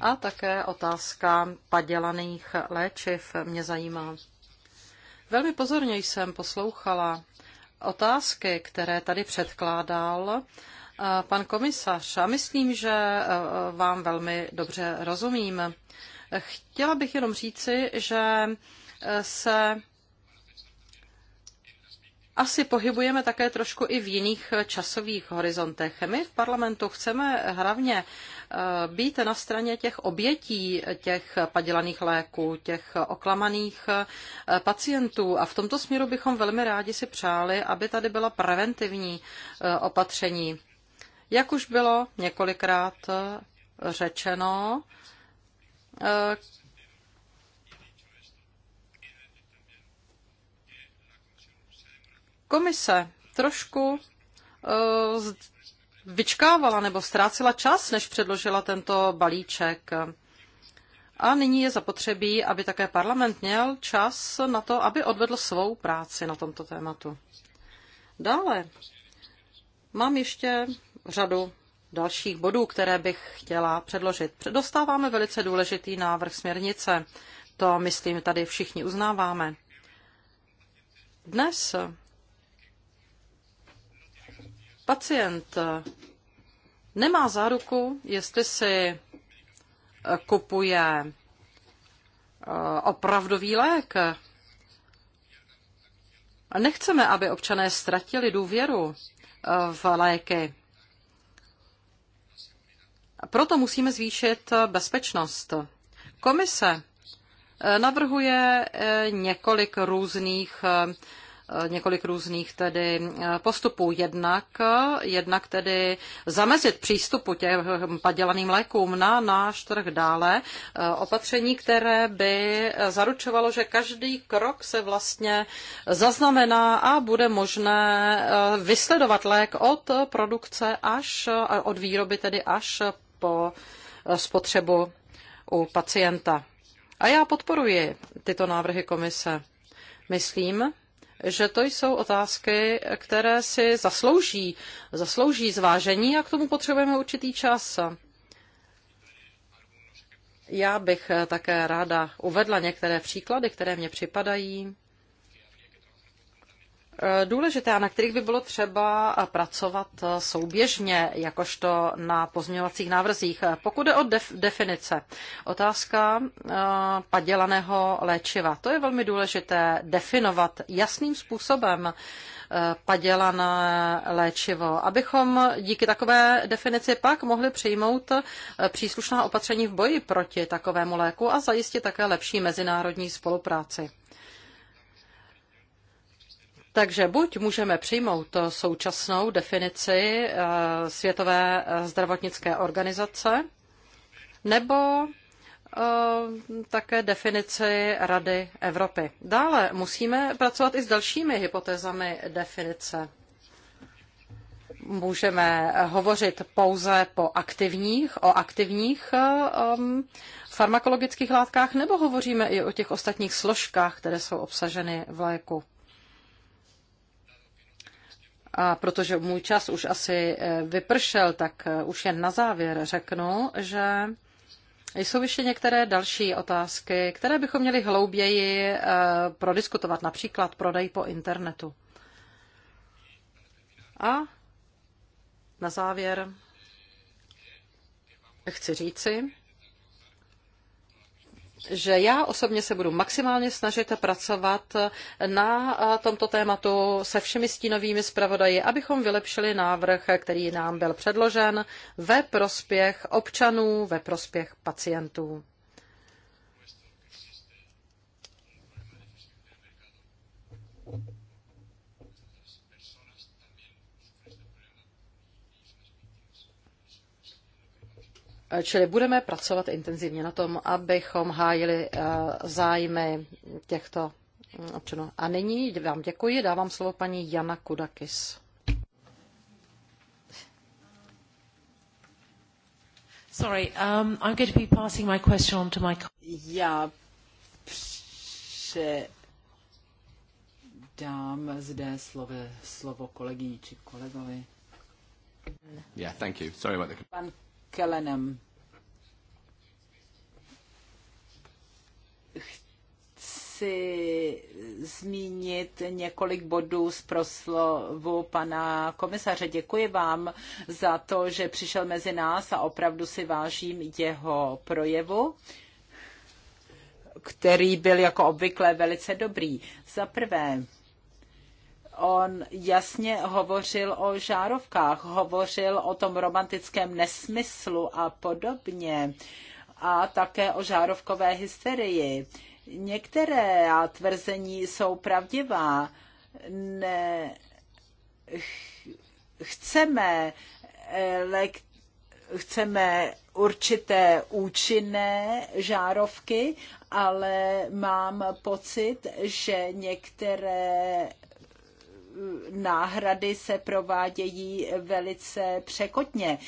A také otázka padělaných léčiv mě zajímá. Velmi pozorně jsem poslouchala otázky, které tady předkládal pan komisař a myslím, že vám velmi dobře rozumím. Chtěla bych jenom říci, že eh, se asi pohybujeme také trošku i v jiných eh, časových horizontech. My v parlamentu chceme hlavně eh, být na straně těch obětí těch padělaných léků, těch oklamaných pacientů. A v tomto směru bychom velmi rádi si přáli, aby tady byla preventivní opatření. Jak už bylo několikrát řečeno, Komise trošku eh, vyčkávala nebo ztrácela čas, než předložila tento balíček. A nyní je zapotřebí, aby také parlament měl čas na to, aby odvedl svou práci na tomto tématu. Dále mám ještě řadu dalších bodů, které bych chtěla předložit. Dostáváme velice důležitý návrh směrnice. To, myslím, tady všichni uznáváme. Dnes pacient nemá záruku, jestli si eh, kupuje eh, opravdový lék. Nechceme, aby občané ztratili důvěru eh, v léky. Proto musíme zvýšit eh, bezpečnost. Komise eh, navrhuje eh, několik různých několik různých tedy postupů. Jednak, jednak tedy zamezit přístupu těm padělaným lékům na náš trh dále. Opatření, které by zaručovalo, že každý krok se vlastně zaznamená a bude možné vysledovat lék od produkce až, od výroby tedy až po eh, spotřebu u pacienta. A já podporuji tyto návrhy komise. Myslím, že to jsou otázky, které si zaslouží, zaslouží zvážení a k tomu potřebujeme určitý čas. Já bych také ráda uvedla některé příklady, které mě připadají důležité a na kterých by bylo třeba pracovat souběžně, jakožto na pozměňovacích návrzích. Pokud jde o def- definice, otázka eh, padělaného léčiva. To je velmi důležité definovat jasným způsobem eh, padělané léčivo, abychom díky takové definici pak mohli přijmout eh, příslušná opatření v boji proti takovému léku a zajistit také lepší mezinárodní spolupráci. Takže buď můžeme přijmout současnou definici eh, Světové eh, zdravotnické organizace, nebo eh, také definici Rady Evropy. Dále musíme pracovat i s dalšími hypotézami definice. Můžeme hovořit pouze po aktivních, o aktivních um, farmakologických látkách, nebo hovoříme i o těch ostatních složkách, které jsou obsaženy v léku. A protože můj čas už asi eh, vypršel, tak eh, už jen na závěr řeknu, že jsou ještě některé další otázky, které bychom měli hlouběji eh, prodiskutovat, například prodej po internetu. A na závěr chci říci, že já osobně se budu maximálně snažit pracovat na tomto tématu se všemi stínovými zpravodaji, abychom vylepšili návrh, který nám byl předložen ve prospěch občanů, ve prospěch pacientů. Čili budeme pracovat intenzivně na tom, abychom hájili eh, zájmy těchto mm, občanů. A nyní vám děkuji, dávám slovo paní Jana Kudakis. Sorry, um, I'm going to be passing my question on to my Já předám zde slovo, slovo kolegyni či kolegovi. Yeah, thank you. Sorry about the... Pan Kelenem. chci zmínit několik bodů z proslovu pana komisaře. Děkuji vám za to, že přišel mezi nás a opravdu si vážím jeho projevu který byl jako obvykle velice dobrý. Za prvé, on jasně hovořil o žárovkách, hovořil o tom romantickém nesmyslu a podobně a také o žárovkové hysterii. Některé tvrzení jsou pravdivá. Ne, chceme, elekt, eh, chceme určité účinné žárovky, ale mám pocit, že některé náhrady se provádějí velice překotně,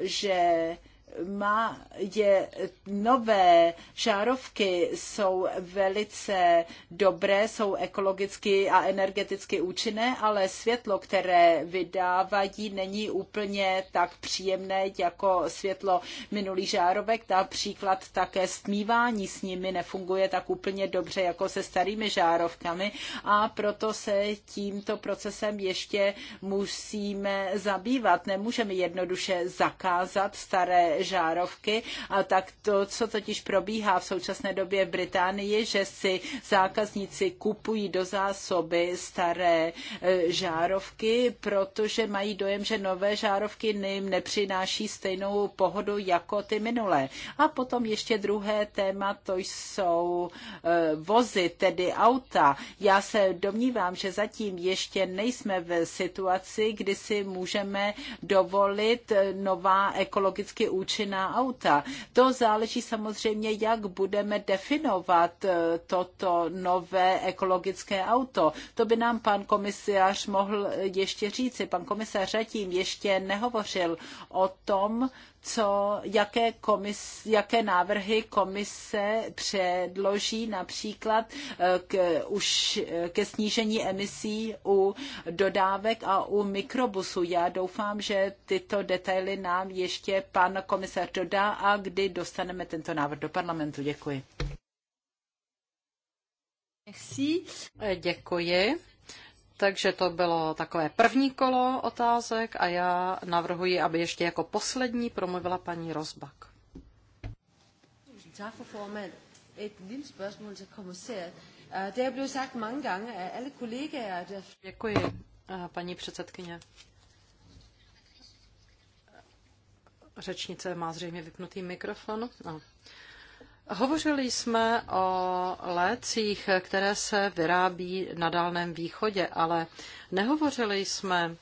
že má, je, nové žárovky jsou velice dobré, jsou ekologicky a energeticky účinné, ale světlo, které vydávají, není úplně tak příjemné jako světlo minulých žárovek. Například také stmívání s nimi nefunguje tak úplně dobře jako se starými žárovkami a proto se tímto procesem ještě musíme zabývat. Nemůžeme jednoduše zakázat staré žárovky a tak to, co totiž probíhá v současné době v Británii, je, že si zákazníci kupují do zásoby staré e, žárovky, protože mají dojem, že nové žárovky jim nepřináší stejnou pohodu jako ty minulé. A potom ještě druhé téma, to jsou e, vozy, tedy auta. Já se domnívám, že zatím ještě nejsme ve situaci, kdy si můžeme dovolit e, nová ekologicky účinná účinná auta. To záleží samozřejmě, jak budeme definovat eh, toto nové ekologické auto. To by nám pan komisař mohl ještě říci. Pan komisař zatím ještě nehovořil o tom, co, jaké, komis, jaké návrhy komise předloží například eh, k, už eh, ke snížení emisí u dodávek a u mikrobusů. Já doufám, že tyto detaily nám ještě pan komisař dodá a kdy dostaneme tento návrh do parlamentu. Děkuji. Merci. Eh, děkuji. Takže to bylo takové první kolo otázek a já navrhuji, aby ještě jako poslední promluvila paní Rozbak. Øh, er Děkuji, eh, paní předsedkyně. Řečnice má zřejmě vypnutý mikrofon. No. Hovořili jsme o lécích, které se vyrábí na Dálném východě, ale nehovořili jsme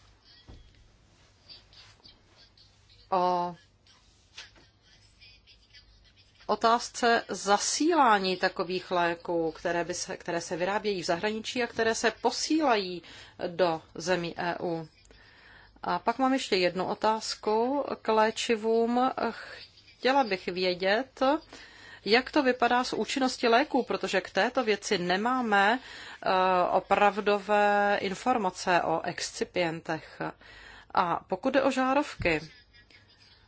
o otázce zasílání takových léků, které, by se, které se vyrábějí v zahraničí a které se posílají do zemí EU. A pak mám ještě jednu otázku k léčivům. Chtěla bych vědět, jak to vypadá s účinností léků, protože k této věci nemáme eh, opravdové informace o excipientech. A pokud jde o žárovky,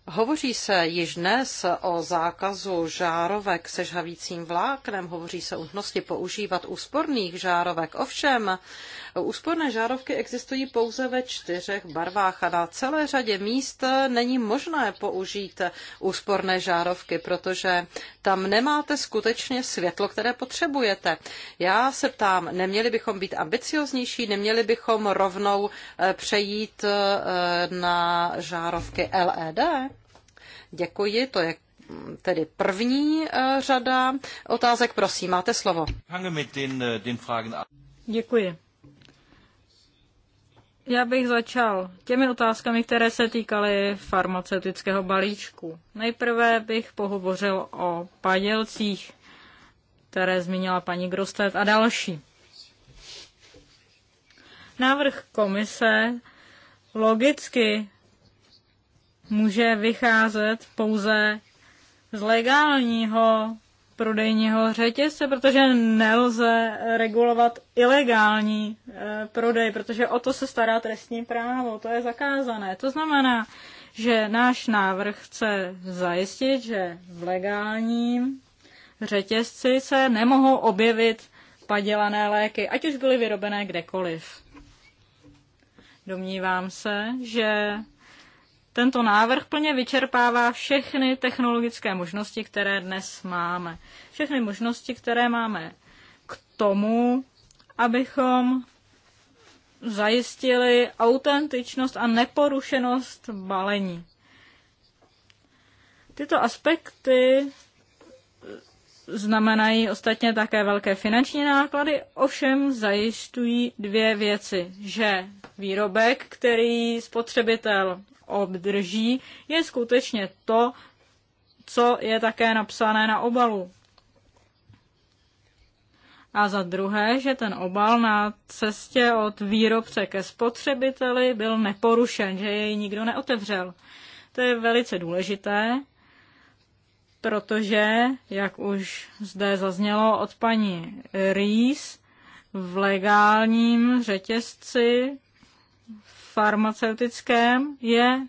Hovoří se již dnes o zákazu žárovek se žhavícím vláknem, hovoří se o nutnosti používat úsporných žárovek. Ovšem, Úsporné žárovky existují pouze ve čtyřech barvách a na celé řadě míst není možné použít úsporné žárovky, protože tam nemáte skutečně světlo, které potřebujete. Já se ptám, neměli bychom být ambicioznější, neměli bychom rovnou eh, přejít eh, na žárovky LED? Děkuji, to je hm, tedy první eh, řada otázek. Prosím, máte slovo. Děkuji. Já bych začal těmi otázkami, které se týkaly farmaceutického balíčku. Nejprve bych pohovořil o padělcích, které zmínila paní Grostet a další. Návrh komise logicky může vycházet pouze z legálního prodejního řetězce, protože nelze regulovat ilegální eh, prodej, protože o to se stará trestní právo, to je zakázané. To znamená, že náš návrh chce zajistit, že v legálním řetězci se nemohou objevit padělané léky, ať už byly vyrobené kdekoliv. Domnívám se, že tento návrh plně vyčerpává všechny technologické možnosti, které dnes máme. Všechny možnosti, které máme k tomu, abychom zajistili autentičnost a neporušenost balení. Tyto aspekty znamenají ostatně také velké finanční náklady, ovšem zajišťují dvě věci. Že výrobek, který spotřebitel obdrží, je skutečně to, co je také napsané na obalu. A za druhé, že ten obal na cestě od výrobce ke spotřebiteli byl neporušen, že jej nikdo neotevřel. To je velice důležité, protože, jak už zde zaznělo od paní Rees, v legálním řetězci, v farmaceutickém je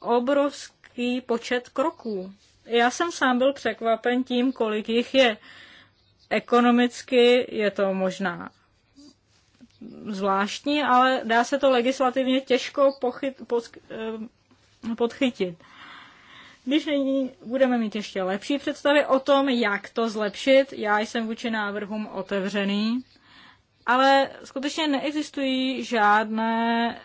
obrovský počet kroků. Já jsem sám byl překvapen tím, kolik jich je. Ekonomicky je to možná zvláštní, ale dá se to legislativně těžko pochyt, pod, eh, podchytit. Když nyní budeme mít ještě lepší představy o tom, jak to zlepšit, já jsem vůči návrhům otevřený, ale skutečně neexistují žádné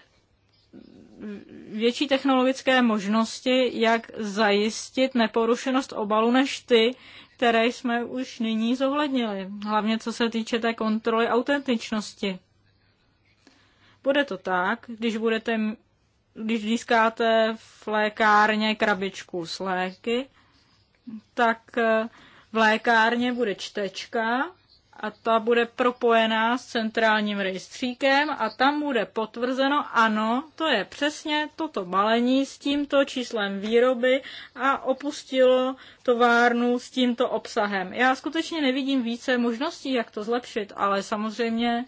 větší technologické možnosti, jak zajistit neporušenost obalu než ty, které jsme už nyní zohlednili, hlavně co se týče té kontroly autentičnosti. Bude to tak, když budete, když získáte v lékárně krabičku s léky, tak eh, v lékárně bude čtečka a ta bude propojená s centrálním rejstříkem a tam bude potvrzeno, ano, to je přesně toto balení s tímto číslem výroby a opustilo továrnu s tímto obsahem. Já skutečně nevidím více možností, jak to zlepšit, ale samozřejmě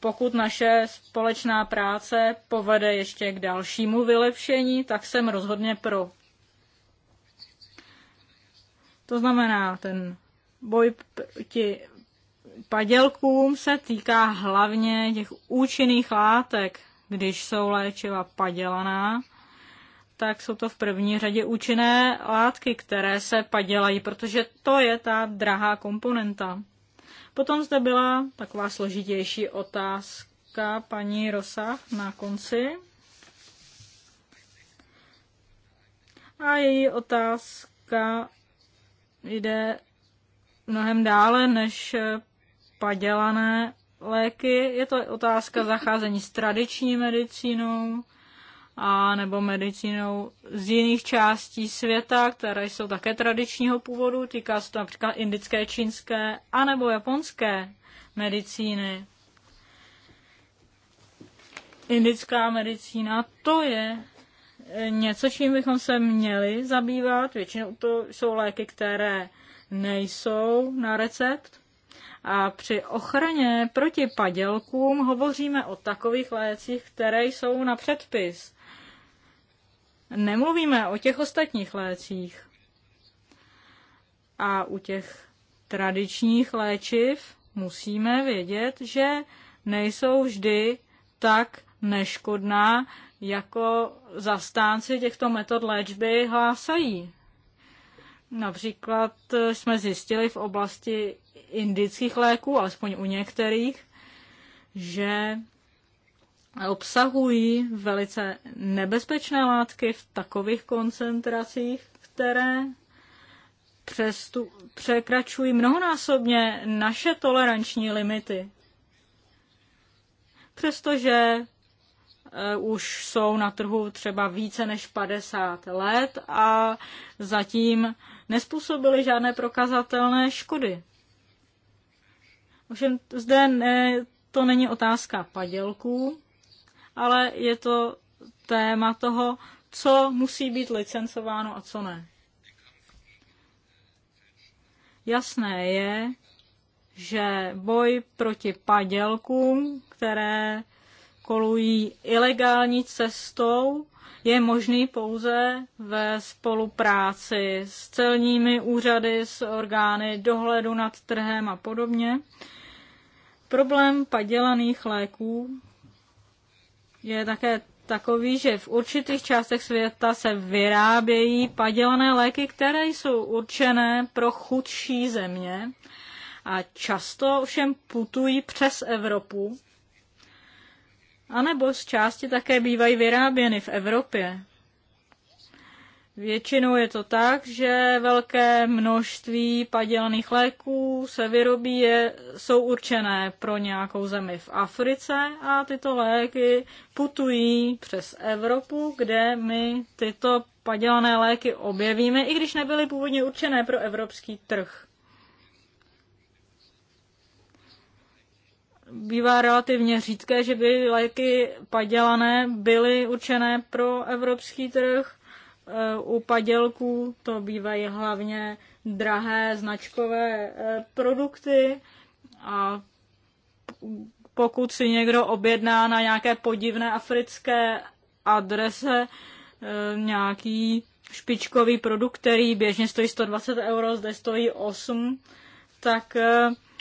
pokud naše společná práce povede ještě k dalšímu vylepšení, tak jsem rozhodně pro. To znamená ten boj proti padělkům se týká hlavně těch účinných látek. Když jsou léčiva padělaná, tak jsou to v první řadě účinné látky, které se padělají, protože to je ta drahá komponenta. Potom zde byla taková složitější otázka paní Rosach na konci. A její otázka jde mnohem dále než eh, padělané léky. Je to otázka zacházení s tradiční medicínou a nebo medicínou z jiných částí světa, které jsou také tradičního původu. Týká se to například indické, čínské a nebo japonské medicíny. Indická medicína, to je eh, něco, čím bychom se měli zabývat. Většinou to jsou léky, které nejsou na recept. A při ochraně proti padělkům hovoříme o takových lécích, které jsou na předpis. Nemluvíme o těch ostatních lécích. A u těch tradičních léčiv musíme vědět, že nejsou vždy tak neškodná, jako zastánci těchto metod léčby hlásají. Například eh, jsme zjistili v oblasti indických léků, alespoň u některých, že obsahují velice nebezpečné látky v takových koncentracích, které přestu, překračují mnohonásobně naše toleranční limity. Přestože eh, už jsou na trhu třeba více než 50 let a zatím nespůsobily žádné prokazatelné škody. Ovšem zde ne, to není otázka padělků, ale je to téma toho, co musí být licencováno a co ne. Jasné je, že boj proti padělkům, které kolují ilegální cestou, je možný pouze ve spolupráci s celními úřady, s orgány dohledu nad trhem a podobně. Problém padělaných léků je také takový, že v určitých částech světa se vyrábějí padělané léky, které jsou určené pro chudší země a často všem putují přes Evropu anebo z části také bývají vyráběny v Evropě. Většinou je to tak, že velké množství padělaných léků se vyrobí, je, jsou určené pro nějakou zemi v Africe a tyto léky putují přes Evropu, kde my tyto padělané léky objevíme, i když nebyly původně určené pro evropský trh. bývá relativně řídké, že by léky padělané byly určené pro evropský trh. Eh, u padělků to bývají hlavně drahé značkové eh, produkty a pokud si někdo objedná na nějaké podivné africké adrese eh, nějaký špičkový produkt, který běžně stojí 120 euro, zde stojí 8, tak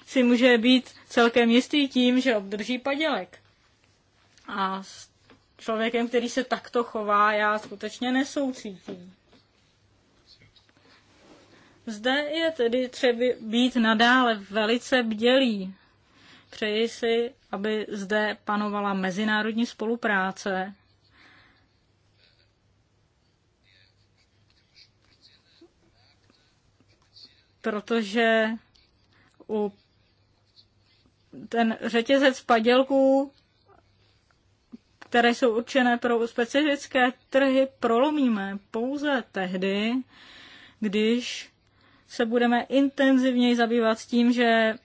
si může být celkem jistý tím, že obdrží padělek. A s člověkem, který se takto chová, já skutečně nesoucítím. Zde je tedy třeba být nadále velice bdělý. Přeji si, aby zde panovala mezinárodní spolupráce. Protože u ten řetězec padělků, které jsou určené pro specifické trhy, prolomíme pouze tehdy, když se budeme intenzivněji zabývat tím, že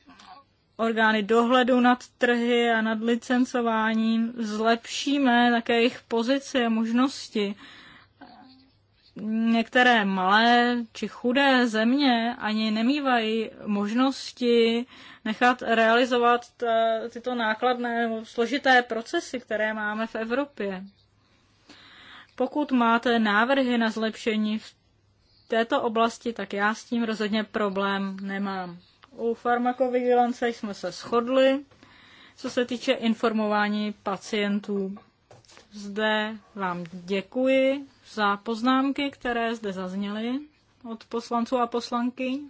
orgány dohledu nad trhy a nad licencováním zlepšíme také jejich pozici a možnosti některé malé či chudé země ani nemývají možnosti nechat realizovat tyto nákladné složité procesy, které máme v Evropě. Pokud máte návrhy na zlepšení v této oblasti, tak já s tím rozhodně problém nemám. U farmakovigilance jsme se shodli, co se týče informování pacientů. Zde vám děkuji za poznámky, které zde zazněly od poslanců a poslanky.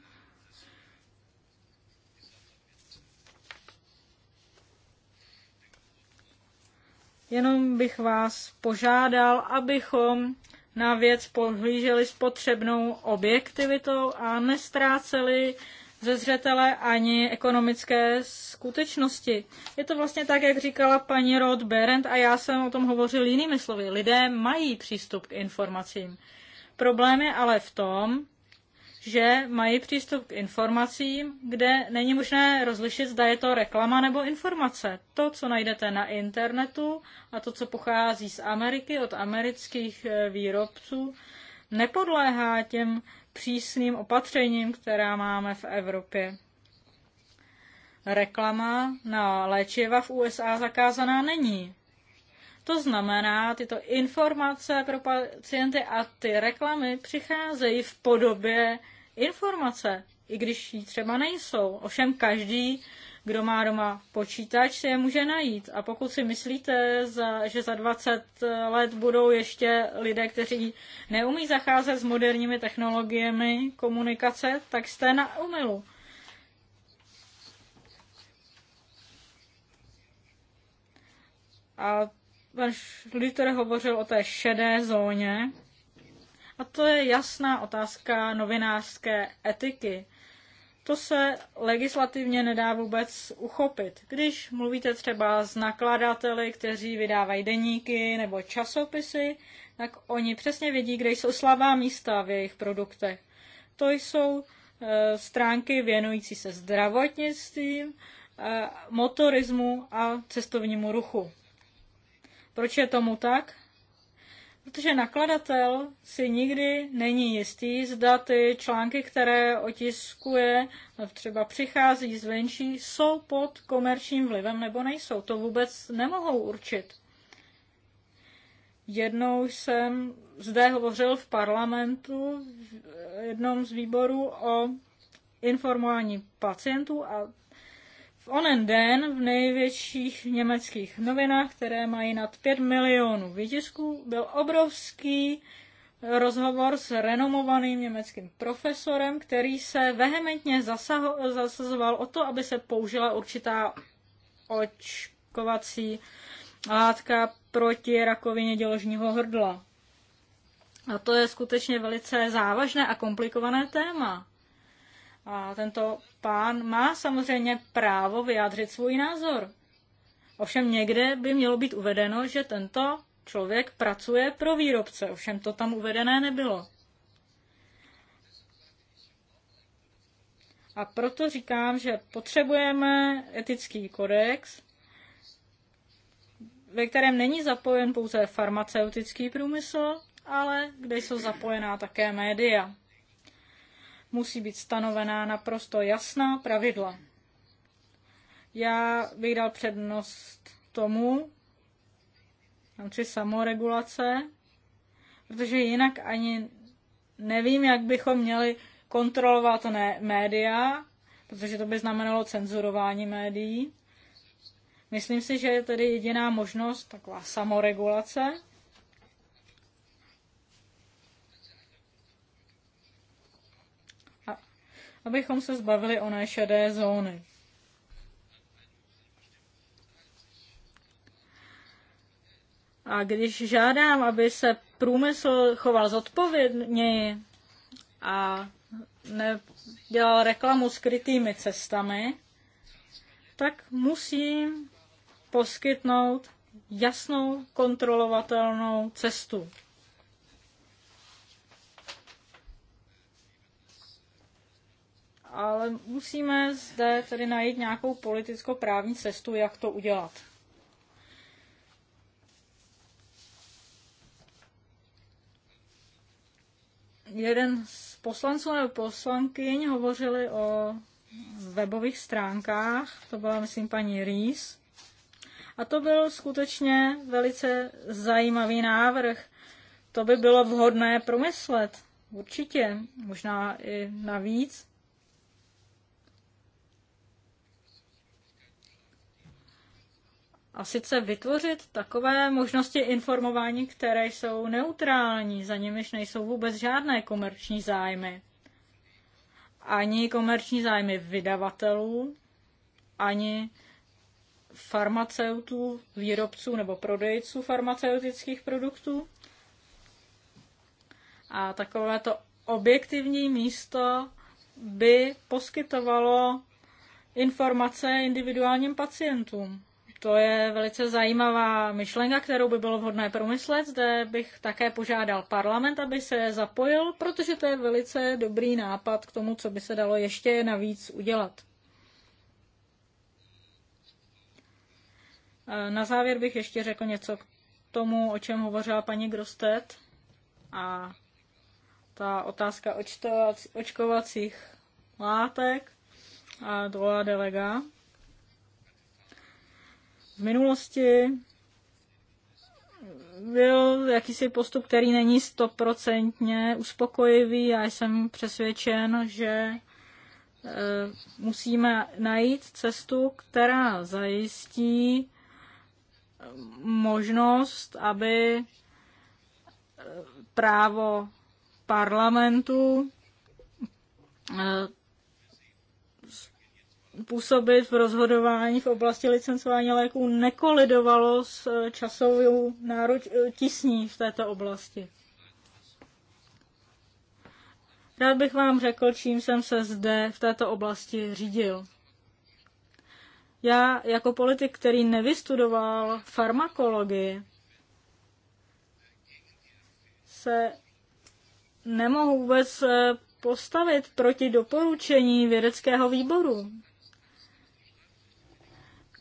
Jenom bych vás požádal, abychom na věc pohlíželi s potřebnou objektivitou a nestráceli ze zřetele ani ekonomické skutečnosti. Je to vlastně tak, jak říkala paní Rod Berend a já jsem o tom hovořil jinými slovy. Lidé mají přístup k informacím. Problém je ale v tom, že mají přístup k informacím, kde není možné rozlišit, zda je to reklama nebo informace. To, co najdete na internetu a to, co pochází z Ameriky, od amerických eh, výrobců, nepodléhá těm přísným opatřením, která máme v Evropě. Reklama na léčiva v USA zakázaná není. To znamená, tyto informace pro pacienty a ty reklamy přicházejí v podobě informace, i když jí třeba nejsou. Ovšem každý kdo má doma počítač, si je může najít. A pokud si myslíte, že za 20 let budou ještě lidé, kteří neumí zacházet s moderními technologiemi komunikace, tak jste na umilu. A pan Schlitter hovořil o té šedé zóně. A to je jasná otázka novinářské etiky. To se legislativně nedá vůbec uchopit. Když mluvíte třeba s nakladateli, kteří vydávají deníky nebo časopisy, tak oni přesně vědí, kde jsou slabá místa v jejich produktech. To jsou e, stránky věnující se zdravotnictvím, e, motorismu a cestovnímu ruchu. Proč je tomu tak? Protože nakladatel si nikdy není jistý, zda ty články, které otiskuje, třeba přichází zvenčí, jsou pod komerčním vlivem nebo nejsou. To vůbec nemohou určit. Jednou jsem zde hovořil v parlamentu, v jednom z výborů o informování pacientů a v onen den v největších německých novinách, které mají nad 5 milionů výtisků, byl obrovský rozhovor s renomovaným německým profesorem, který se vehementně zasaho- zasazoval o to, aby se použila určitá očkovací látka proti rakovině děložního hrdla. A to je skutečně velice závažné a komplikované téma. A tento pán má samozřejmě právo vyjádřit svůj názor. Ovšem někde by mělo být uvedeno, že tento člověk pracuje pro výrobce. Ovšem to tam uvedené nebylo. A proto říkám, že potřebujeme etický kodex, ve kterém není zapojen pouze farmaceutický průmysl, ale kde jsou zapojená také média musí být stanovená naprosto jasná pravidla. Já bych dal přednost tomu, či samoregulace, protože jinak ani nevím, jak bychom měli kontrolovat ne- média, protože to by znamenalo cenzurování médií. Myslím si, že je tedy jediná možnost taková samoregulace, abychom se zbavili oné šedé zóny. A když žádám, aby se průmysl choval zodpovědněji a nedělal reklamu skrytými cestami, tak musím poskytnout jasnou kontrolovatelnou cestu. ale musíme zde tedy najít nějakou politicko-právní cestu, jak to udělat. Jeden z poslanců nebo poslankyň hovořili o webových stránkách, to byla, myslím, paní Rýs. A to byl skutečně velice zajímavý návrh. To by bylo vhodné promyslet, určitě, možná i navíc, A sice vytvořit takové možnosti informování, které jsou neutrální, za nimiž nejsou vůbec žádné komerční zájmy. Ani komerční zájmy vydavatelů, ani farmaceutů, výrobců nebo prodejců farmaceutických produktů. A takovéto objektivní místo by poskytovalo informace individuálním pacientům. To je velice zajímavá myšlenka, kterou by bylo vhodné promyslet. Zde bych také požádal parlament, aby se zapojil, protože to je velice dobrý nápad k tomu, co by se dalo ještě navíc udělat. E, na závěr bych ještě řekl něco k tomu, o čem hovořila paní Grostet a ta otázka očkovacích látek a dola delega v minulosti byl jakýsi postup, který není stoprocentně uspokojivý. Já jsem přesvědčen, že eh, musíme najít cestu, která zajistí eh, možnost, aby eh, právo parlamentu působit v rozhodování v oblasti licencování léků jako nekolidovalo s eh, časovou náruč eh, tisní v této oblasti. Rád bych vám řekl, čím jsem se zde v této oblasti řídil. Já jako politik, který nevystudoval farmakologii, se nemohu vůbec eh, postavit proti doporučení vědeckého výboru.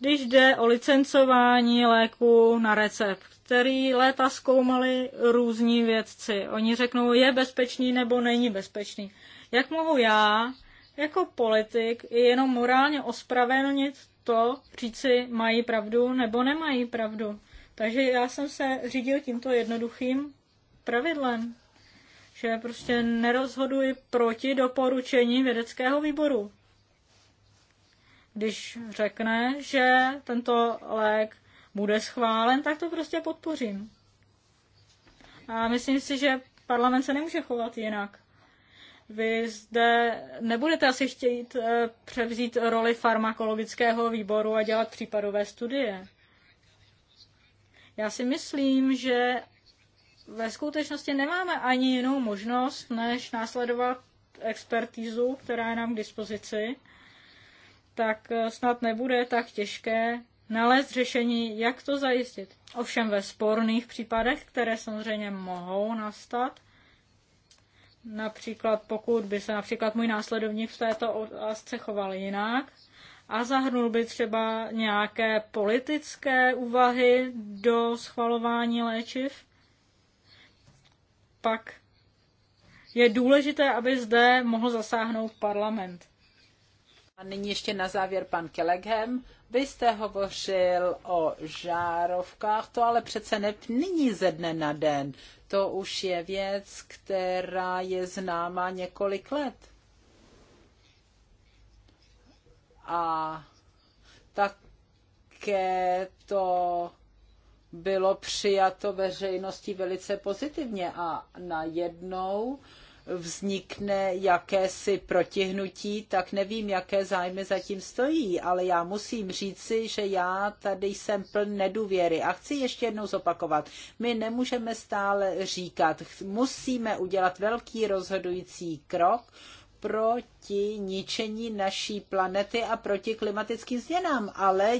Když jde o licencování léku na recept, který léta zkoumali různí vědci. Oni řeknou, je bezpečný nebo není bezpečný. Jak mohu já, jako politik, jenom morálně ospravedlnit to, říci, mají pravdu nebo nemají pravdu. Takže já jsem se řídil tímto jednoduchým pravidlem, že prostě nerozhoduji proti doporučení vědeckého výboru když řekne, že tento lék bude schválen, tak to prostě podpořím. A myslím si, že parlament se nemůže chovat jinak. Vy zde nebudete asi chtít eh, převzít roli farmakologického výboru a dělat případové studie. Já si myslím, že ve skutečnosti nemáme ani jinou možnost, než následovat expertízu, která je nám k dispozici tak eh, snad nebude tak těžké nalézt řešení, jak to zajistit. Ovšem ve sporných případech, které samozřejmě mohou nastat, například pokud by se například můj následovník v této otázce choval jinak a zahrnul by třeba nějaké politické úvahy do schvalování léčiv, pak je důležité, aby zde mohl zasáhnout parlament. A nyní ještě na závěr pan Keleghem. Vy jste hovořil o žárovkách, to ale přece ne, není ze dne na den. To už je věc, která je známa několik let. A také to bylo přijato veřejností velice pozitivně a najednou uh, vznikne jakési protihnutí, tak nevím, jaké zájmy zatím stojí, ale já musím říci, že já tady jsem pln nedůvěry. A chci ještě jednou zopakovat, my nemůžeme stále říkat, musíme udělat velký rozhodující krok, proti ničení naší planety a proti klimatickým změnám, ale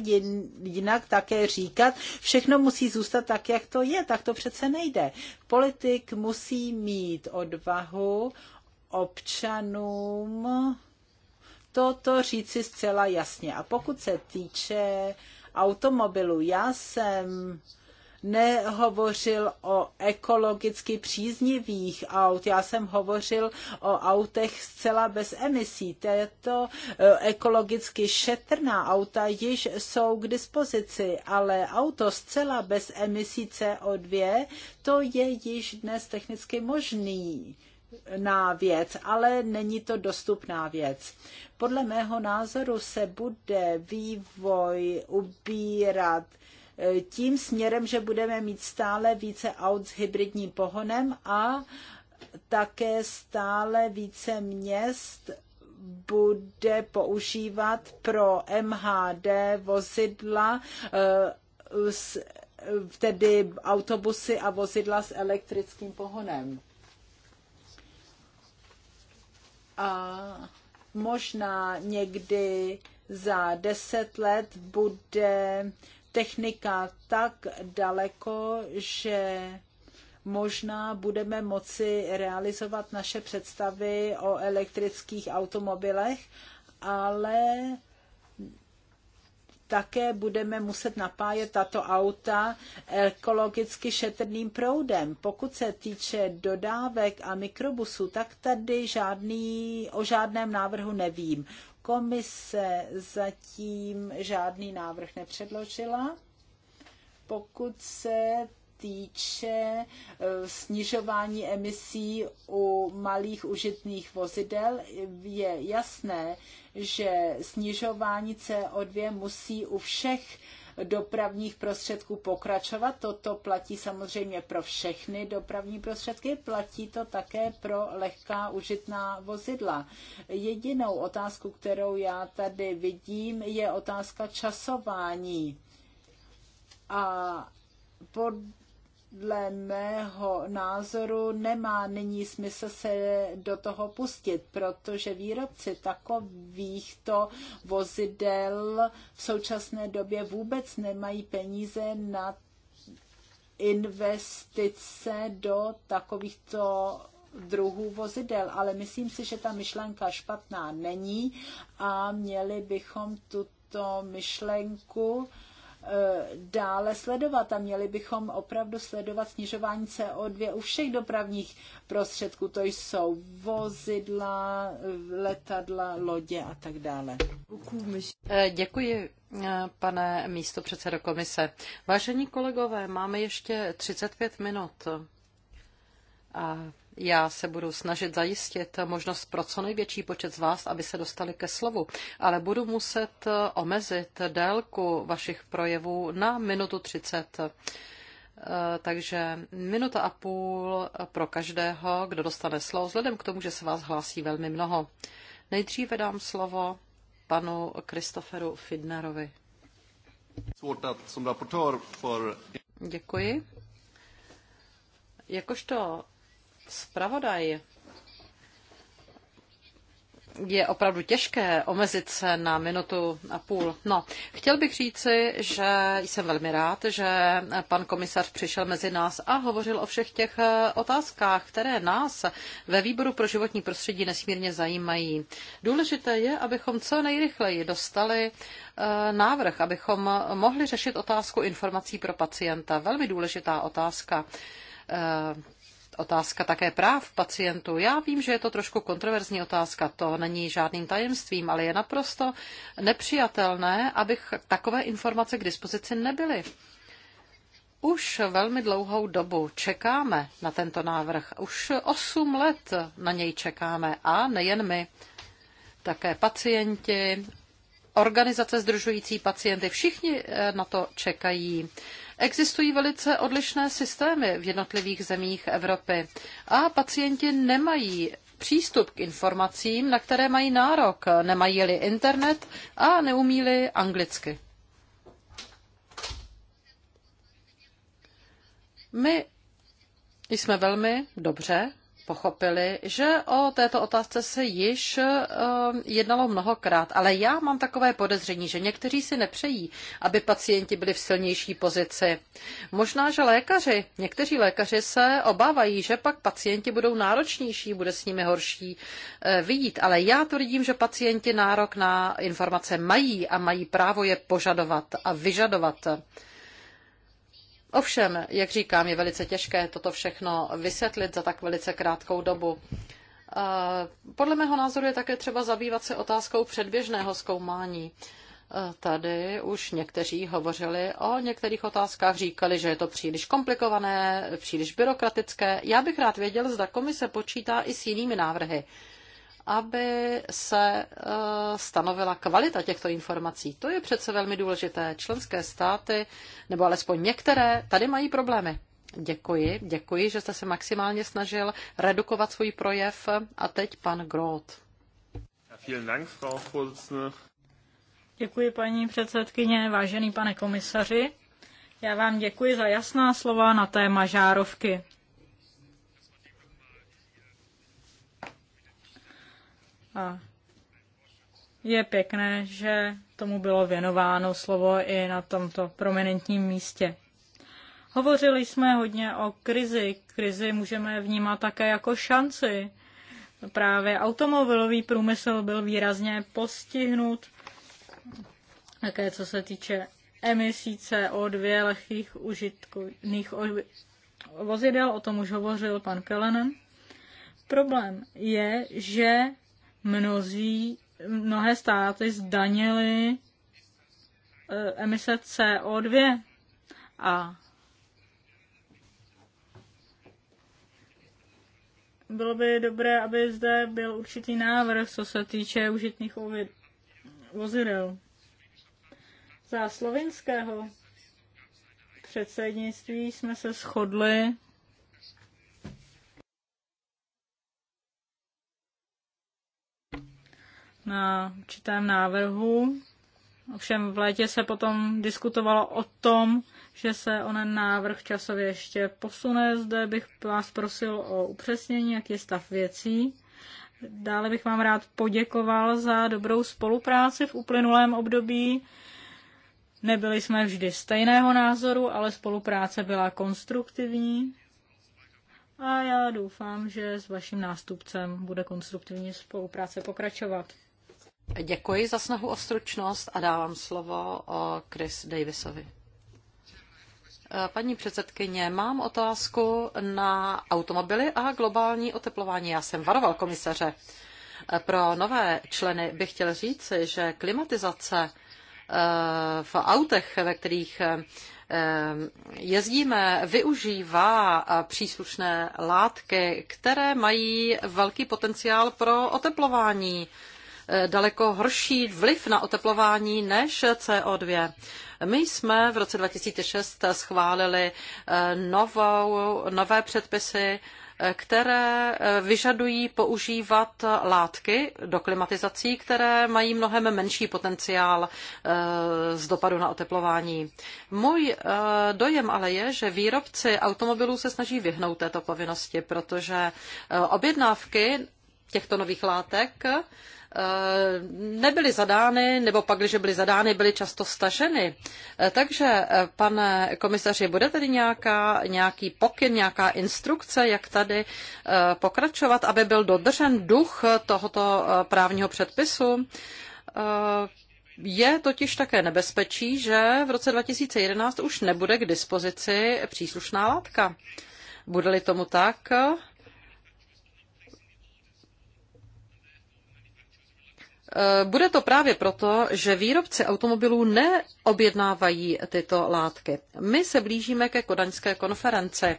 jinak také říkat, všechno musí zůstat tak, jak to je, tak to přece nejde. Politik musí mít odvahu občanům toto říci zcela jasně. A pokud se týče automobilu, já jsem nehovořil o ekologicky příznivých aut, já jsem hovořil o autech zcela bez emisí. Tato e, ekologicky šetrná auta již jsou k dispozici, ale auto zcela bez emisí CO2, to je již dnes technicky možný na věc, ale není to dostupná věc. Podle mého názoru se bude vývoj ubírat tím směrem, že budeme mít stále více aut s hybridním pohonem a také stále více měst bude používat pro MHD vozidla eh, tedy autobusy a vozidla s elektrickým pohonem. A možná někdy za deset let bude technika tak daleko, že možná budeme moci realizovat naše představy o elektrických automobilech, ale také budeme muset napájet tato auta ekologicky šetrným proudem. Pokud se týče dodávek a mikrobusů, tak tady žádný, o žádném návrhu nevím. Komise zatím žádný návrh nepředložila. Pokud se týče eh, snižování emisí u malých užitných vozidel, je jasné, že snižování CO2 musí u všech dopravních prostředků pokračovat. Toto platí samozřejmě pro všechny dopravní prostředky, platí to také pro lehká užitná vozidla. Jedinou otázku, kterou já tady vidím, je otázka časování. A pod dle mého názoru nemá nyní smysl se do toho pustit, protože výrobci takovýchto vozidel v současné době vůbec nemají peníze na investice do takovýchto druhů vozidel, ale myslím si, že ta myšlenka špatná není a měli bychom tuto myšlenku uh, Eh, dále sledovat a měli bychom opravdu sledovat snižování CO2 u všech dopravních prostředků, to jsou vozidla, letadla, lodě a tak dále. Eh, děkuji, eh, pane místopředsedo komise. Vážení kolegové, máme ještě 35 minut. A já se budu snažit zajistit možnost pro co největší počet z vás, aby se dostali ke slovu, ale budu muset omezit délku vašich projevů na minutu 30. Eh, takže minuta a půl pro každého, kdo dostane slovo, vzhledem k tomu, že se vás hlásí velmi mnoho. Nejdříve dám slovo panu Kristoferu Fidnerovi. Děkuji. Jakožto zpravodaj, je opravdu těžké omezit se na minutu a půl. No, chtěl bych říci, že jsem velmi rád, že pan komisař přišel mezi nás a hovořil o všech těch eh, otázkách, které nás ve výboru pro životní prostředí nesmírně zajímají. Důležité je, abychom co nejrychleji dostali eh, návrh, abychom mohli řešit otázku informací pro pacienta. Velmi důležitá otázka eh, otázka také práv pacientů. Já vím, že je to trošku kontroverzní otázka, to není žádným tajemstvím, ale je naprosto nepřijatelné, abych takové informace k dispozici nebyly. Už velmi dlouhou dobu čekáme na tento návrh. Už 8 let na něj čekáme a nejen my, také pacienti, organizace združující pacienty, všichni eh, na to čekají. Existují velice odlišné systémy v jednotlivých zemích Evropy a pacienti nemají přístup k informacím, na které mají nárok, nemají-li internet a neumí-li anglicky. My jsme velmi dobře pochopili, že o této otázce se již eh, jednalo mnohokrát, ale já mám takové podezření, že někteří si nepřejí, aby pacienti byli v silnější pozici. Možná, že lékaři, někteří lékaři se obávají, že pak pacienti budou náročnější, bude s nimi horší eh, vidět, ale já tvrdím, že pacienti nárok na informace mají a mají právo je požadovat a vyžadovat. Ovšem, jak říkám, je velice těžké toto všechno vysvětlit za tak velice krátkou dobu. Podle mého názoru je také třeba zabývat se otázkou předběžného zkoumání. Tady už někteří hovořili o některých otázkách, říkali, že je to příliš komplikované, příliš byrokratické. Já bych rád věděl, zda komise počítá i s jinými návrhy aby se eh, stanovila kvalita těchto informací. To je přece velmi důležité. Členské státy, nebo alespoň některé, tady mají problémy. Děkuji, děkuji, že jste se maximálně snažil redukovat svůj projev. A teď pan Groth. Děkuji, paní předsedkyně, vážený pane komisaři. Já vám děkuji za jasná slova na téma žárovky. A je pěkné, že tomu bylo věnováno slovo i na tomto prominentním místě. Hovořili jsme hodně o krizi. Krizi můžeme vnímat také jako šanci. Právě automobilový průmysl byl výrazně postihnut, také co se týče emisí CO2 lehkých užitkových vozidel, o tom už hovořil pan Kelenen. Problém je, že mnozí, mnohé státy zdanily eh, emise CO2 a bylo by dobré, aby zde byl určitý návrh, co se týče užitných vozidel. Za slovinského předsednictví jsme se shodli na určitém návrhu. Ovšem v létě se potom diskutovalo o tom, že se onen návrh časově ještě posune. Zde bych vás prosil o upřesnění, jak je stav věcí. Dále bych vám rád poděkoval za dobrou spolupráci v uplynulém období. Nebyli jsme vždy stejného názoru, ale spolupráce byla konstruktivní. A já doufám, že s vaším nástupcem bude konstruktivní spolupráce pokračovat. Děkuji za snahu o stručnost a dávám slovo o Chris Davisovi. E, paní předsedkyně, mám otázku na automobily a globální oteplování. Já jsem varoval komisaře. E, pro nové členy bych chtěl říci, že klimatizace e, v autech, ve kterých jezdíme, využívá příslušné látky, které mají velký potenciál pro oteplování daleko horší vliv na oteplování než CO2. My jsme v roce 2006 schválili eh, novou, nové předpisy, eh, které eh, vyžadují používat látky do klimatizací, které mají mnohem menší potenciál z dopadu na oteplování. Můj dojem ale je, že výrobci automobilů se snaží vyhnout této povinnosti, protože objednávky těchto nových látek Eh, nebyly zadány, nebo pak, když byly zadány, byly často staženy. Eh, takže, eh, pane komisaři, bude tedy nějaká, nějaký pokyn, nějaká instrukce, jak tady pokračovat, aby byl dodržen duch tohoto právního předpisu? Je totiž také nebezpečí, že v roce 2011 už nebude k dispozici příslušná látka. Bude-li tomu tak, Eh, bude to právě proto, že výrobci automobilů neobjednávají tyto látky. My se blížíme ke kodaňské konferenci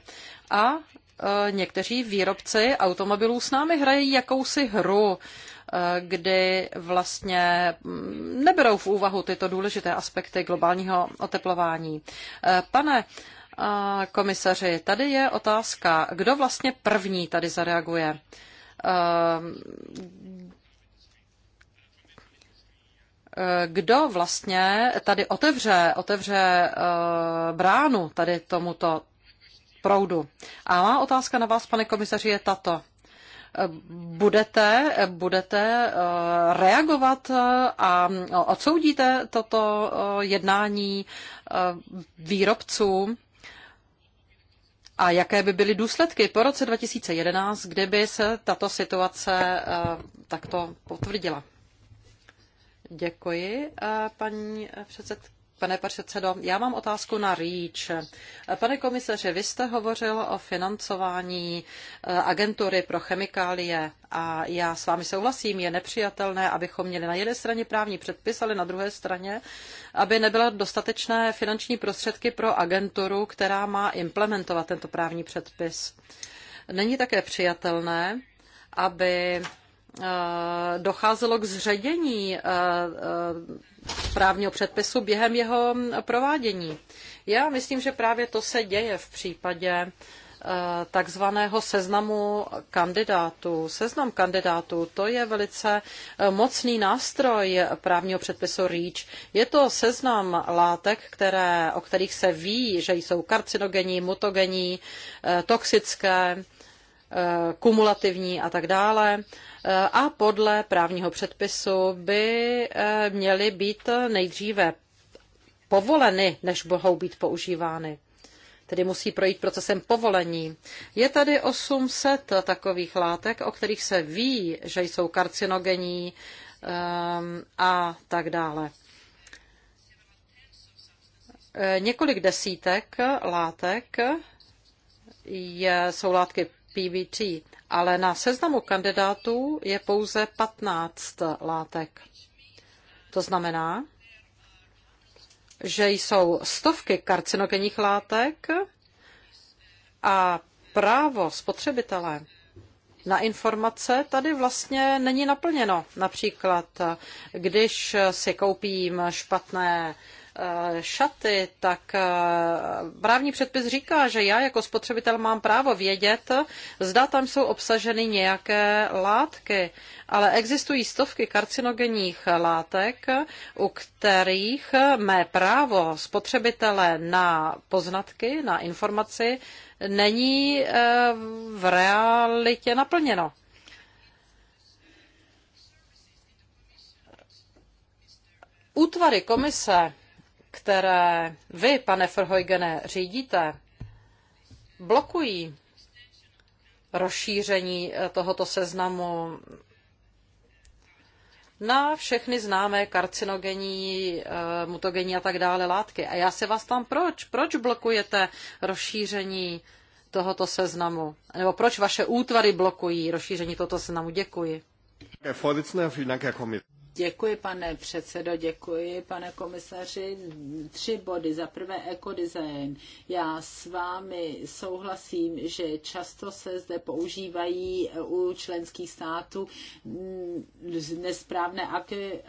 a eh, někteří výrobci automobilů s námi hrají jakousi hru, eh, kdy vlastně mm, neberou v úvahu tyto důležité aspekty globálního oteplování. Pane komisaři, tady je otázka, kdo vlastně první tady zareaguje kdo vlastně tady otevře, otevře eh, bránu tady tomuto proudu. A má otázka na vás, pane komisaři, je tato. Budete, budete eh, reagovat eh, a odsoudíte toto jednání výrobců? A jaké by byly důsledky po roce 2011, kdyby se tato situace takto potvrdila? Děkuji, eh, paní předsed, Pane předsedo, já mám otázku na REACH. Pane komisaři, vy jste hovořil o financování eh, agentury pro chemikálie a já s vámi souhlasím, je nepřijatelné, abychom měli na jedné straně právní předpis, ale na druhé straně, aby nebyla dostatečné finanční prostředky pro agenturu, která má implementovat tento právní předpis. Není také přijatelné, aby Eh, docházelo k zředění eh, eh, právního předpisu během jeho provádění. Já myslím, že právě to se děje v případě takzvaného seznamu kandidátů. Seznam kandidátů to je velice mocný nástroj právního předpisu REACH. Je to seznam látek, které, o kterých se ví, že jsou karcinogenní, mutogenní, toxické, Eh, kumulativní a tak dále. Eh, a podle právního předpisu by eh, měly být nejdříve povoleny, než mohou být používány. Tedy musí projít procesem povolení. Je tady 800 takových látek, o kterých se ví, že jsou karcinogenní a tak dále. Několik desítek látek je, jsou látky PVT, ale na seznamu kandidátů je pouze 15 látek. To znamená, že jsou stovky karcinogenních látek a právo spotřebitele na informace tady vlastně není naplněno. Například, když si koupím špatné Eh, šaty, tak eh, právní předpis říká, že já jako spotřebitel mám právo vědět, zda tam jsou obsaženy nějaké látky. Ale existují stovky karcinogenních látek, u kterých mé právo spotřebitele na poznatky, na informaci není eh, v realitě naplněno. Útvary komise které vy, pane Verheugene, řídíte, blokují rozšíření eh, tohoto seznamu na všechny známé karcinogenní, eh, mutogenní a tak dále látky. A já se vás tam proč? Proč blokujete rozšíření tohoto seznamu? Nebo proč vaše útvary blokují rozšíření tohoto seznamu? Děkuji. Děkuji, pane předsedo, děkuji, pane komisaři. Tři body. Za prvé ekodesign. Já s vámi souhlasím, že často se zde používají u členských států nesprávné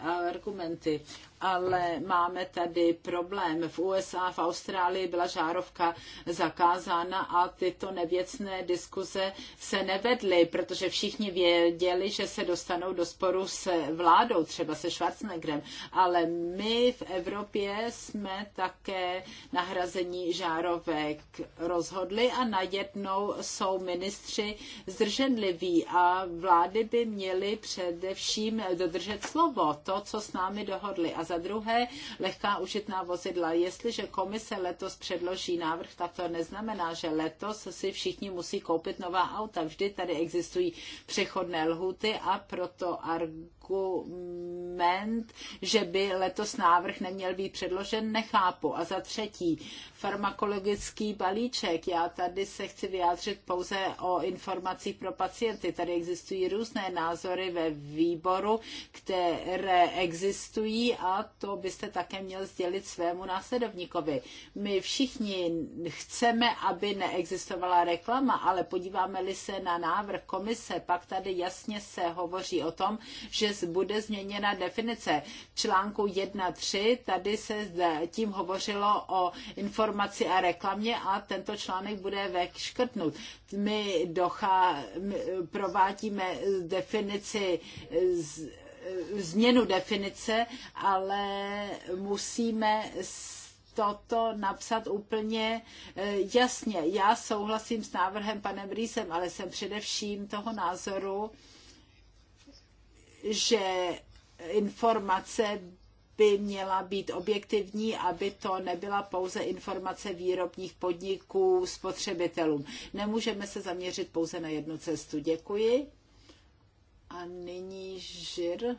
argumenty ale máme tady problém. V USA, v Austrálii byla žárovka zakázána a tyto nevěcné diskuze se nevedly, protože všichni věděli, že se dostanou do sporu s vládou, třeba se Schwarzeneggerem. Ale my v Evropě jsme také nahrazení žárovek rozhodli a najednou jsou ministři zdrženliví a vlády by měly především dodržet slovo, to, co s námi dohodli. A za druhé lehká užitná vozidla. Jestliže komise letos předloží návrh, tak to neznamená, že letos si všichni musí koupit nová auta. Vždy tady existují přechodné lhuty a proto argument argument, že by letos návrh neměl být předložen, nechápu. A za třetí, farmakologický balíček. Já tady se chci vyjádřit pouze o informacích pro pacienty. Tady existují různé názory ve výboru, které existují a to byste také měl sdělit svému následovníkovi. My všichni chceme, aby neexistovala reklama, ale podíváme-li se na návrh komise, pak tady jasně se hovoří o tom, že dnes bude změněna definice. V článku 1.3 tady se tím hovořilo o informaci a reklamě a tento článek bude veškrtnut. My, my provádíme definici z, změnu definice, ale musíme toto napsat úplně e, jasně. Já souhlasím s návrhem panem Rýsem, ale jsem především toho názoru, že informace by měla být objektivní, aby to nebyla pouze informace výrobních podniků spotřebitelům. Nemůžeme se zaměřit pouze na jednu cestu. Děkuji. A nyní Žir.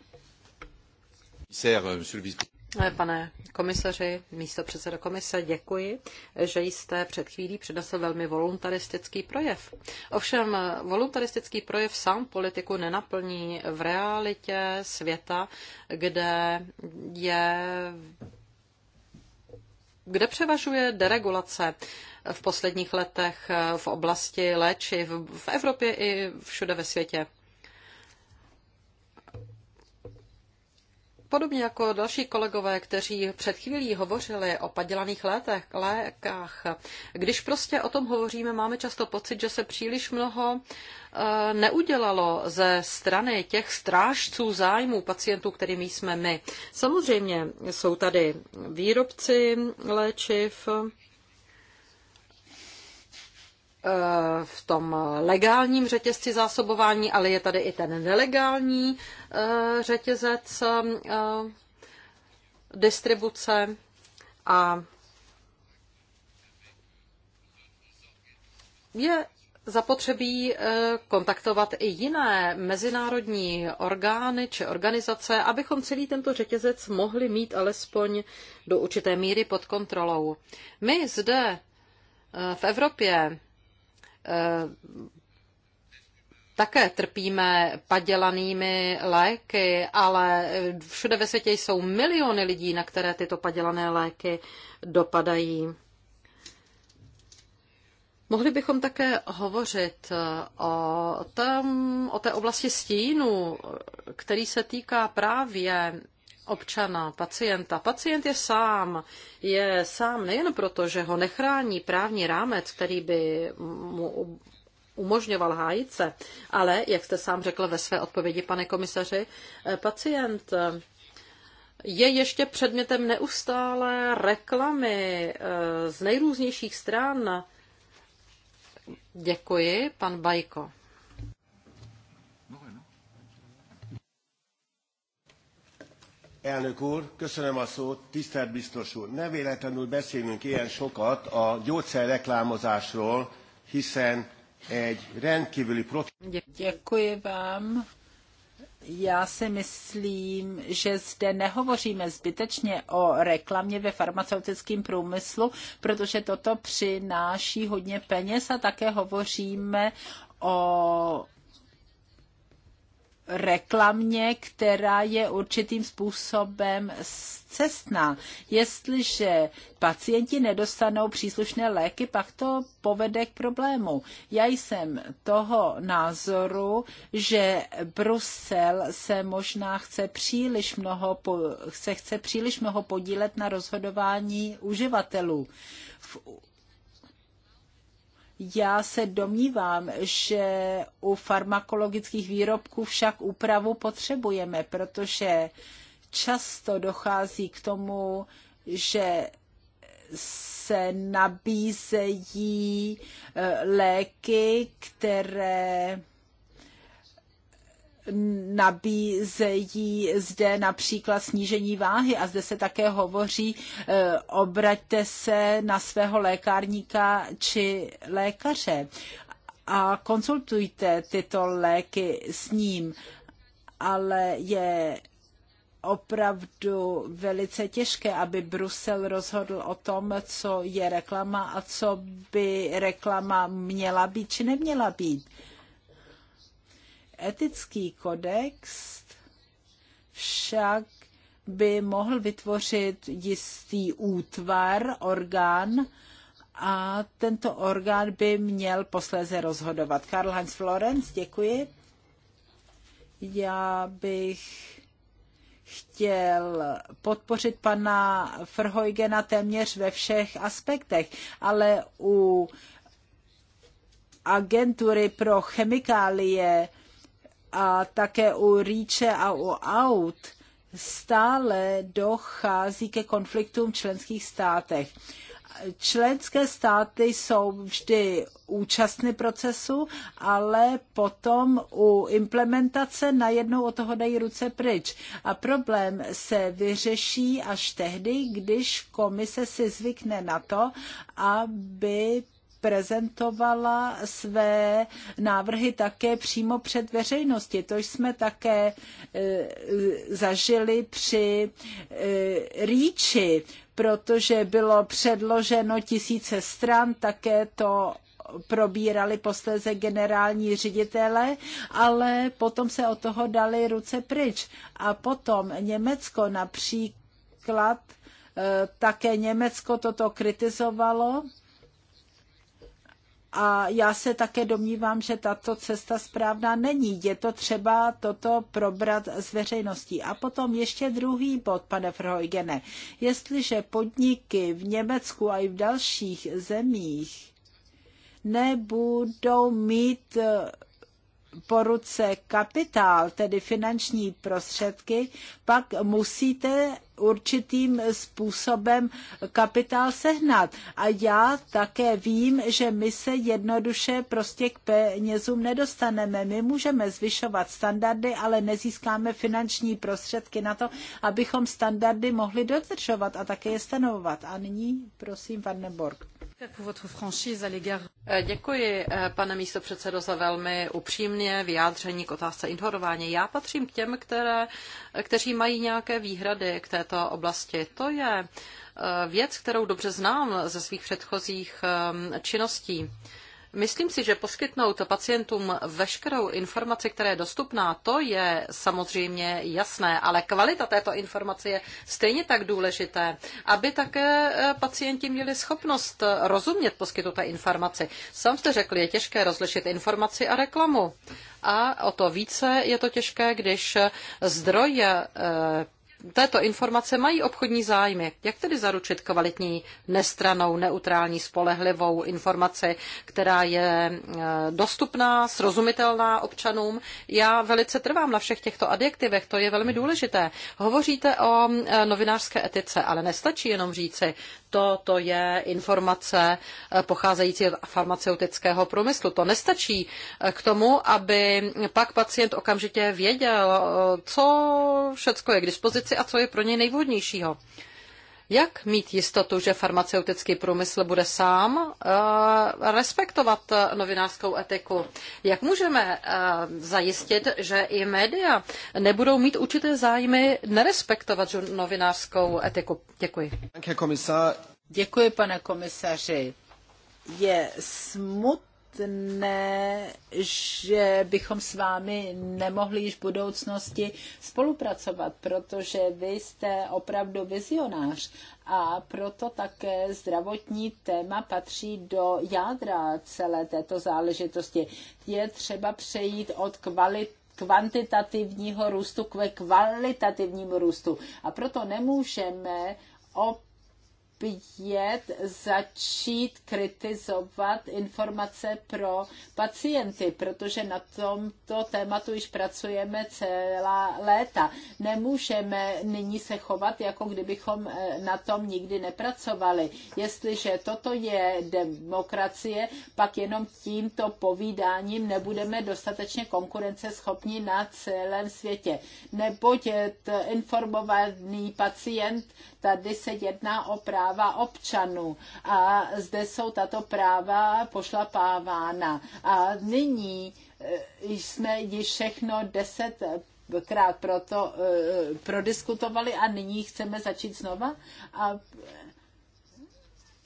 Eh, pane komisaři, místo předseda komise, děkuji, že jste před chvílí přednesl velmi voluntaristický projev. Ovšem, voluntaristický projev sám politiku nenaplní v realitě světa, kde je kde převažuje deregulace v posledních letech v oblasti léčiv v Evropě i všude ve světě. Podobně jako další kolegové, kteří před chvílí hovořili o padělaných létech, lékách, když prostě o tom hovoříme, máme často pocit, že se příliš mnoho eh, neudělalo ze strany těch strážců zájmů pacientů, kterými jsme my. Samozřejmě jsou tady výrobci léčiv, Eh, v tom legálním řetězci zásobování, ale je tady i ten nelegální eh, řetězec eh, distribuce a je zapotřebí kontaktovat i jiné mezinárodní orgány či organizace, abychom celý tento řetězec mohli mít alespoň do určité míry pod kontrolou. My zde v Evropě Eh, také trpíme padělanými léky, ale všude ve světě jsou miliony lidí, na které tyto padělané léky dopadají. Mohli bychom také hovořit eh, o, tom, o té oblasti stínu, eh, který se týká právě občana, pacienta. Pacient je sám. Je sám nejen proto, že ho nechrání právní rámec, který by mu umožňoval hájit se, ale, jak jste sám řekl ve své odpovědi, pane komisaři, eh, pacient eh, je ještě předmětem neustále reklamy eh, z nejrůznějších stran. Děkuji, pan Bajko. Elnök úr, köszönöm a szót, tisztelt biztos úr. Nem véletlenül beszélünk ilyen sokat a gyógyszerreklámozásról, hiszen egy rendkívüli profi... Děkuji vám. Já si myslím, že zde nehovoříme zbytečně o reklamě ve farmaceutickém průmyslu, protože toto přináší hodně peněz a také hovoříme o reklamě, která je určitým způsobem cestná. Jestliže pacienti nedostanou příslušné léky, pak to povede k problému. Já jsem toho názoru, že Brusel se možná chce příliš mnoho, se chce příliš mnoho podílet na rozhodování uživatelů. V já se domnívám, že u farmakologických výrobků však úpravu potřebujeme, protože často dochází k tomu, že se nabízejí eh, léky, které nabízejí zde například snížení váhy a zde se také hovoří, eh, obraťte se na svého lékárníka či lékaře a konsultujte tyto léky s ním, ale je opravdu velice těžké, aby Brusel rozhodl o tom, co je reklama a co by reklama měla být či neměla být. Etický kodex však by mohl vytvořit jistý útvar, orgán, a tento orgán by měl posléze rozhodovat. Karl Heinz Florenz, děkuji. Já bych chtěl podpořit pana Frhojgena téměř ve všech aspektech, ale u agentury pro chemikálie a také u rýče a u aut stále dochází ke konfliktům v členských státech. Členské státy jsou vždy účastny procesu, ale potom u implementace najednou od toho dají ruce pryč. A problém se vyřeší až tehdy, když komise si zvykne na to, aby prezentovala své návrhy také přímo před veřejností. To jsme také e, zažili při e, protože bylo předloženo tisíce stran, také to probírali posléze generální ředitele, ale potom se od toho dali ruce pryč. A potom Německo například, e, také Německo toto kritizovalo a já se také domnívám, že tato cesta správná není. Je to třeba toto probrat s veřejností. A potom ještě druhý bod, pane Verheugene. Jestliže podniky v Německu a i v dalších zemích nebudou mít ruce kapitál, tedy finanční prostředky, pak musíte určitým způsobem kapitál sehnat. A já také vím, že my se jednoduše prostě k penězům nedostaneme. My můžeme zvyšovat standardy, ale nezískáme finanční prostředky na to, abychom standardy mohli dodržovat a také je stanovovat. A nyní prosím, Vandenborg. Eh, děkuji, eh, pane předsedo, za velmi upřímné vyjádření k otázce informování. Já patřím k těm, které, eh, kteří mají nějaké výhrady k této oblasti. To je věc, kterou dobře znám ze svých předchozích ehm, činností. Myslím si, že poskytnout pacientům veškerou informaci, která je dostupná, to je samozřejmě jasné, ale kvalita této informace je stejně tak důležité, aby také eh, pacienti měli schopnost rozumět poskytnuté informaci. Sam jste řekl, je těžké rozlišit informaci a reklamu. A o to více je to těžké, když zdroj eh, této informace mají obchodní zájmy. Jak tedy zaručit kvalitní, nestranou, neutrální, spolehlivou informaci, která je e, dostupná, srozumitelná občanům? Já velice trvám na všech těchto adjektivech, to je velmi důležité. Hovoříte o e, novinářské etice, ale nestačí jenom říci, to to je informace eh, pocházející od farmaceutického průmyslu. To nestačí eh, k tomu, aby pak pacient okamžitě věděl, eh, co všecko je k dispozici a co je pro něj nejvhodnějšího. Jak mít jistotu, že farmaceutický průmysl bude sám eh, respektovat eh, novinářskou etiku? Jak můžeme eh, zajistit, že i média nebudou mít určité zájmy nerespektovat novinářskou etiku? Děkuji. Děkuji, pane komisaři. Je smutné, špatné, že bychom s vámi nemohli již v budoucnosti spolupracovat, protože vy jste opravdu vizionář a proto také zdravotní téma patří do jádra celé této záležitosti. Je třeba přejít od kvality kvantitativního růstu k kvalitativnímu růstu. A proto nemůžeme opět opět začít kritizovat informace pro pacienty, protože na tomto tématu již pracujeme celá léta. Nemůžeme nyní se chovat, jako kdybychom eh, na tom nikdy nepracovali. Jestliže toto je demokracie, pak jenom tímto povídáním nebudeme dostatečně konkurenceschopní na celém světě. Neboť eh, informovaný pacient, tady se jedná o právě práva občanů. A zde jsou tato práva pošlapávána. A nyní eh, jsme již všechno deset krát proto uh, prodiskutovali a nyní chceme začít znova. A eh,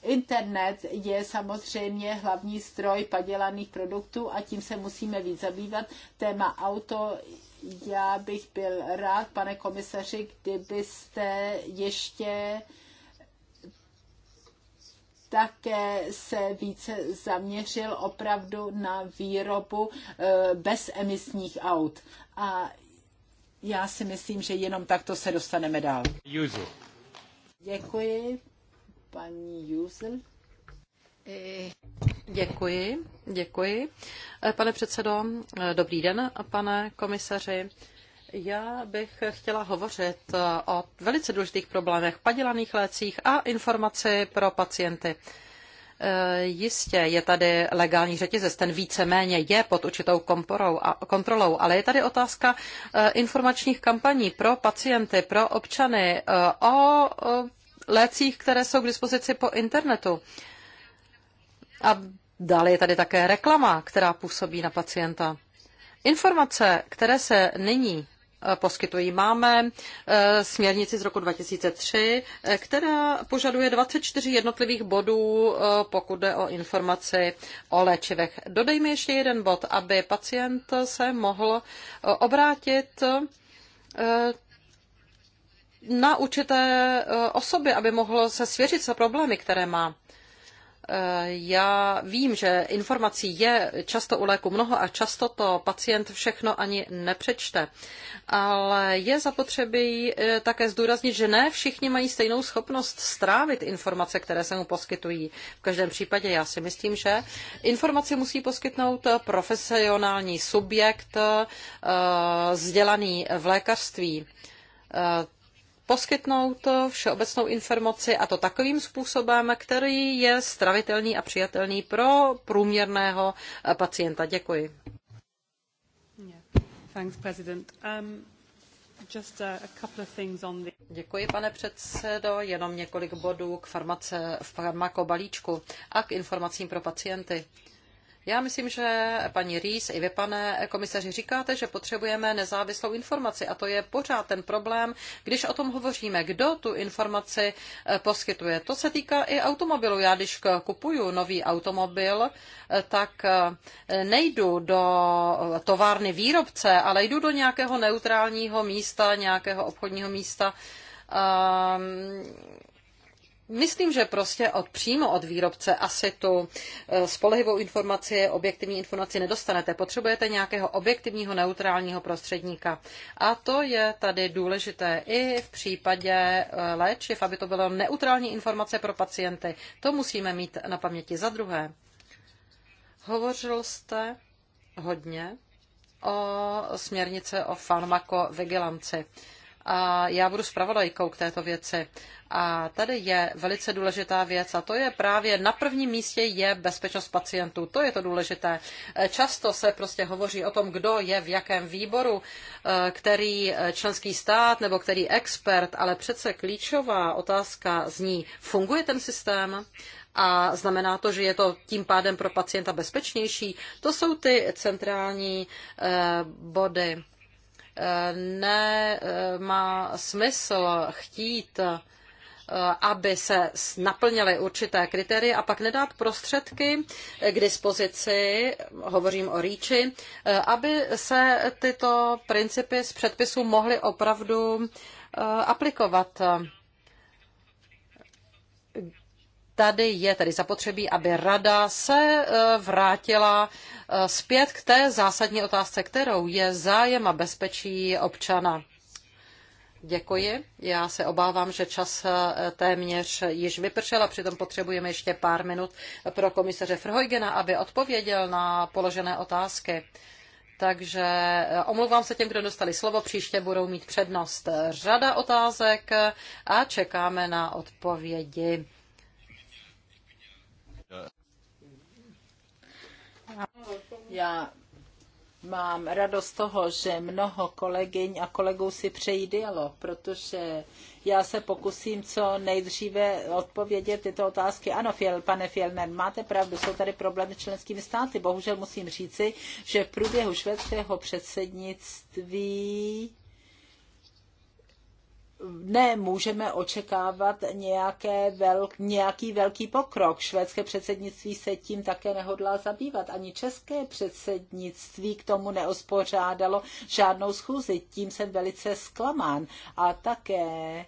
internet je samozřejmě hlavní stroj padělaných produktů a tím se musíme víc zabývat. Téma auto já bych byl rád, pane komisaři, kdybyste ještě také se více zaměřil opravdu na výrobu eh, bezemisních aut. A já si myslím, že jenom takto se dostaneme dál. Juzu. Děkuji, paní Juzel. Eh, děkuji, děkuji. Eh, pane předsedo, dobrý den, pane komisaři. Já bych chtěla hovořit o velice důležitých problémech, padělaných lécích a informaci pro pacienty. E, jistě je tady legální řetězec, ten víceméně je pod určitou a kontrolou, ale je tady otázka e, informačních kampaní pro pacienty, pro občany e, o lécích, které jsou k dispozici po internetu. A dále je tady také reklama, která působí na pacienta. Informace, které se nyní poskytují. Máme eh, směrnici z roku 2003, eh, která požaduje 24 jednotlivých bodů, eh, pokud jde o informaci o léčivech. Dodejme ještě jeden bod, aby pacient se mohl obrátit na určité osoby, aby mohl se svěřit se problémy, které má já vím, že informací je často u léku mnoho a často to pacient všechno ani nepřečte. Ale je zapotřebí eh, také zdůraznit, že ne všichni mají stejnou schopnost strávit informace, které se mu poskytují. V každém případě já si myslím, že informace musí poskytnout profesionální subjekt, eh, vzdělaný v lékařství eh, poskytnout eh, všeobecnou informaci a to takovým způsobem, který je stravitelný a přijatelný pro průměrného eh, pacienta. Děkuji. Um, Děkuji, pane předsedo. Jenom několik bodů k farmace, farmakobalíčku a k informacím pro pacienty. Já myslím, že paní Rýs i vy, pane komisaři, říkáte, že potřebujeme nezávislou informaci a to je pořád ten problém, když o tom hovoříme, kdo tu informaci eh, poskytuje. To se týká i automobilu. Já když kupuju nový automobil, eh, tak eh, nejdu do továrny výrobce, ale jdu do nějakého neutrálního místa, nějakého obchodního místa, ehm, Myslím, že prostě od přímo od výrobce asi tu e, spolehlivou informaci, objektivní informaci nedostanete. Potřebujete nějakého objektivního neutrálního prostředníka. A to je tady důležité i v případě e, léčiv, aby to bylo neutrální informace pro pacienty. To musíme mít na paměti. Za druhé, hovořil jste hodně o směrnice o farmakovigilanci a já budu zpravodajkou k této věci. A tady je velice důležitá věc a to je právě na prvním místě je bezpečnost pacientů. To je to důležité. E, často se prostě hovoří o tom, kdo je v jakém výboru, e, který členský stát nebo který expert, ale přece klíčová otázka zní, funguje ten systém? a znamená to, že je to tím pádem pro pacienta bezpečnější. To jsou ty centrální e, body nemá eh, smysl chtít eh, aby se naplnily určité kritéria a pak nedát prostředky k dispozici, hovořím o rýči, eh, aby se tyto principy z předpisů mohly opravdu aplikovat tady je tedy zapotřebí, aby rada se e, vrátila e, zpět k té zásadní otázce, kterou je zájem a bezpečí občana. Děkuji. Já se obávám, že čas e, téměř již vypršel a přitom potřebujeme ještě pár minut pro komisaře Frhojgena, aby odpověděl na položené otázky. Takže omlouvám se těm, kdo dostali slovo, příště budou mít přednost řada otázek a čekáme na odpovědi. Já mám radost toho, že mnoho kolegyň a kolegů si přejí dialog, protože já se pokusím co nejdříve odpovědět tyto otázky. Ano, Fiel, pane Fielnen, máte pravdu, jsou tady problémy s členskými státy. Bohužel musím říci, že v průběhu švédského předsednictví můžeme očekávat nějaké velk, nějaký velký pokrok. Švédské předsednictví se tím také nehodlá zabývat. Ani české předsednictví k tomu neospořádalo žádnou schůzi. Tím jsem velice zklamán. A také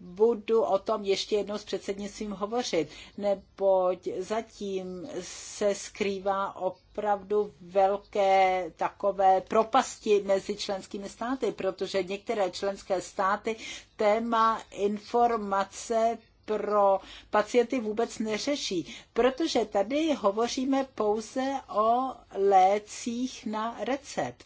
budu o tom ještě jednou s předsednictvím hovořit, neboť zatím se skrývá op opravdu velké takové propasti mezi členskými státy, protože některé členské státy téma informace pro pacienty vůbec neřeší, protože tady hovoříme pouze o lécích na recept.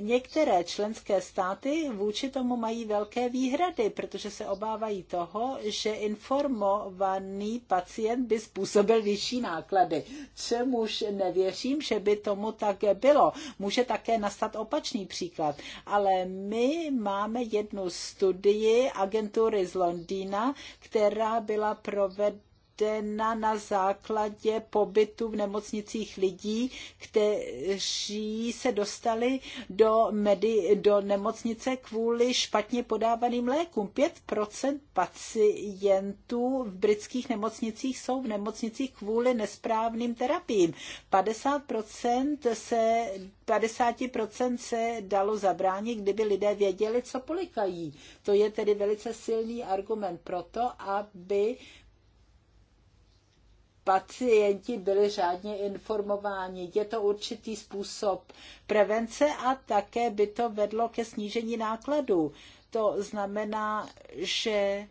Některé členské státy vůči tomu mají velké výhrady, protože se obávají toho, že informovaný pacient by způsobil vyšší náklady, čemuž nevěřím, že by tomu tak bylo. Může také nastat opačný příklad, ale my máme jednu studii agentury z Londýna, která byla provedena provedena na základě pobytu v nemocnicích lidí, kteří se dostali do, medi, do nemocnice kvůli špatně podávaným lékům. 5% pacientů v britských nemocnicích jsou v nemocnicích kvůli nesprávným terapiím. 50% se 50% se dalo zabránit, kdyby lidé věděli, co polikají. To je tedy velice silný argument pro to, aby pacienti byli řádně informováni. Je to určitý způsob prevence a také by to vedlo ke snížení nákladů. To znamená, že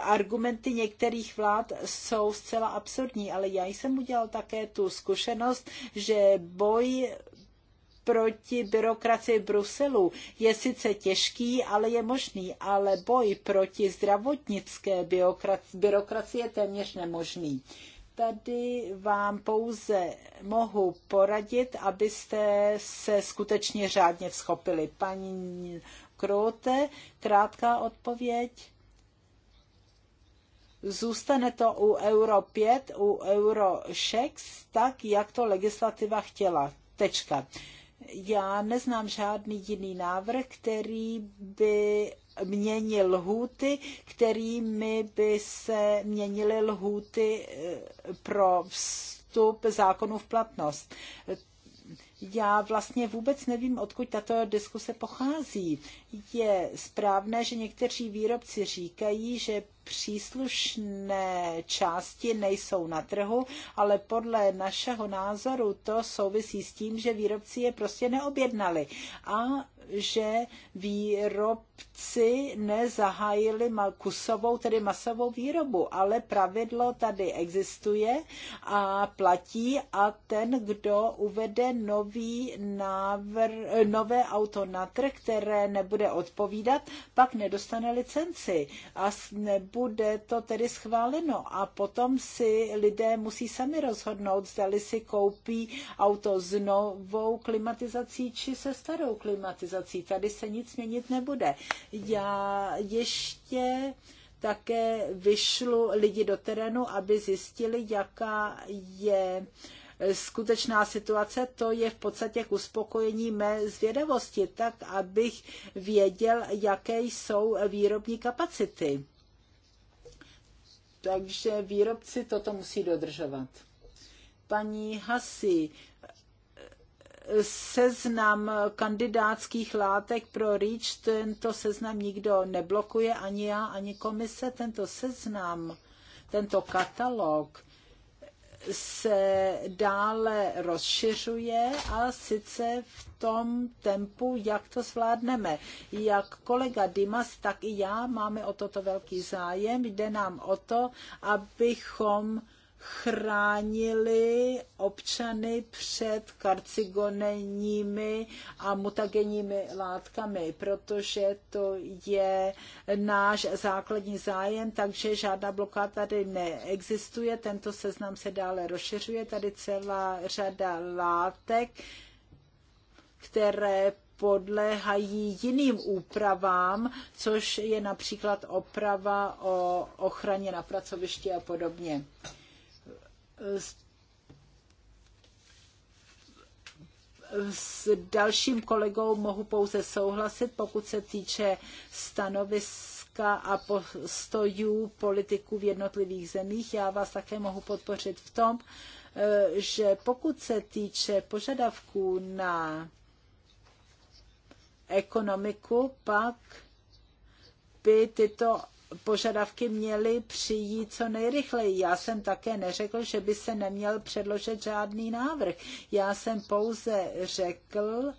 argumenty některých vlád jsou zcela absurdní, ale já jsem udělal také tu zkušenost, že boj proti byrokracii Bruselu je sice těžký, ale je možný, ale boj proti zdravotnické byrokracii je téměř nemožný. Tady vám pouze mohu poradit, abyste se skutečně řádně vzchopili. Paní Krote, krátká odpověď. Zůstane to u Euro 5, u Euro 6, tak jak to legislativa chtěla. Tečka. Já neznám žádný jiný návrh, který by měnil lhůty, kterými by se měnily lhůty eh, pro vstup zákonu v platnost. Já vlastně vůbec nevím, odkud tato diskuse pochází je správné, že někteří výrobci říkají, že příslušné části nejsou na trhu, ale podle našeho názoru to souvisí s tím, že výrobci je prostě neobjednali a že výrobci nezahájili kusovou, tedy masovou výrobu, ale pravidlo tady existuje a platí a ten, kdo uvede nový návr, nové auto na trh, které nebude nebude odpovídat, pak nedostane licenci a nebude to tedy schváleno. A potom si lidé musí sami rozhodnout, zdali si koupí auto s novou klimatizací či se starou klimatizací. Tady se nic měnit nebude. Já ještě také vyšlu lidi do terénu, aby zjistili, jaká je uh, skutečná situace, to je v podstatě k uspokojení mé zvědavosti, tak abych věděl, jaké jsou výrobní kapacity. Takže výrobci toto musí dodržovat. Paní Hasi, seznam kandidátských látek pro REACH, tento seznam nikdo neblokuje, ani já, ani komise, tento seznam, tento katalog se dále rozšiřuje a sice v tom tempu, jak to zvládneme. Jak kolega Dimas, tak i já máme o toto velký zájem. Jde nám o to, abychom chránili občany před karcigonenními a mutagenními látkami, protože to je náš základní zájem, takže žádná blokáda tady neexistuje. Tento seznam se dále rozšiřuje. Tady celá řada látek, které podléhají jiným úpravám, což je například oprava o ochraně na pracovišti a podobně s dalším kolegou mohu pouze souhlasit, pokud se týče stanoviska a postojů politiků v jednotlivých zemích. Já vás také mohu podpořit v tom, eh, že pokud se týče požadavků na ekonomiku, pak by tyto požadavky měly přijít co nejrychleji. Já jsem také neřekl, že by se neměl předložit žádný návrh. Já jsem pouze řekl,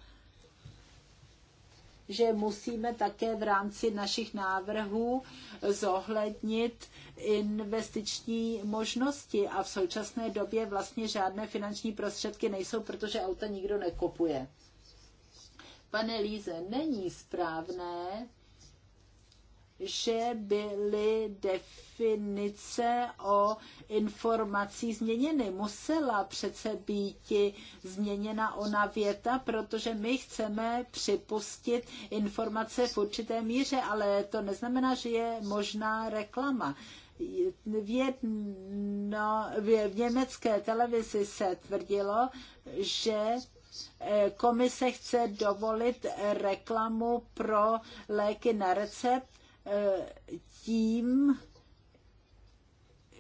že musíme také v rámci našich návrhů zohlednit investiční možnosti a v současné době vlastně žádné finanční prostředky nejsou, protože auta nikdo nekopuje. Pane Líze, není správné, že byly definice o informací změněny. Musela přece být změněna ona věta, protože my chceme připustit informace v určité míře, ale to neznamená, že je možná reklama v, jedno, v německé televizi se tvrdilo, že eh, komise chce dovolit reklamu pro léky na recept tím,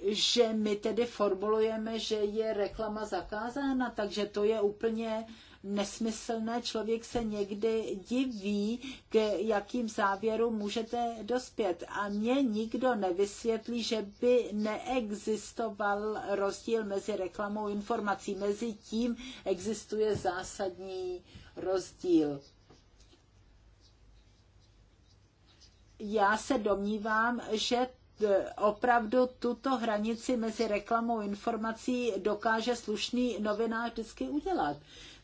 že my tedy formulujeme, že je reklama zakázána, takže to je úplně nesmyslné. Člověk se někdy diví, k jakým závěrům můžete dospět. A mě nikdo nevysvětlí, že by neexistoval rozdíl mezi reklamou a informací. Mezi tím existuje zásadní rozdíl. já se domnívám, že opravdu tuto hranici mezi reklamou a informací dokáže slušný novinář vždycky udělat.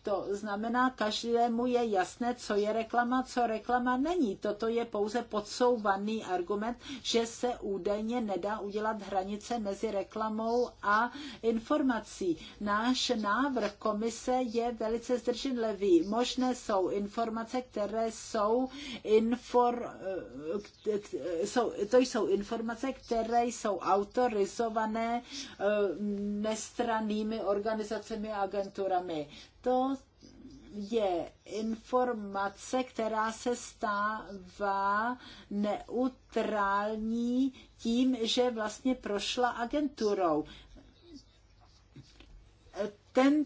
To znamená, každému je jasné, co je reklama, co reklama není. Toto je pouze podsouvaný argument, že se údajně nedá udělat hranice mezi reklamou a informací. Náš návrh komise je velice zdrženlivý. Možné jsou informace, které jsou, infor, jsou, to jsou informace, které jsou autorizované eh, nestranými organizacemi a agenturami to je informace, která se stává neutrální tím, že vlastně prošla agenturou. Ten,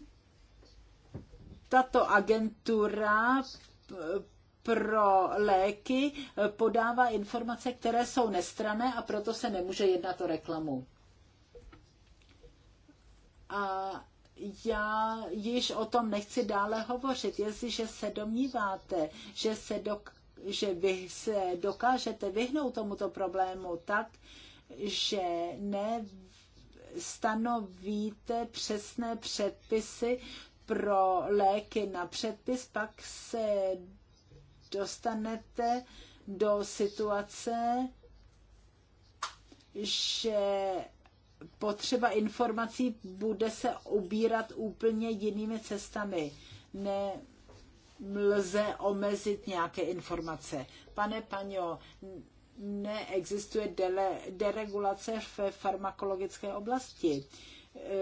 tato agentura pro léky podává informace, které jsou nestrané a proto se nemůže jednat o reklamu. A já již o tom nechci dále hovořit. Jestliže se domníváte, že, se dok- že vy se dokážete vyhnout tomuto problému tak, že ne stanovíte přesné předpisy pro léky na předpis, pak se dostanete do situace, že potřeba informací bude se ubírat úplně jinými cestami. Ne, lze omezit nějaké informace. Pane Paňo, neexistuje dele, deregulace v farmakologické oblasti.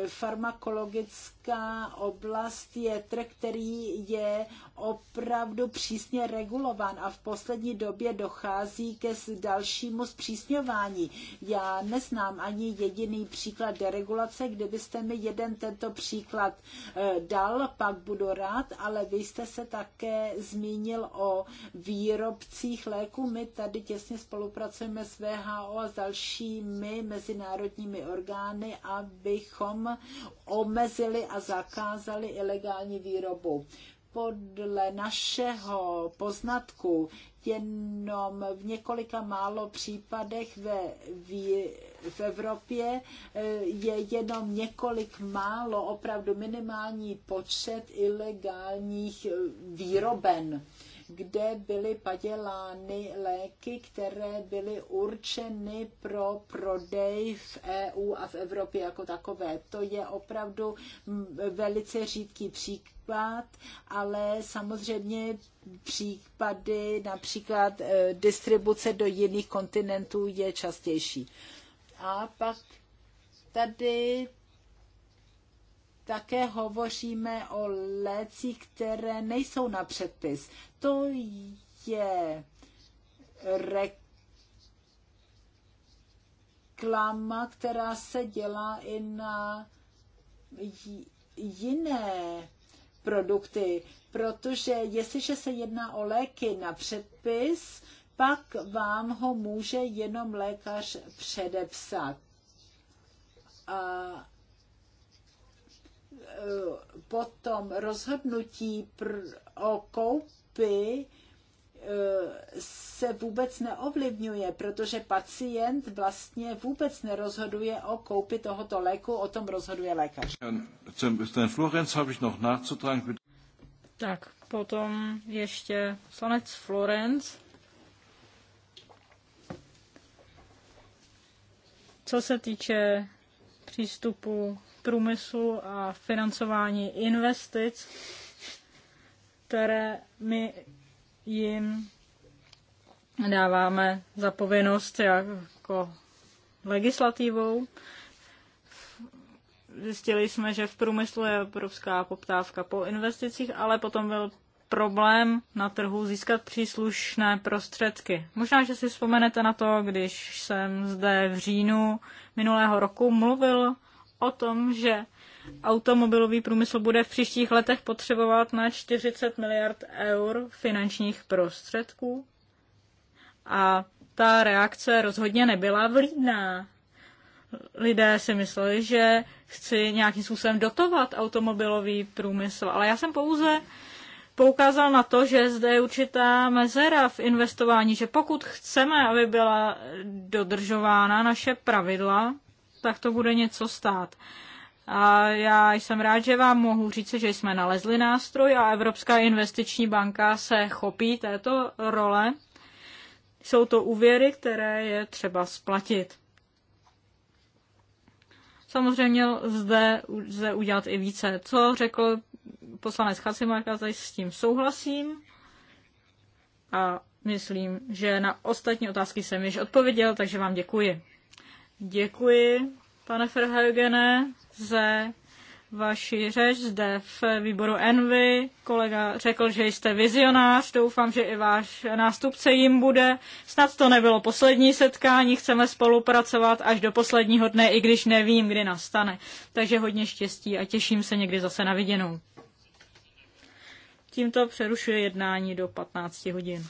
Farmakologická oblast je trh, který je opravdu přísně regulován a v poslední době dochází ke dalšímu zpřísňování. Já neznám ani jediný příklad deregulace, kdybyste mi jeden tento příklad eh, dal, pak budu rád, ale vy jste se také zmínil o výrobcích léků. My tady těsně spolupracujeme s VHO a s dalšími mezinárodními orgány, abychom omezili a zakázali ilegální výrobu podle našeho poznatku jenom v několika málo případech ve, v, v Evropě eh, je jenom několik málo, opravdu minimální počet ilegálních eh, výroben kde byly padělány léky, které byly určeny pro prodej v EU a v Evropě jako takové. To je opravdu mm, velice řídký příklad, ale samozřejmě případy například e, distribuce do jiných kontinentů je častější. A pak tady také hovoříme o lécích, které nejsou na předpis. To je reklama, která se dělá i na jiné produkty, protože jestliže se jedná o léky na předpis, pak vám ho může jenom lékař předepsat. A potom rozhodnutí o koupi eh, se vůbec neovlivňuje, protože pacient vlastně vůbec nerozhoduje o koupi tohoto léku, o tom rozhoduje lékař. Tak, potom ještě slanec Florence. Co se týče přístupu průmyslu a financování investic, které my jim dáváme za povinnost jako legislativou. Zjistili jsme, že v průmyslu je obrovská poptávka po investicích, ale potom byl problém na trhu získat příslušné prostředky. Možná, že si vzpomenete na to, když jsem zde v říjnu minulého roku mluvil o tom, že automobilový průmysl bude v příštích letech potřebovat na 40 miliard eur finančních prostředků. A ta reakce rozhodně nebyla vlídná. Lidé si mysleli, že chci nějakým způsobem dotovat automobilový průmysl, ale já jsem pouze poukázal na to, že zde je určitá mezera v investování, že pokud chceme, aby byla dodržována naše pravidla, tak to bude něco stát. A já jsem rád, že vám mohu říct, že jsme nalezli nástroj a Evropská investiční banka se chopí této role. Jsou to úvěry, které je třeba splatit. Samozřejmě zde, zde udělat i více. Co řekl poslanec Chacimarka, tady s tím souhlasím. A myslím, že na ostatní otázky jsem již odpověděl, takže vám děkuji. Děkuji, pane Ferhagene, za vaši řeč zde v výboru Envy. Kolega řekl, že jste vizionář, doufám, že i váš nástupce jim bude. Snad to nebylo poslední setkání, chceme spolupracovat až do posledního dne, i když nevím, kdy nastane. Takže hodně štěstí a těším se někdy zase na viděnou. Tímto přerušuje jednání do 15 hodin.